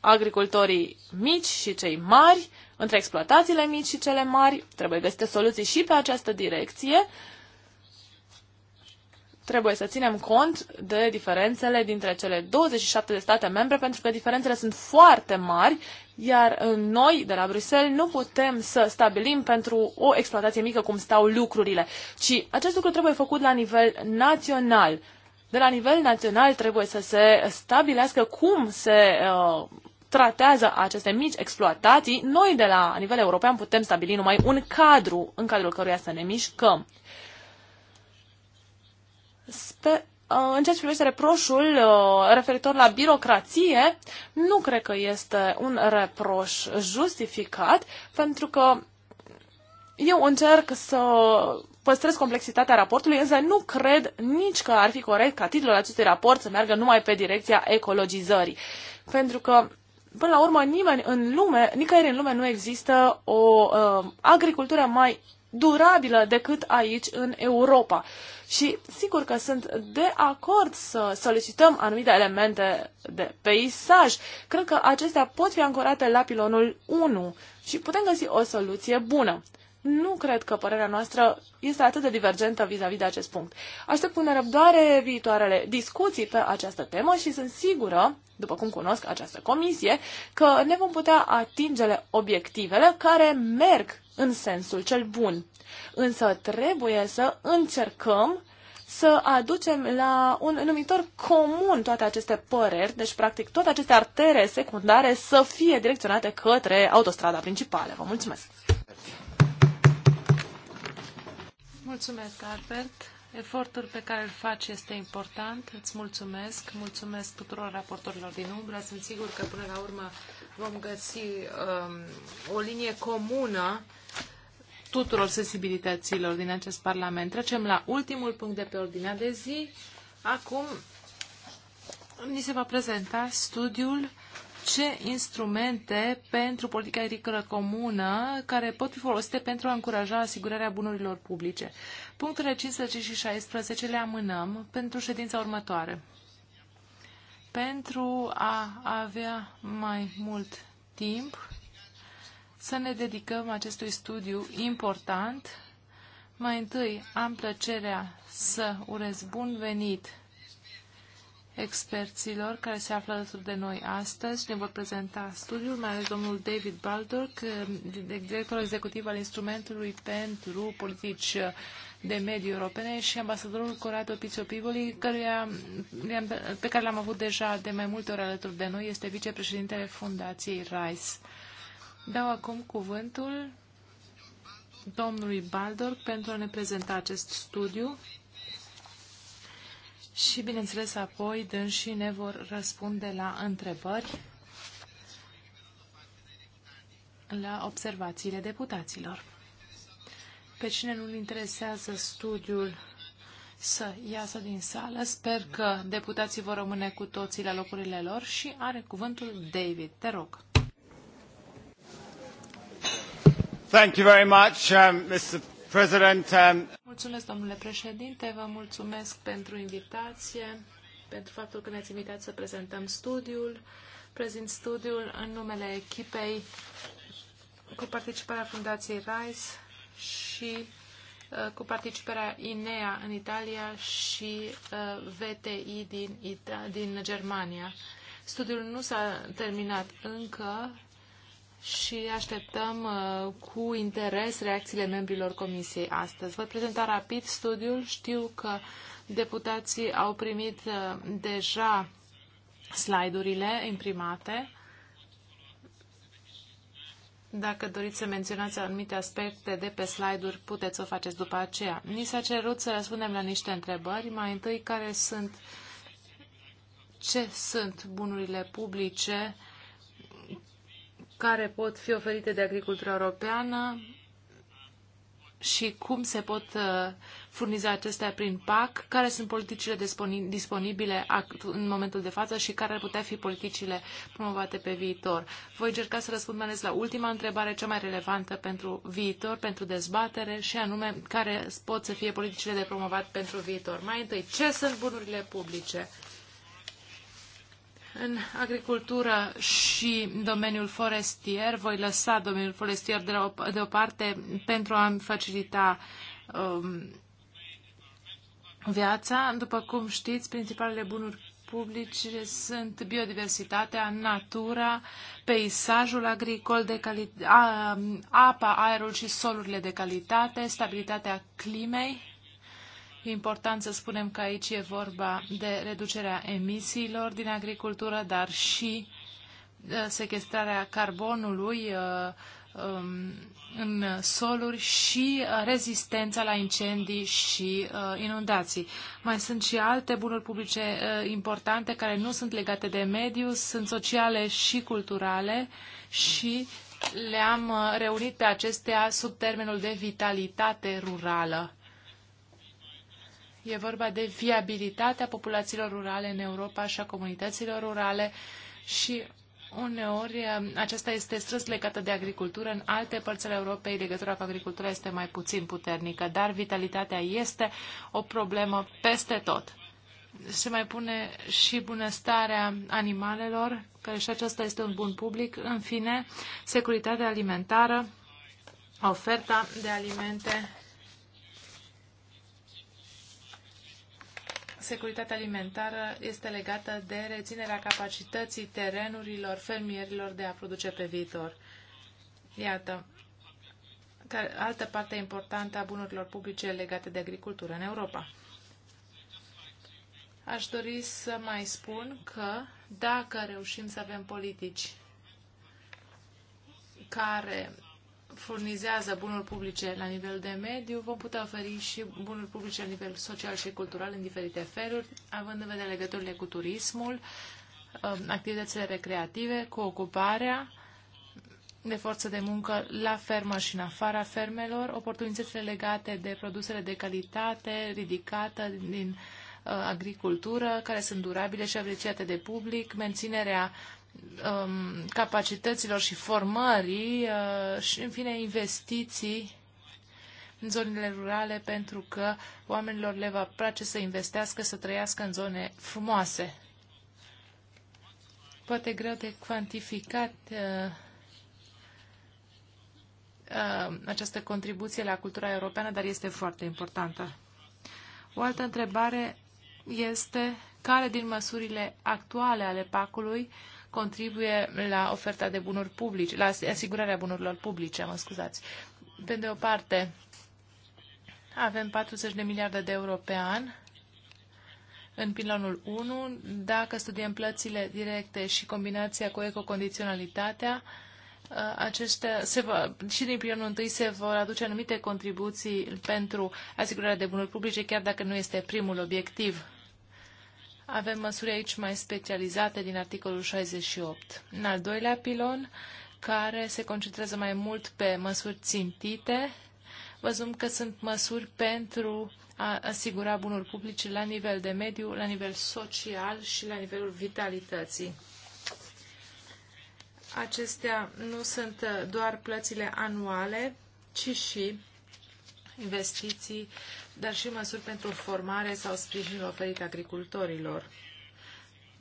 agricultorii mici și cei mari, între exploatațiile mici și cele mari. Trebuie găsite soluții și pe această direcție. Trebuie să ținem cont de diferențele dintre cele 27 de state membre, pentru că diferențele sunt foarte mari, iar noi de la Bruxelles nu putem să stabilim pentru o exploatație mică cum stau lucrurile, ci acest lucru trebuie făcut la nivel național de la nivel național trebuie să se stabilească cum se uh, tratează aceste mici exploatații, noi de la nivel european putem stabili numai un cadru în cadrul căruia să ne mișcăm. Spe- uh, în ceea ce privește reproșul uh, referitor la birocrație, nu cred că este un reproș justificat, pentru că eu încerc să păstrez complexitatea raportului, însă nu cred nici că ar fi corect ca titlul acestui raport să meargă numai pe direcția ecologizării. Pentru că până la urmă, nimeni în lume, nicăieri în lume nu există o uh, agricultură mai durabilă decât aici, în Europa. Și sigur că sunt de acord să solicităm anumite elemente de peisaj. Cred că acestea pot fi ancorate la pilonul 1 și putem găsi o soluție bună nu cred că părerea noastră este atât de divergentă vis-a-vis -vis de acest punct. Aștept cu nerăbdoare viitoarele discuții pe această temă și sunt sigură, după cum cunosc această comisie, că ne vom putea atinge obiectivele care merg în sensul cel bun. Însă trebuie să încercăm să aducem la un numitor comun toate aceste păreri, deci practic toate aceste artere secundare să fie direcționate către autostrada principală. Vă mulțumesc! Mulțumesc, Albert. Efortul pe care îl faci este important. Îți mulțumesc. Mulțumesc tuturor raportorilor din umbră. Sunt sigur că până la urmă vom găsi um, o linie comună tuturor sensibilităților din acest Parlament. Trecem la ultimul punct de pe ordinea de zi. Acum ni se va prezenta studiul ce instrumente pentru politica agricolă comună care pot fi folosite pentru a încuraja asigurarea bunurilor publice. Punctele 15 și 16 le amânăm pentru ședința următoare. Pentru a avea mai mult timp să ne dedicăm acestui studiu important, mai întâi am plăcerea să urez bun venit experților care se află alături de noi astăzi. Ne vor prezenta studiul, mai ales domnul David Baldurk, eh, director executiv al Instrumentului pentru Politici de Mediu Europene și ambasadorul Corrado Pizio Pivoli, căruia, pe care l-am avut deja de mai multe ori alături de noi, este vicepreședintele Fundației RICE. Dau acum cuvântul domnului Baldor pentru a ne prezenta acest studiu. Și, bineînțeles, apoi dânsii ne vor răspunde la întrebări, la observațiile deputaților. Pe cine nu-l interesează studiul să iasă din sală. Sper că deputații vor rămâne cu toții la locurile lor și are cuvântul David. Te rog. Thank you very much, um, Mr. President. Um... Mulțumesc, domnule președinte, vă mulțumesc pentru invitație, pentru faptul că ne-ați invitat să prezentăm studiul. Prezint studiul în numele echipei cu participarea Fundației RISE și uh, cu participarea INEA în Italia și uh, VTI din, Ita- din Germania. Studiul nu s-a terminat încă, și așteptăm uh, cu interes reacțiile membrilor comisiei astăzi. Voi prezenta rapid studiul. Știu că deputații au primit uh, deja slide-urile imprimate. Dacă doriți să menționați anumite aspecte de pe slide-uri, puteți să o faceți după aceea. Ni s-a cerut să răspundem la niște întrebări. Mai întâi, care sunt, ce sunt bunurile publice care pot fi oferite de agricultura europeană și cum se pot uh, furniza acestea prin PAC, care sunt politicile disponibile în momentul de față și care ar putea fi politicile promovate pe viitor. Voi încerca să răspund mai ales la ultima întrebare, cea mai relevantă pentru viitor, pentru dezbatere, și anume care pot să fie politicile de promovat pentru viitor. Mai întâi, ce sunt bunurile publice? În agricultură și domeniul forestier, voi lăsa domeniul forestier de la o, deoparte pentru a-mi facilita um, viața. După cum știți, principalele bunuri publice sunt biodiversitatea, natura, peisajul agricol de calitate, apa, aerul și solurile de calitate, stabilitatea climei, E important să spunem că aici e vorba de reducerea emisiilor din agricultură, dar și uh, sequestrarea carbonului uh, um, în soluri și uh, rezistența la incendii și inundații. Mai sunt și alte bunuri publice importante care nu sunt legate de mediu, sunt sociale și culturale și le-am reunit pe acestea sub termenul de vitalitate rurală. E vorba de viabilitatea populațiilor rurale în Europa și a comunităților rurale și uneori eh, aceasta este strâns legată de agricultură. În alte părți ale Europei legătura cu agricultura este mai puțin puternică, dar vitalitatea este o problemă peste tot. Se mai pune și bunăstarea animalelor, care și aceasta este un bun public. În fine, securitatea alimentară, oferta de alimente securitatea alimentară este legată de reținerea capacității terenurilor fermierilor de a produce pe viitor. Iată, altă parte importantă a bunurilor publice legate de agricultură în Europa. Aș dori să mai spun că dacă reușim să avem politici care furnizează bunuri publice la nivel de mediu, vom putea oferi și bunuri publice la nivel social și cultural în diferite feluri, având în vedere legăturile cu turismul, um, activitățile recreative, cu ocuparea de forță de muncă la fermă și în afara fermelor, oportunitățile legate de produsele de calitate ridicată din uh, agricultură, care sunt durabile și apreciate de public, menținerea um, capacităților și formării uh, și, în fine, investiții în zonele rurale pentru că oamenilor le va place să investească, să trăiască în zone frumoase. Poate greu de cuantificat uh, uh, această contribuție la cultura europeană, dar este foarte importantă. O altă întrebare este care din măsurile actuale ale PAC-ului contribuie la oferta de bunuri publice, la asigurarea bunurilor publice, mă scuzați. Pe de o parte, avem 40 de miliarde de euro pe an în pilonul 1. Dacă studiem plățile directe și combinația cu ecocondiționalitatea, uh, aceste se va, și din pilonul 1 se vor aduce anumite contribuții pentru asigurarea de bunuri publice, chiar dacă nu este primul obiectiv avem măsuri aici mai specializate din articolul 68. În al doilea pilon, care se concentrează mai mult pe măsuri țintite, văzum că sunt măsuri pentru a asigura bunuri publice la nivel de mediu, la nivel social și la nivelul vitalității. Acestea nu sunt doar plățile anuale, ci și investiții dar și măsuri pentru formare sau sprijinul oferit agricultorilor.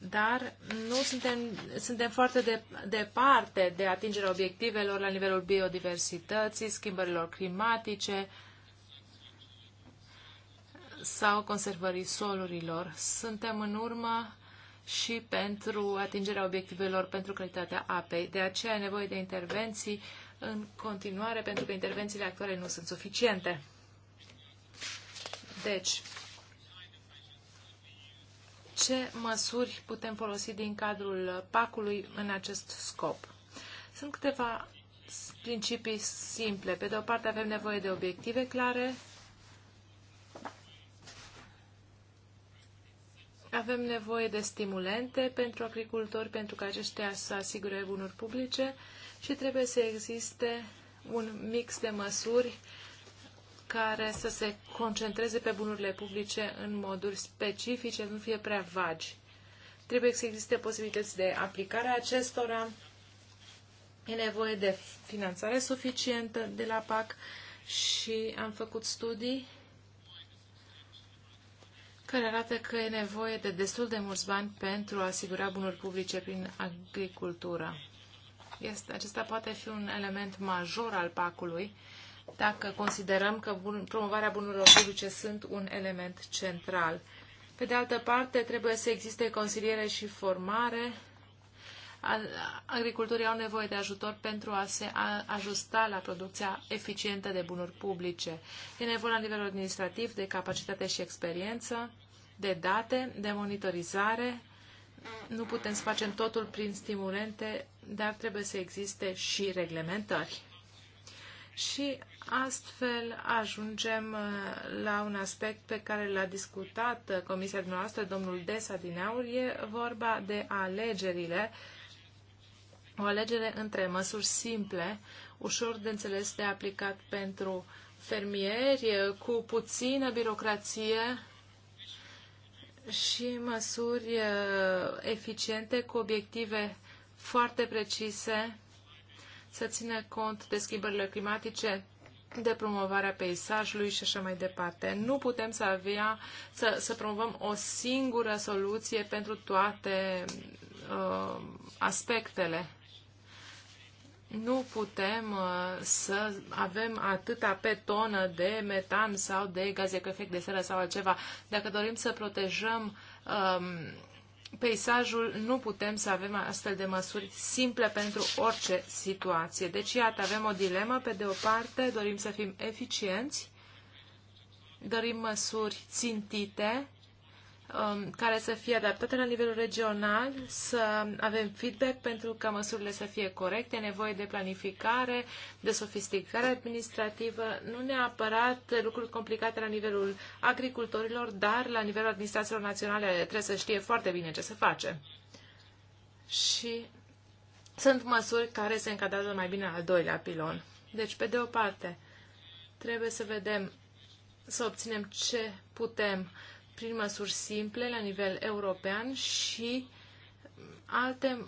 Dar nu suntem, suntem foarte de, departe de atingerea obiectivelor la nivelul biodiversității, schimbărilor climatice sau conservării solurilor. Suntem în urmă și pentru atingerea obiectivelor pentru calitatea apei. De aceea e nevoie de intervenții în continuare, pentru că intervențiile actuale nu sunt suficiente. Deci, ce măsuri putem folosi din cadrul pacului în acest scop? Sunt câteva principii simple. Pe de o parte avem nevoie de obiective clare, avem nevoie de stimulente pentru agricultori, pentru că aceștia să asigure bunuri publice și trebuie să existe un mix de măsuri uh, care să se concentreze pe bunurile publice în moduri specifice, nu fie prea vagi. Trebuie să existe posibilități de aplicare a acestora. E nevoie de finanțare suficientă de la PAC și am făcut studii care arată că e nevoie de destul de mulți bani pentru a asigura bunuri publice prin agricultură. Este, acesta poate fi un element major al pacului dacă considerăm că bun, promovarea bunurilor publice sunt un element central. Pe de altă parte, trebuie să existe consiliere și formare. Agricultorii au nevoie de ajutor pentru a se ajusta la producția eficientă de bunuri publice. E nevoie la nivel administrativ de capacitate și experiență, de date, de monitorizare. Nu putem să facem totul prin stimulente, dar trebuie să existe și reglementări. Și Astfel ajungem uh, la un aspect pe care l-a discutat uh, comisia dumneavoastră, domnul Desa din Aur, e vorba de alegerile, o alegere între măsuri simple, ușor de înțeles de aplicat pentru fermieri, uh, cu puțină birocrație și măsuri eficiente cu obiective foarte precise, să țină cont de schimbările climatice de promovarea peisajului și așa mai departe. Nu putem să avea, să, să promovăm o singură soluție pentru toate uh, aspectele. Nu putem uh, să avem atâta pe tonă de metan sau de gaze cu efect de seră sau altceva. Dacă dorim să protejăm uh, peisajul, nu putem să avem astfel de măsuri simple pentru orice situație. Deci, iată, avem o dilemă. Pe de o parte, dorim să fim eficienți, dorim măsuri țintite, Um, care să fie adaptate la nivel regional, să avem feedback pentru ca măsurile să fie corecte, nevoie de planificare, de sofisticare administrativă, nu neapărat lucruri complicate la nivelul agricultorilor, dar la nivelul administrațiilor naționale trebuie să știe foarte bine ce să face. Și sunt măsuri care se încadrează mai bine al doilea pilon. Deci, pe de o parte, trebuie să vedem, să obținem ce putem uh, prin măsuri simple la nivel european și alte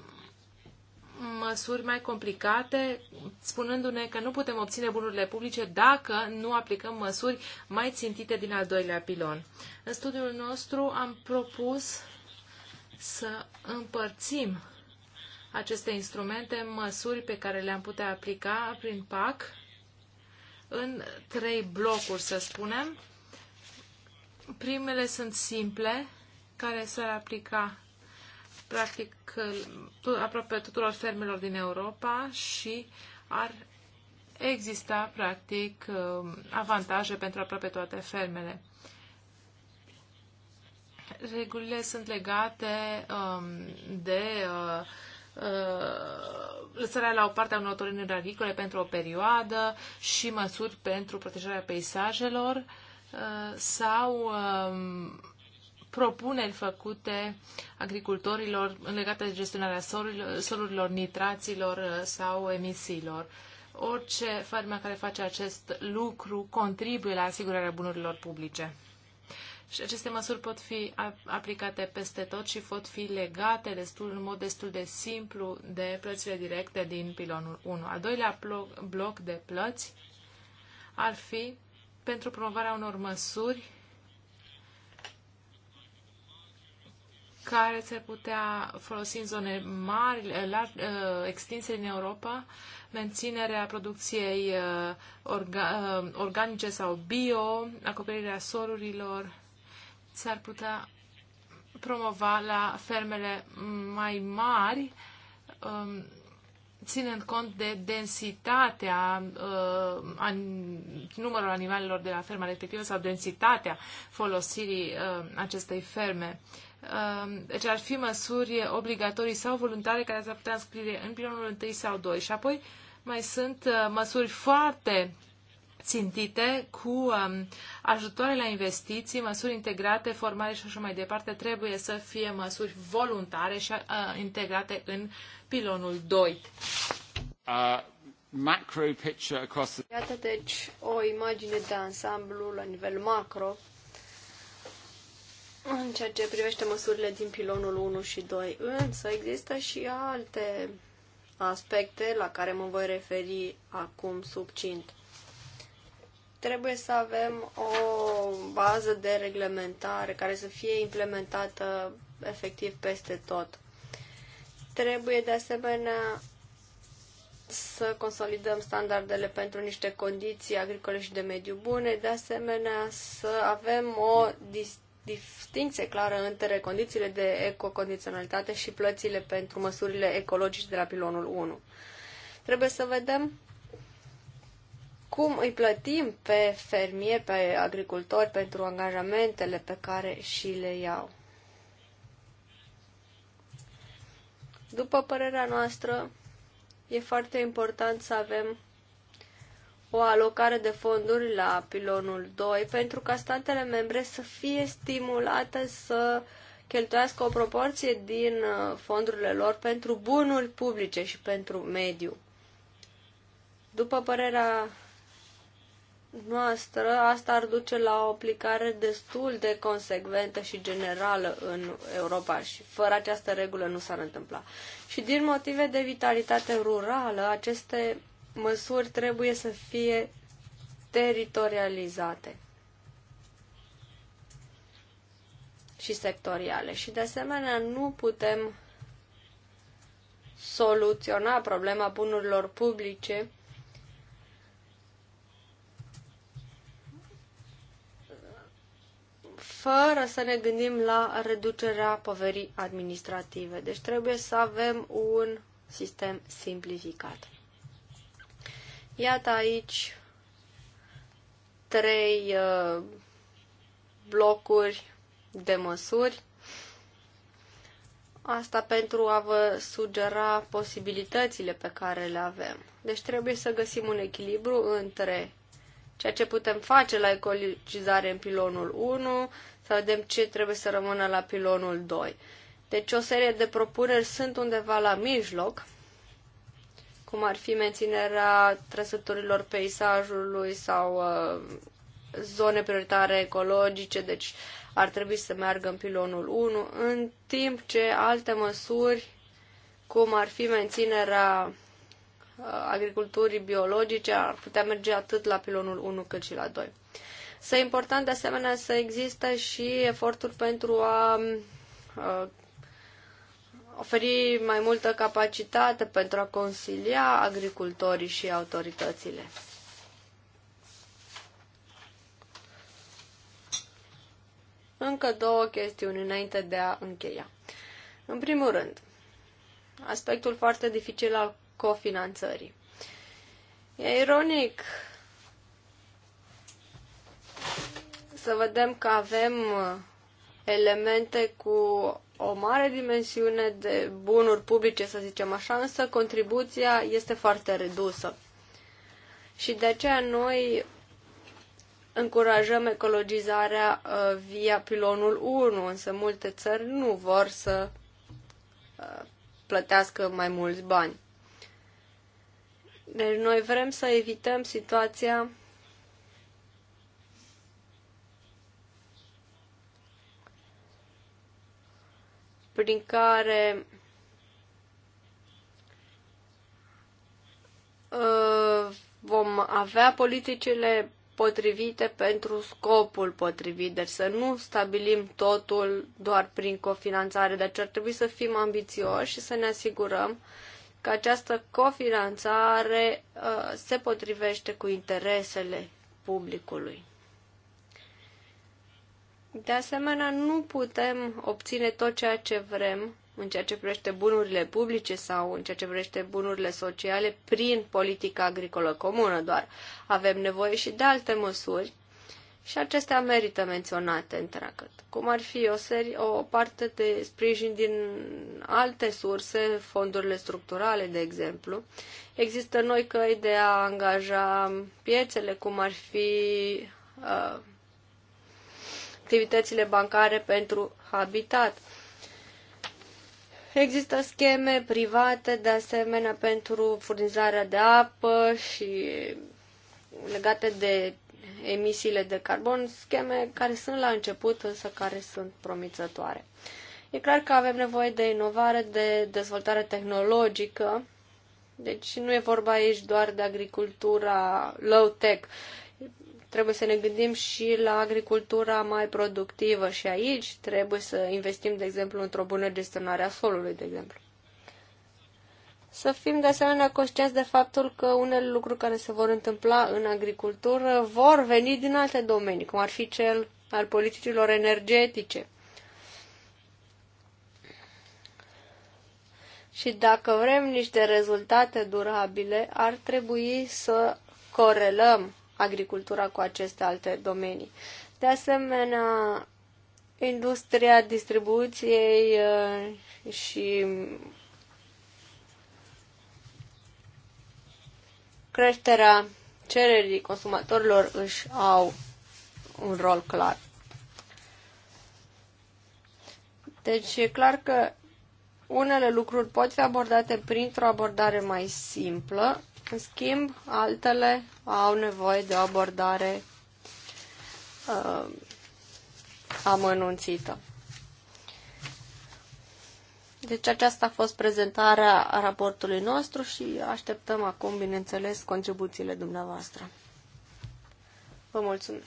măsuri mai complicate, spunându-ne că nu putem obține bunurile publice dacă nu aplicăm măsuri mai țintite din al doilea pilon. În studiul nostru am propus să împărțim aceste instrumente măsuri pe care le-am putea aplica prin PAC în trei blocuri, să spunem, Primele sunt simple, care s-ar aplica practic aproape tuturor fermelor din Europa și ar exista practic um, avantaje pentru aproape toate fermele. Regulile sunt legate um, de uh, uh, lăsarea la o parte a unor terenuri agricole pentru o perioadă și măsuri pentru protejarea peisajelor Uh, sau um, propuneri făcute agricultorilor legate de gestionarea solurilor, nitraților uh, sau emisiilor. Orice fermă care face acest lucru contribuie la asigurarea bunurilor publice. Și aceste măsuri pot fi aplicate peste tot și pot fi legate destul, în mod destul de simplu de plățile directe din pilonul 1. Al doilea bloc de plăți ar fi pentru promovarea unor măsuri care se putea folosi în zone mari, lar, uh, extinse din Europa, menținerea producției uh, orga, uh, organice sau bio, acoperirea solurilor, s-ar putea promova la fermele mai mari um, ținând cont de densitatea uh, an, numărul animalelor de la ferma respectivă sau densitatea folosirii uh, acestei ferme. Uh, deci ar fi măsuri obligatorii sau voluntare care s-ar putea înscrie în pilonul 1 sau 2 și apoi mai sunt uh, măsuri foarte țintite cu um, ajutoare la investiții, măsuri integrate, formare și așa mai departe, trebuie să fie măsuri voluntare și uh, integrate în pilonul 2. Uh, macro picture across the... Iată deci o imagine de ansamblu la nivel macro în ceea ce privește măsurile din pilonul 1 și 2, însă există și alte aspecte la care mă voi referi acum subcint trebuie să avem o bază de reglementare care să fie implementată efectiv peste tot. Trebuie de asemenea să consolidăm standardele pentru niște condiții agricole și de mediu bune, de asemenea să avem o distinție clară între condițiile de ecocondiționalitate și plățile pentru măsurile ecologice de la pilonul 1. Trebuie să vedem cum îi plătim pe fermieri, pe agricultori pentru angajamentele pe care și le iau. După părerea noastră, e foarte important să avem o alocare de fonduri la pilonul 2 pentru ca statele membre să fie stimulate să cheltuiască o proporție din uh, fondurile lor pentru bunuri publice și pentru mediu. După părerea noastră, asta ar duce la o aplicare destul de consecventă și generală în Europa și fără această regulă nu s-ar întâmpla. Și din motive de vitalitate rurală, aceste măsuri trebuie să fie teritorializate și sectoriale. Și de asemenea nu putem soluționa problema bunurilor publice fără să ne gândim la reducerea poverii administrative. Deci trebuie să avem un sistem simplificat. Iată aici trei uh, blocuri de măsuri. Asta pentru a vă sugera posibilitățile pe care le avem. Deci trebuie să găsim un echilibru între ceea ce putem face la ecologizare în pilonul 1, să vedem ce trebuie să rămână la pilonul 2. Deci o serie de propuneri sunt undeva la mijloc, cum ar fi menținerea trăsăturilor peisajului sau uh, zone prioritare ecologice, deci ar trebui să meargă în pilonul 1, în timp ce alte măsuri, cum ar fi menținerea uh, agriculturii biologice, ar putea merge atât la pilonul 1 cât și la 2. Să important de asemenea să există și eforturi pentru a uh, oferi mai multă capacitate pentru a consilia agricultorii și autoritățile. Încă două chestiuni înainte de a încheia. În primul rând, aspectul foarte dificil al cofinanțării. E ironic să vedem că avem uh, elemente cu o mare dimensiune de bunuri publice, să zicem așa, însă contribuția este foarte redusă. Și de aceea noi încurajăm ecologizarea uh, via pilonul 1, însă multe țări nu vor să uh, plătească mai mulți bani. Deci noi vrem să evităm situația prin care uh, vom avea politicile potrivite pentru scopul potrivit, deci să nu stabilim totul doar prin cofinanțare, deci ar trebui să fim ambițioși și să ne asigurăm că această cofinanțare uh, se potrivește cu interesele publicului. De asemenea, nu putem obține tot ceea ce vrem în ceea ce privește bunurile publice sau în ceea ce privește bunurile sociale prin politica agricolă comună doar. Avem nevoie și de alte măsuri și acestea merită menționate întreagăt. Cum ar fi o, serie, o parte de sprijin din alte surse, fondurile structurale, de exemplu. Există noi căi de a angaja piețele, cum ar fi uh, activitățile bancare pentru habitat. Există scheme private, de asemenea, pentru furnizarea de apă și legate de emisiile de carbon, scheme care sunt la început, însă care sunt promițătoare. E clar că avem nevoie de inovare, de dezvoltare tehnologică, deci nu e vorba aici doar de agricultura low-tech, Trebuie să ne gândim și la agricultura mai productivă și aici trebuie să investim, de exemplu, într-o bună gestionare a solului, de exemplu. Să fim de asemenea conștienți de faptul că unele lucruri care se vor întâmpla în agricultură vor veni din alte domenii, cum ar fi cel al politicilor energetice. Și dacă vrem niște rezultate durabile, ar trebui să corelăm agricultura cu aceste alte domenii. De asemenea, industria distribuției uh, și creșterea cererii consumatorilor își au un rol clar. Deci e clar că unele lucruri pot fi abordate printr-o abordare mai simplă, în schimb, altele au nevoie de o abordare uh, amănunțită. Deci aceasta a fost prezentarea raportului nostru și așteptăm acum, bineînțeles, contribuțiile dumneavoastră. Vă mulțumesc!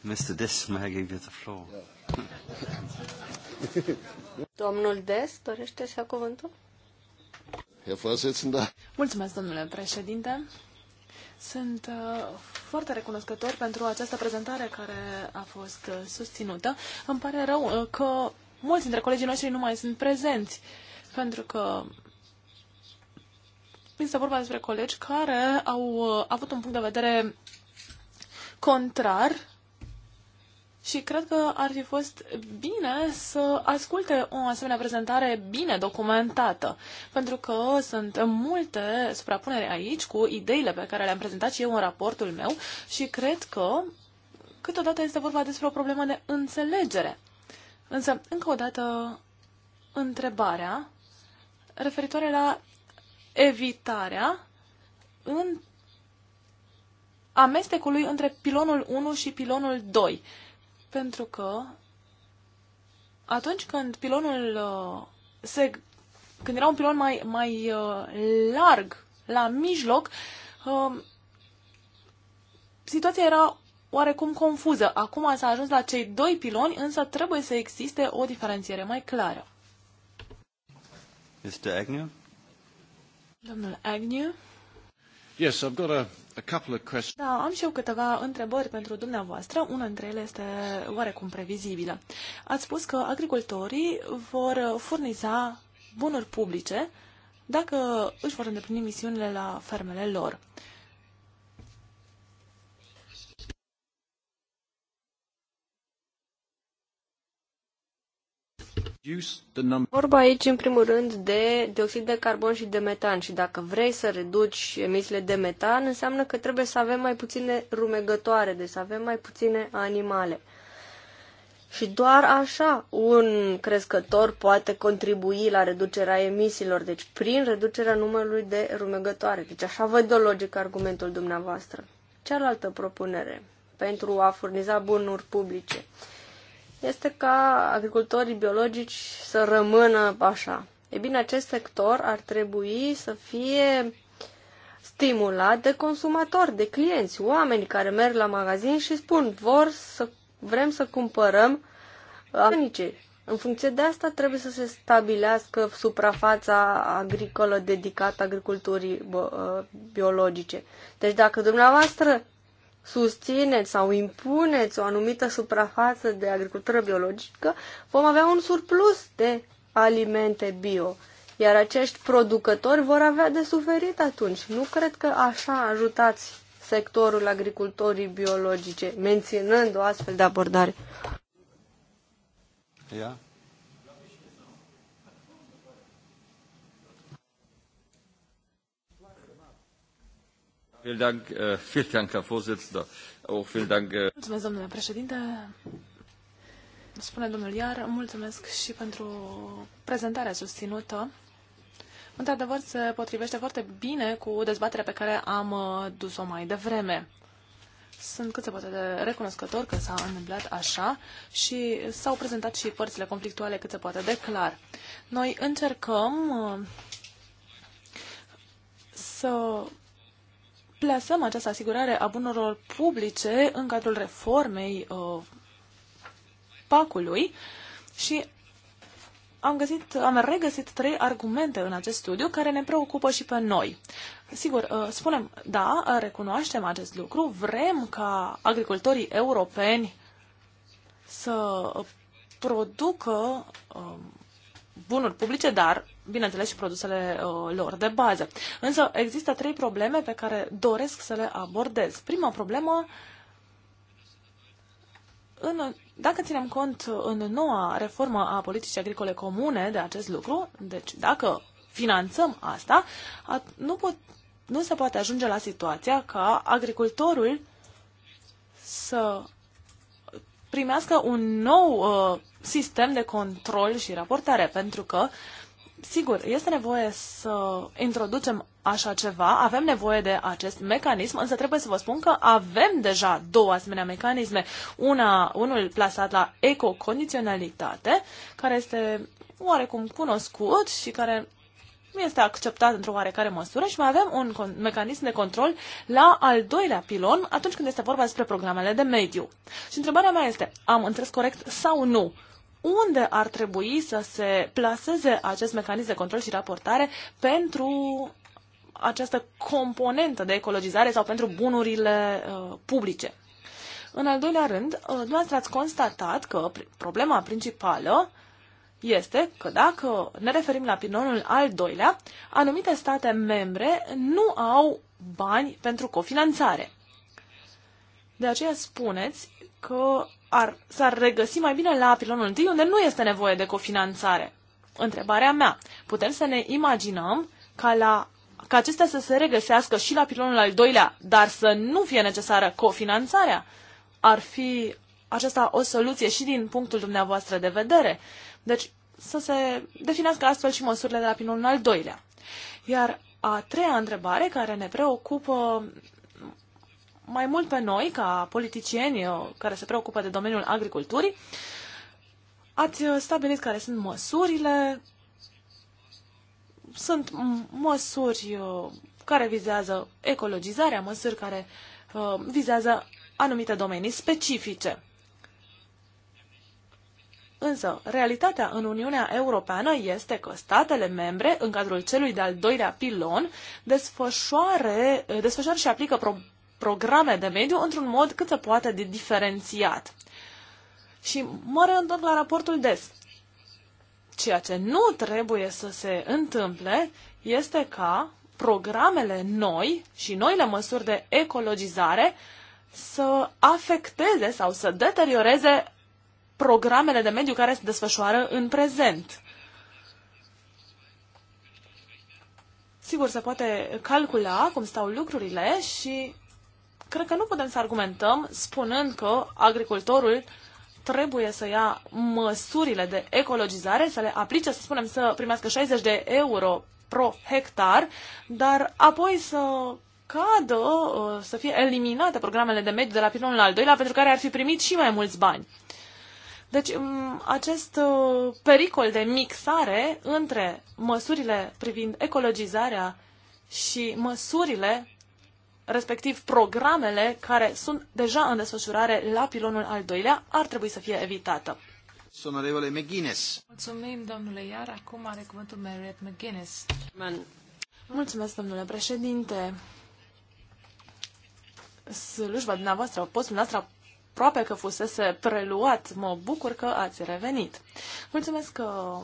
Mr. Dess, may I give you the floor? Yeah. Domnul Des dorește să ia cuvântul? Mulțumesc, domnule președinte. Sunt uh, foarte recunoscător pentru această prezentare care a fost uh, susținută. Îmi pare rău uh, că mulți dintre colegii noștri nu mai sunt prezenți, pentru că este vorba despre colegi care au avut un punct de vedere contrar și cred că ar fi fost bine să asculte o asemenea prezentare bine documentată, pentru că sunt multe suprapuneri aici cu ideile pe care le-am prezentat și eu în raportul meu și cred că câteodată este vorba despre o problemă de înțelegere. Însă, încă o dată, întrebarea referitoare la evitarea în amestecului între pilonul 1 și pilonul 2. Pentru că atunci când pilonul uh, se, când era un pilon mai, mai uh, larg la mijloc, um, situația era oarecum confuză. Acum s-a ajuns la cei doi piloni, însă trebuie să existe o diferențiere mai clară. Mr. Agnew? Domnul Agnew? Yes, I've got a da, am și eu câteva întrebări pentru dumneavoastră. Una dintre ele este oarecum previzibilă. Ați spus că agricultorii vor furniza bunuri publice dacă își vor îndeplini misiunile la fermele lor. Vorba aici, în primul rând, de dioxid de carbon și de metan și dacă vrei să reduci emisiile de metan, înseamnă că trebuie să avem mai puține rumegătoare, deci să avem mai puține animale. Și doar așa un crescător poate contribui la reducerea emisiilor, deci prin reducerea numărului de rumegătoare. Deci așa văd de logic argumentul dumneavoastră. Cealaltă propunere pentru a furniza bunuri publice este ca agricultorii biologici să rămână așa. E bine, acest sector ar trebui să fie stimulat de consumatori, de clienți, oameni care merg la magazin și spun vor să vrem să cumpărăm anice. În funcție de asta trebuie să se stabilească suprafața agricolă dedicată agriculturii uh, biologice. Deci dacă dumneavoastră susțineți sau impuneți o anumită suprafață de agricultură biologică, vom avea un surplus de alimente bio. Iar acești producători vor avea de suferit atunci. Nu cred că așa ajutați sectorul agricultorii biologice, menținând o astfel de abordare. Yeah. Äh, äh, mulțumesc, domnule președinte. Spune domnul Iar, mulțumesc și pentru prezentarea susținută. Într-adevăr, se potrivește foarte bine cu dezbaterea pe care am uh, dus-o mai devreme. Sunt cât se poate de recunoscător că s-a întâmplat așa și s-au prezentat și părțile conflictuale cât se poate de clar. Noi încercăm uh, să plasăm această asigurare a bunurilor publice în cadrul reformei uh, PAC-ului și am, găsit, am regăsit trei argumente în acest studiu care ne preocupă și pe noi. Sigur, uh, spunem, da, recunoaștem acest lucru, vrem ca agricultorii europeni să producă uh, bunuri publice, dar, bineînțeles, și produsele uh, lor de bază. Însă există trei probleme pe care doresc să le abordez. Prima problemă, în, dacă ținem cont în noua reformă a politicii agricole comune de acest lucru, deci dacă finanțăm asta, nu, pot, nu se poate ajunge la situația ca agricultorul să primească un nou uh, sistem de control și raportare, pentru că Sigur, este nevoie să introducem așa ceva, avem nevoie de acest mecanism, însă trebuie să vă spun că avem deja două asemenea mecanisme. Una, unul plasat la ecocondiționalitate, care este oarecum cunoscut și care este acceptat într-o oarecare măsură și mai avem un mecanism de control la al doilea pilon atunci când este vorba despre programele de mediu. Și întrebarea mea este, am înțeles corect sau nu? unde ar trebui să se plaseze acest mecanism de control și raportare pentru această componentă de ecologizare sau pentru bunurile uh, publice. În al doilea rând, uh, dumneavoastră ați constatat că problema principală este că dacă ne referim la pilonul al doilea, anumite state membre nu au bani pentru cofinanțare. De aceea spuneți că ar, s-ar regăsi mai bine la pilonul întâi, unde nu este nevoie de cofinanțare. Întrebarea mea, putem să ne imaginăm ca, la, ca acestea să se regăsească și la pilonul al doilea, dar să nu fie necesară cofinanțarea? Ar fi aceasta o soluție și din punctul dumneavoastră de vedere. Deci să se definească astfel și măsurile de la pilonul al doilea. Iar a treia întrebare care ne preocupă mai mult pe noi, ca politicieni uh, care se preocupă de domeniul agriculturii. Ați uh, stabilit care sunt măsurile. Sunt măsuri uh, care vizează ecologizarea, măsuri care vizează anumite domenii specifice. Însă, realitatea în Uniunea Europeană este că statele membre, în cadrul celui de-al doilea pilon, desfășoară desfășoară și aplică pro- programe de mediu într-un mod cât se poate de diferențiat. Și mă reîntorc la raportul DES. Ceea ce nu trebuie să se întâmple este ca programele noi și noile măsuri de ecologizare să afecteze sau să deterioreze programele de mediu care se desfășoară în prezent. Sigur, se poate calcula cum stau lucrurile și cred că nu putem să argumentăm spunând că agricultorul trebuie să ia măsurile de ecologizare, să le aplice, să spunem, să primească 60 de euro pro hectar, dar apoi să cadă, uh, să fie eliminate programele de mediu de la pilonul al doilea, pentru care ar fi primit și mai mulți bani. Deci acest uh, pericol de mixare între măsurile privind ecologizarea și măsurile respectiv programele care sunt deja în desfășurare la pilonul al doilea, ar trebui să fie evitată. Sonorevole McGuinness. Mulțumim, domnule Iar. Acum are cuvântul Marriott McGuinness. Man. Mulțumesc, domnule președinte. Slujba dumneavoastră, postul noastră aproape că fusese preluat. Mă bucur că ați revenit. Mulțumesc că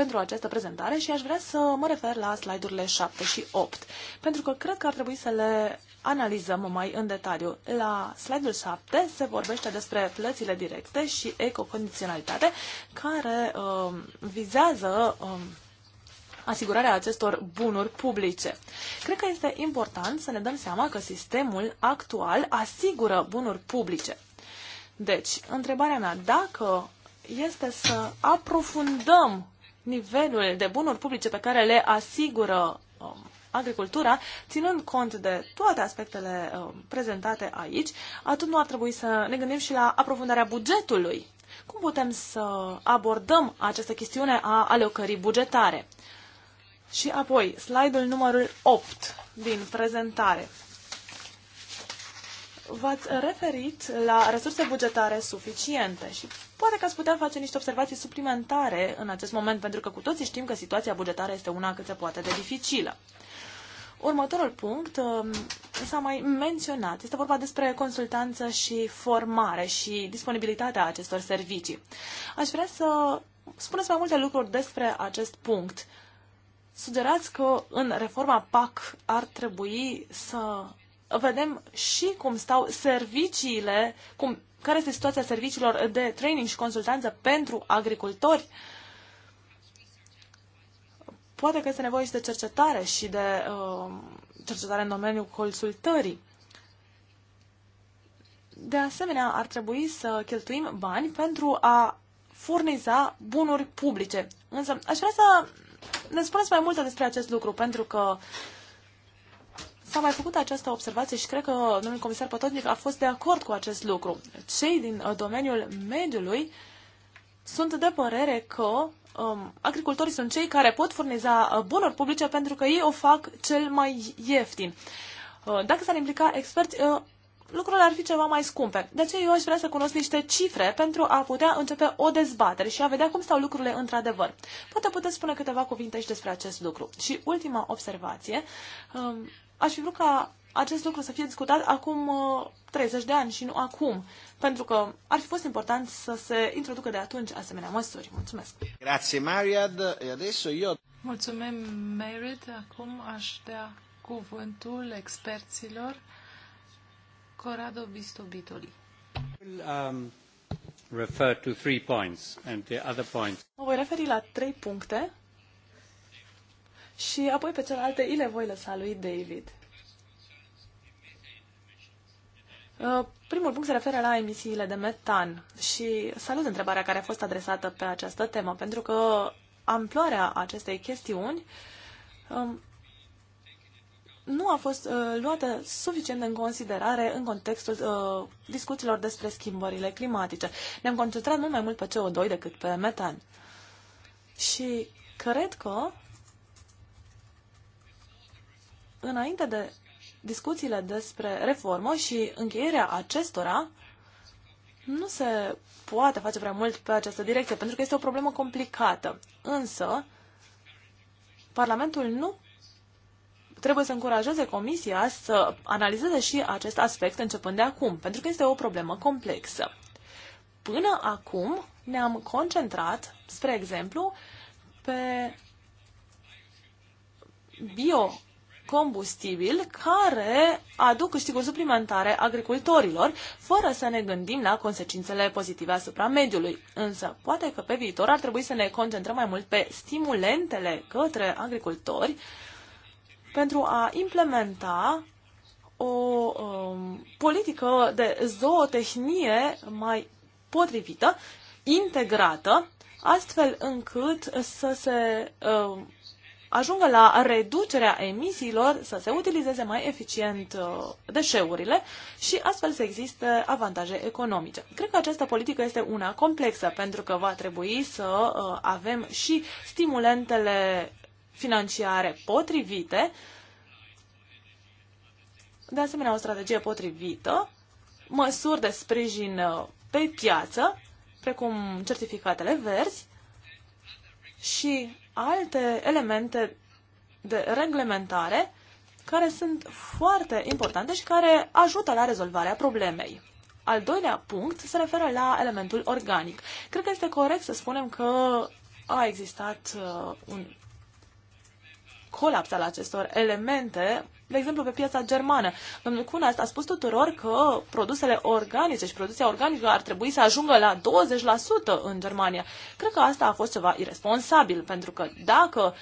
pentru această prezentare și aș vrea să mă refer la slide-urile 7 și 8, pentru că cred că ar trebui să le analizăm mai în detaliu. La slide-ul 7 se vorbește despre plățile directe și ecocondiționalitate care uh, vizează uh, asigurarea acestor bunuri publice. Cred că este important să ne dăm seama că sistemul actual asigură bunuri publice. Deci, întrebarea mea, dacă este să aprofundăm nivelul de bunuri publice pe care le asigură um, agricultura, ținând cont de toate aspectele um, prezentate aici, atunci nu ar trebui să ne gândim și la aprofundarea bugetului. Cum putem să abordăm această chestiune a alocării bugetare? Și apoi, slide-ul numărul 8 din prezentare v-ați referit la resurse bugetare suficiente și poate că ați putea face niște observații suplimentare în acest moment, pentru că cu toții știm că situația bugetară este una cât se poate de dificilă. Următorul punct um, s-a mai menționat. Este vorba despre consultanță și formare și disponibilitatea acestor servicii. Aș vrea să spuneți mai multe lucruri despre acest punct. Sugerați că în reforma PAC ar trebui să vedem și cum stau serviciile, cum, care este situația serviciilor de training și consultanță pentru agricultori. Poate că este nevoie și de cercetare și de uh, cercetare în domeniul consultării. De asemenea, ar trebui să cheltuim bani pentru a furniza bunuri publice. Însă, aș vrea să ne spuneți mai multe despre acest lucru, pentru că uh, S-a mai făcut această observație și cred că domnul comisar Pototnic a fost de acord cu acest lucru. Cei din uh, domeniul mediului sunt de părere că um, agricultorii sunt cei care pot furniza uh, bunuri publice pentru că ei o fac cel mai ieftin. Uh, dacă s-ar implica experți, lucrurile ar fi ceva mai scumpe. De aceea eu aș vrea să cunosc niște cifre pentru a putea începe o dezbatere și a vedea cum stau lucrurile într-adevăr. Poate puteți spune câteva cuvinte și despre acest lucru. Și ultima observație. Um, Aș fi vrut ca acest lucru să fie discutat acum 30 uh, de ani și nu acum, pentru că ar fi fost important să se introducă de atunci asemenea măsuri. Mulțumesc! Grazie, Mariad. E adesso io... Mulțumim, Merit. Acum aș dea cuvântul experților Corrado Bistobitoli. Um, refer to three points and the other points. Mă voi referi la trei puncte și apoi pe celelalte îi le voi lăsa lui David. Uh, primul punct se referă la emisiile de metan și salut întrebarea care a fost adresată pe această temă, pentru că amploarea acestei chestiuni um, nu a fost uh, luată suficient în considerare în contextul uh, discuțiilor despre schimbările climatice. Ne-am concentrat mult mai mult pe CO2 decât pe metan. Și cred că înainte de discuțiile despre reformă și încheierea acestora, nu se poate face prea mult pe această direcție, pentru că este o problemă complicată. Însă, Parlamentul nu trebuie să încurajeze Comisia să analizeze și acest aspect începând de acum, pentru că este o problemă complexă. Până acum ne-am concentrat, spre exemplu, pe bio combustibil care aduc câștiguri suplimentare agricultorilor, fără să ne gândim la consecințele pozitive asupra mediului. Însă, poate că pe viitor ar trebui să ne concentrăm mai mult pe stimulentele către agricultori pentru a implementa o um, politică de zootehnie mai potrivită, integrată, astfel încât să se um, ajungă la reducerea emisiilor, să se utilizeze mai eficient uh, deșeurile și astfel să existe avantaje economice. Cred că această politică este una complexă pentru că va trebui să uh, avem și stimulentele financiare potrivite, de asemenea o strategie potrivită, măsuri de sprijin uh, pe piață, precum certificatele verzi și alte elemente de reglementare care sunt foarte importante și care ajută la rezolvarea problemei. Al doilea punct se referă la elementul organic. Cred că este corect să spunem că a existat uh, un colaps al acestor elemente de exemplu, pe piața germană. Domnul Cunast a spus tuturor că produsele organice și producția organică ar trebui să ajungă la 20% în Germania. Cred că asta a fost ceva irresponsabil, pentru că dacă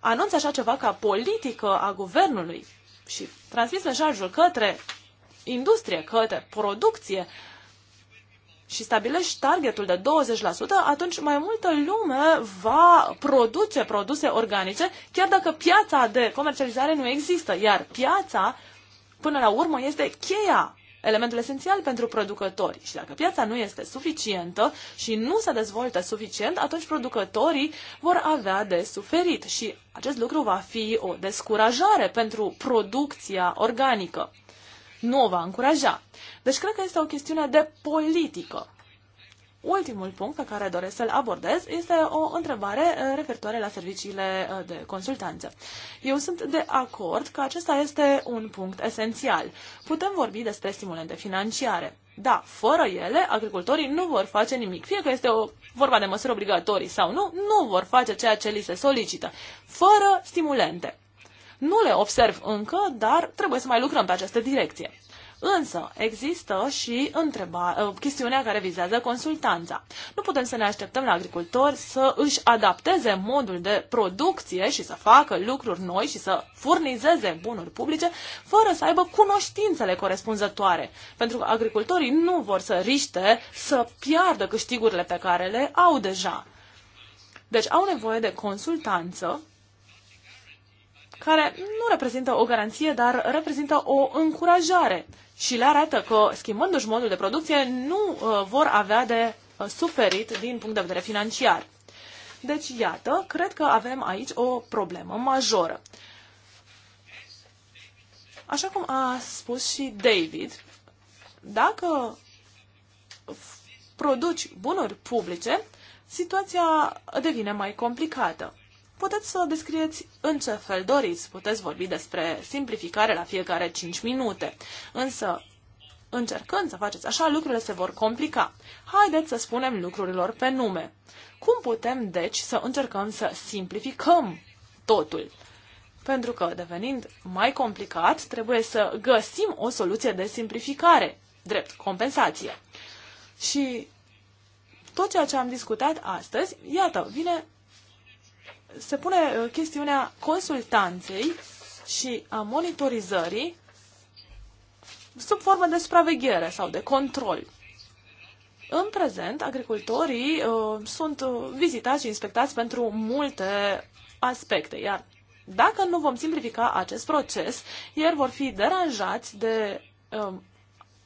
anunți așa ceva ca politică a guvernului și transmis mesajul către industrie, către producție, uh, și stabilești targetul de 20%, atunci mai multă lume va produce produse organice, chiar dacă piața de comercializare nu există. Iar piața, până la urmă, este cheia elementul esențial pentru producători. Și dacă piața nu este suficientă și nu se dezvoltă suficient, atunci producătorii vor avea de suferit și acest lucru va fi o descurajare pentru producția organică nu o va încuraja. Deci cred că este o chestiune de politică. Ultimul punct pe care doresc să-l abordez este o întrebare uh, referitoare la serviciile uh, de consultanță. Eu sunt de acord că acesta este un punct esențial. Putem vorbi despre stimulente financiare. Da, fără ele, agricultorii nu vor face nimic. Fie că este o vorba de măsuri obligatorii sau nu, nu vor face ceea ce li se solicită, fără stimulente. Nu le observ încă, dar trebuie să mai lucrăm pe această direcție. Însă există și întreba, uh, chestiunea care vizează consultanța. Nu putem să ne așteptăm la agricultori să își adapteze modul de producție și să facă lucruri noi și să furnizeze bunuri publice fără să aibă cunoștințele corespunzătoare. Pentru că agricultorii nu vor să riște să piardă câștigurile pe care le au deja. Deci au nevoie de consultanță care nu reprezintă o garanție, dar reprezintă o încurajare și le arată că, schimbându-și modul de producție, nu uh, vor avea de uh, suferit din punct de vedere financiar. Deci, iată, cred că avem aici o problemă majoră. Așa cum a spus și David, dacă produci bunuri publice, situația devine mai complicată. Puteți să descrieți în ce fel doriți. Puteți vorbi despre simplificare la fiecare 5 minute. Însă, încercând să faceți așa, lucrurile se vor complica. Haideți să spunem lucrurilor pe nume. Cum putem, deci, să încercăm să simplificăm totul? Pentru că, devenind mai complicat, trebuie să găsim o soluție de simplificare, drept compensație. Și tot ceea ce am discutat astăzi, iată, vine se pune uh, chestiunea consultanței și a monitorizării sub formă de supraveghere sau de control. În prezent, agricultorii uh, sunt uh, vizitați și inspectați pentru multe aspecte, iar dacă nu vom simplifica acest proces, ei vor fi deranjați de uh,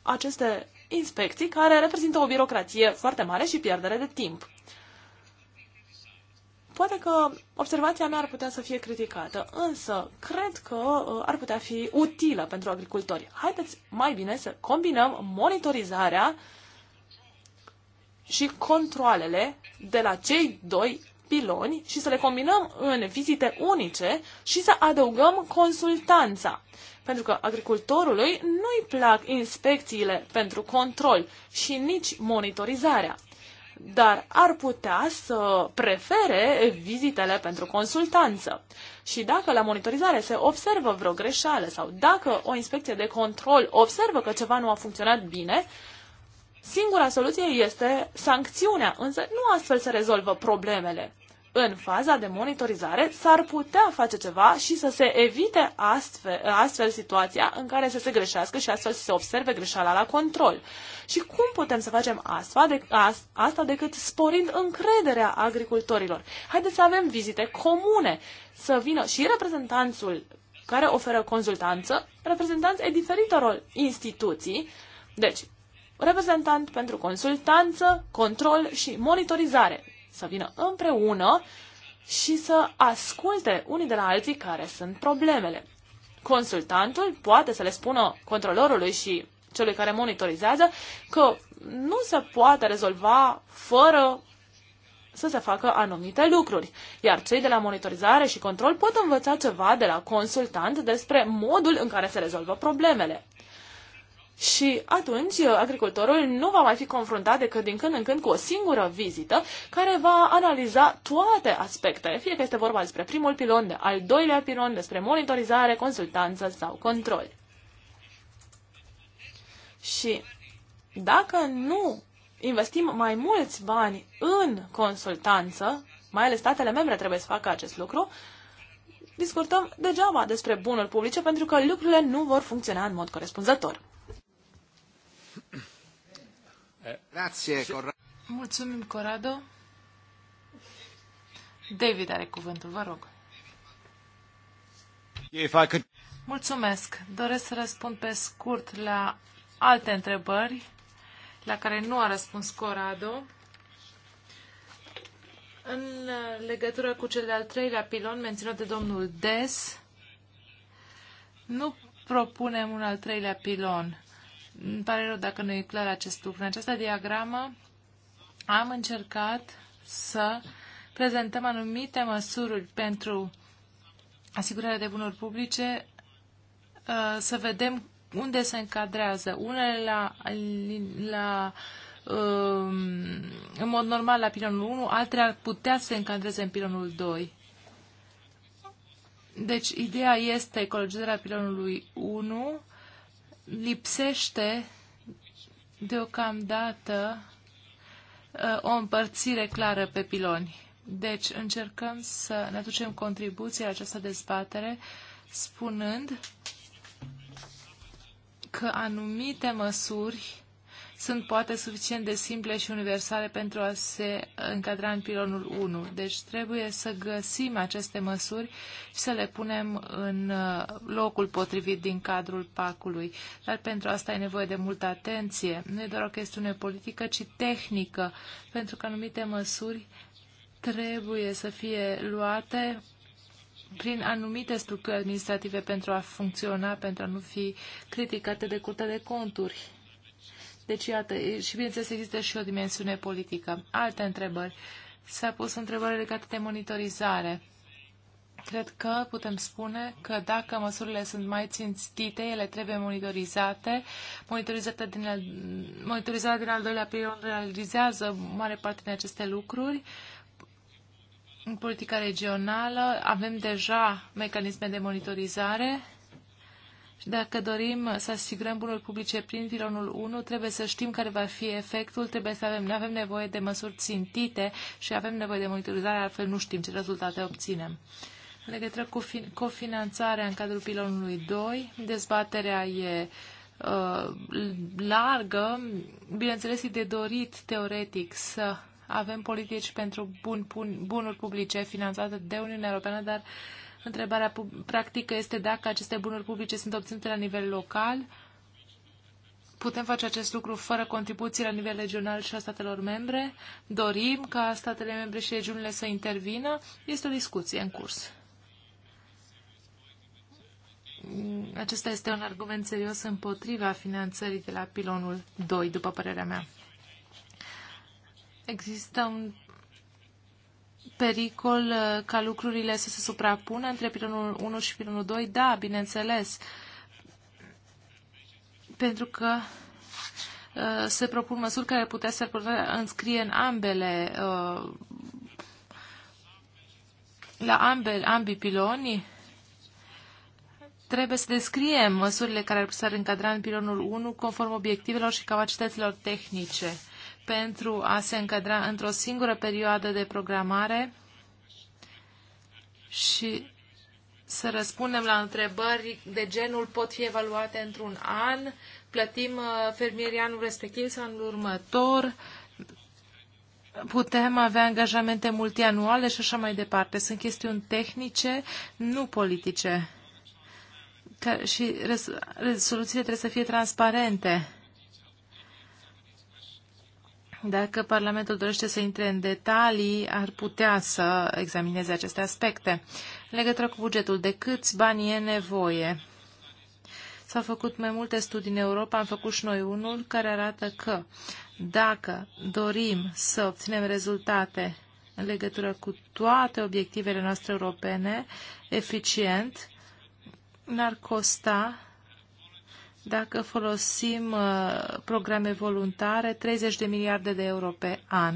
aceste inspecții care reprezintă o birocrație foarte mare și pierdere de timp. Poate că observația mea ar putea să fie criticată, însă cred că uh, ar putea fi utilă pentru agricultori. Haideți mai bine să combinăm monitorizarea și controlele de la cei doi piloni și să le combinăm în vizite unice și să adăugăm consultanța. Pentru că agricultorului nu-i plac inspecțiile pentru control și nici monitorizarea dar ar putea să prefere vizitele pentru consultanță. Și dacă la monitorizare se observă vreo greșeală sau dacă o inspecție de control observă că ceva nu a funcționat bine, singura soluție este sancțiunea, însă nu astfel se rezolvă problemele în faza de monitorizare s-ar putea face ceva și să se evite astfel, astfel situația în care să se greșească și astfel să se observe greșeala la control. Și cum putem să facem asta, de, asta decât sporind încrederea agricultorilor? Haideți să avem vizite comune, să vină și reprezentanțul care oferă consultanță, reprezentanți ai diferitor instituții, deci reprezentant pentru consultanță, control și monitorizare să vină împreună și să asculte unii de la alții care sunt problemele. Consultantul poate să le spună controlorului și celui care monitorizează că nu se poate rezolva fără să se facă anumite lucruri. Iar cei de la monitorizare și control pot învăța ceva de la consultant despre modul în care se rezolvă problemele. Și atunci uh, agricultorul nu va mai fi confruntat decât din când în când cu o singură vizită care va analiza toate aspectele, fie că este vorba despre primul pilon, de al doilea pilon, despre monitorizare, consultanță sau control. Și dacă nu investim mai mulți bani în consultanță, mai ales statele membre trebuie să facă acest lucru, discutăm degeaba despre bunuri publice pentru că lucrurile nu vor funcționa în mod corespunzător. Grazie, Corrado. Mulțumim, Corrado. David are cuvântul, vă rog. Mulțumesc. Doresc să răspund pe scurt la alte întrebări la care nu a răspuns Corrado. În legătură cu cel de-al treilea pilon menționat de domnul Des, nu propunem un al treilea pilon. Îmi pare rău dacă nu e clar acest lucru. În această diagramă am încercat să prezentăm anumite măsuri pentru asigurarea de bunuri publice, uh, să vedem unde se încadrează. Unele la, la um, în mod normal la pilonul 1, altele ar putea să se încadreze în pilonul 2. Deci, ideea este ecologizarea pilonului 1, lipsește deocamdată uh, o împărțire clară pe piloni. Deci încercăm să ne aducem contribuție la această dezbatere spunând că anumite măsuri sunt poate suficient de simple și universale pentru a se încadra în pilonul 1. Deci trebuie să găsim aceste măsuri și să le punem în uh, locul potrivit din cadrul pacului. Dar pentru asta e nevoie de multă atenție. Nu e doar o chestiune politică, ci tehnică, pentru că anumite măsuri trebuie să fie luate prin anumite structuri administrative pentru a funcționa, pentru a nu fi criticate de curtea de conturi. Deci, iată, și bineînțeles există și o dimensiune politică. Alte întrebări. S-a pus întrebări legate de monitorizare. Cred că putem spune că dacă măsurile sunt mai ținstite, ele trebuie monitorizate. Monitorizarea din al, monitorizarea din al doilea pilon realizează mare parte din aceste lucruri. În politica regională avem deja mecanisme de monitorizare și dacă dorim să asigurăm bunuri publice prin pilonul 1, trebuie să știm care va fi efectul, trebuie să avem, avem nevoie de măsuri țintite și avem nevoie de monitorizare, altfel nu știm ce rezultate obținem. În legătură cu cofinanțarea în cadrul pilonului 2, dezbaterea e uh, largă. Bineînțeles, e de dorit teoretic să avem politici pentru bun, bun, bunuri publice finanțate de Uniunea Europeană, dar uh, Întrebarea practică este dacă aceste bunuri publice sunt obținute la nivel local. Putem face acest lucru fără contribuții la nivel regional și a statelor membre? Dorim ca statele membre și regiunile să intervină? Este o discuție în curs. Acesta este un argument serios împotriva finanțării de la pilonul 2, după părerea mea. Există un pericol uh, ca lucrurile să se suprapună între pilonul 1 și pilonul 2? Da, bineînțeles. Pentru că uh, se propun măsuri care putea să înscrie în ambele uh, la ambele, ambii piloni trebuie să descriem măsurile care ar putea să încadra în pilonul 1 conform obiectivelor și capacităților tehnice pentru a se încadra într-o singură perioadă de programare și să răspundem la întrebări de genul pot fi evaluate într-un an, plătim uh, fermierii anul respectiv sau anul următor, putem avea angajamente multianuale și așa mai departe. Sunt chestiuni tehnice, nu politice. Și soluțiile trebuie să fie transparente. Dacă Parlamentul dorește să intre în detalii, ar putea să examineze aceste aspecte. În legătură cu bugetul, de câți bani e nevoie? S-au făcut mai multe studii în Europa, am făcut și noi unul care arată că dacă dorim să obținem rezultate în legătură cu toate obiectivele noastre europene, eficient, n-ar costa dacă folosim uh, programe voluntare, 30 de miliarde de euro pe an.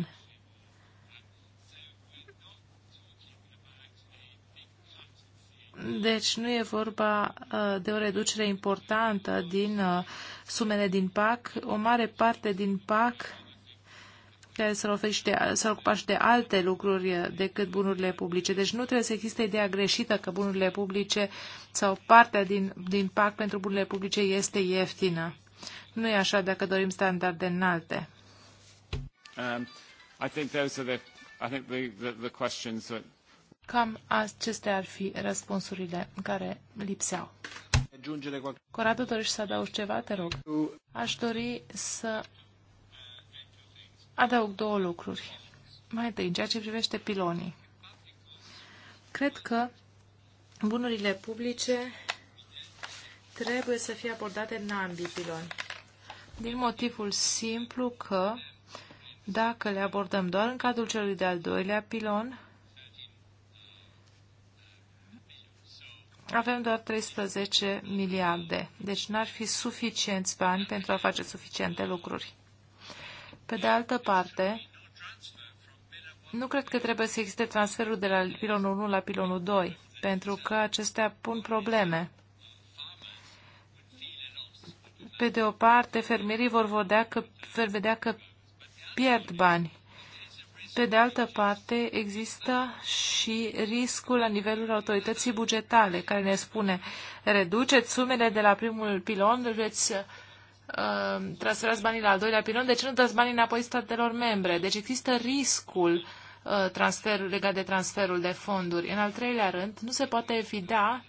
Deci nu e vorba uh, de o reducere importantă din uh, sumele din PAC. O mare parte din PAC care s-ar, oferi și de, s-ar ocupa și de alte lucruri decât bunurile publice. Deci nu trebuie să existe ideea greșită că bunurile publice sau partea din, din PAC pentru bunurile publice este ieftină. Nu e așa dacă dorim standarde înalte. Um, I think those are the, I think the, the, the questions that... Cam acestea ar fi răspunsurile care lipseau. Corado, dorești să adaugi ceva? Te rog. Aș dori să adaug două lucruri. Mai întâi, în ceea ce privește pilonii. Cred că bunurile publice trebuie să fie abordate în ambii piloni. Din motivul simplu că dacă le abordăm doar în cadrul celui de-al doilea pilon, avem doar 13 miliarde, deci n-ar fi suficienți bani pentru a face suficiente lucruri. Pe de altă parte, nu cred că trebuie să existe transferul de la pilonul 1 la pilonul 2, pentru că acestea pun probleme. Pe de o parte, fermierii vor vedea că, vor vedea că pierd bani. Pe de altă parte, există și riscul la nivelul autorității bugetale, care ne spune, reduceți sumele de la primul pilon, reduceți Um, transferați banii la al doilea pilon, de ce nu dați banii înapoi statelor membre? Deci există riscul uh, transfer, legat de transferul de fonduri. În al treilea rând, nu se poate evita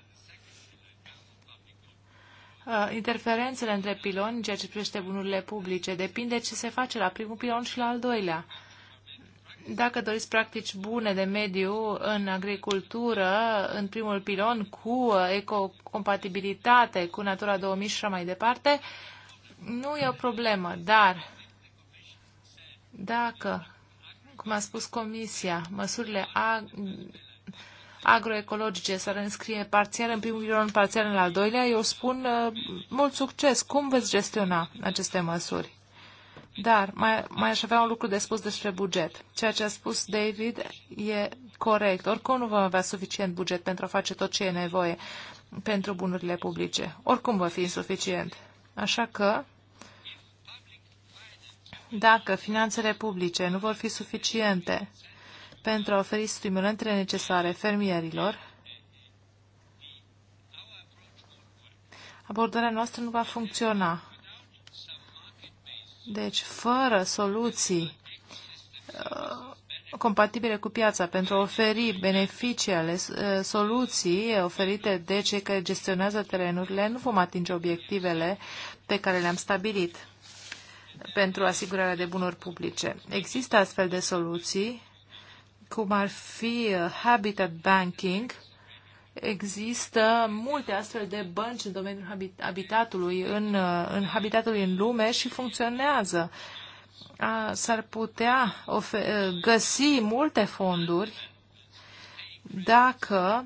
uh, interferențele între piloni în ceea ce privește bunurile publice. Depinde ce se face la primul pilon și la al doilea. Dacă doriți practici bune de mediu în agricultură, în primul pilon, cu uh, ecocompatibilitate, cu Natura 2000 și așa mai departe, nu e o problemă, dar dacă, cum a spus Comisia, măsurile agroecologice s s-ar înscrie parțial în primul rând, parțial în al doilea, eu spun uh, mult succes. Cum veți gestiona aceste măsuri? Dar mai, mai aș avea un lucru de spus despre buget. Ceea ce a spus David e corect. Oricum nu vom avea suficient buget pentru a face tot ce e nevoie pentru bunurile publice. Oricum va fi insuficient. Așa că dacă finanțele publice nu vor fi suficiente pentru a oferi stimulantele necesare fermierilor, abordarea noastră nu va funcționa. Deci, fără soluții uh, compatibile cu piața pentru a oferi beneficii ale uh, soluții oferite de cei care gestionează terenurile, nu vom atinge obiectivele pe care le-am stabilit pentru asigurarea de bunuri publice. Există astfel de soluții, cum ar fi uh, Habitat Banking. Există multe astfel de bănci în domeniul habitatului, în, uh, în habitatului în lume și funcționează. S-ar putea uh, găsi multe fonduri dacă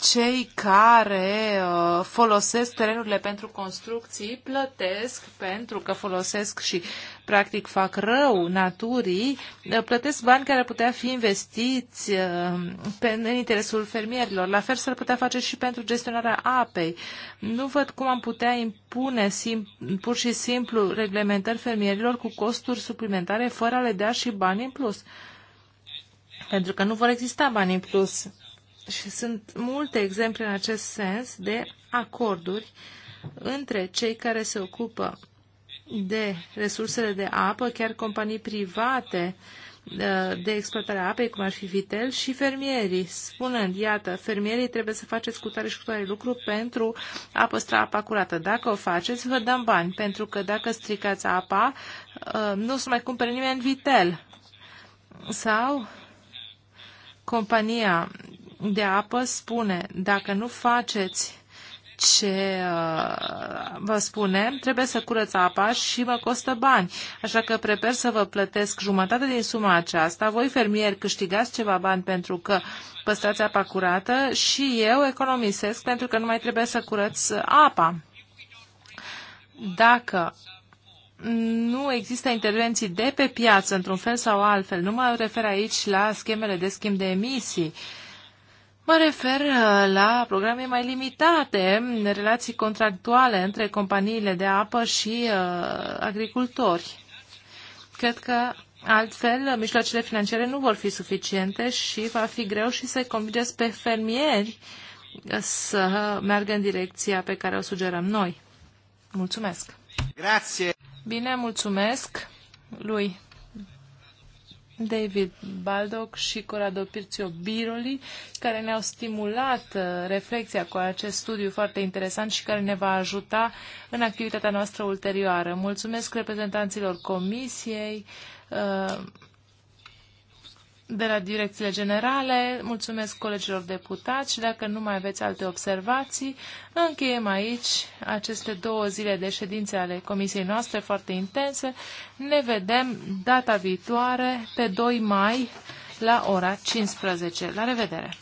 cei care uh, folosesc terenurile pentru construcții plătesc pentru că folosesc și practic fac rău naturii, uh, plătesc bani care putea fi investiți uh, în interesul fermierilor. La fel s-ar putea face și pentru gestionarea apei. Nu văd cum am putea impune pur și simplu reglementări fermierilor cu costuri suplimentare fără a le da și bani în plus. Pentru că nu vor exista bani în plus și sunt multe exemple în acest sens de acorduri între cei care se ocupă de resursele de apă, chiar companii private uh, de exploatare a apei, cum ar fi Vitel, și fermierii, spunând, iată, fermierii trebuie să faceți cu tare și cu tare lucru pentru a păstra apa curată. Dacă o faceți, vă dăm bani, pentru că dacă stricați apa, uh, nu o să mai cumpere nimeni Vitel. Sau compania de apă spune, dacă nu faceți ce uh, vă spune, trebuie să curăț apa și vă costă bani. Așa că prefer să vă plătesc jumătate din suma aceasta. Voi, fermieri, câștigați ceva bani pentru că păstrați apa curată și eu economisesc pentru că nu mai trebuie să curăț apa. Dacă nu există intervenții de pe piață, într-un fel sau altfel, nu mă refer aici la schemele de schimb de emisii, uh, Mă refer uh, la programe mai limitate, mm, relații contractuale între companiile de apă și uh, agricultori. Cred că altfel uh, mijloacele financiare nu vor fi suficiente și va fi greu și să convingeți pe fermieri uh, să meargă în direcția pe care o sugerăm noi. Mulțumesc! Grazie. Bine, mulțumesc lui David Baldock și Corrado Pirțio Biroli, care ne-au stimulat uh, reflexia cu acest studiu foarte interesant și care ne va ajuta în activitatea noastră ulterioară. Mulțumesc reprezentanților comisiei uh, de la direcțiile generale. Mulțumesc colegilor deputați și dacă nu mai aveți alte observații, încheiem aici aceste două zile de ședințe ale comisiei noastre foarte intense. Ne vedem data viitoare, pe 2 mai, la ora 15. La revedere!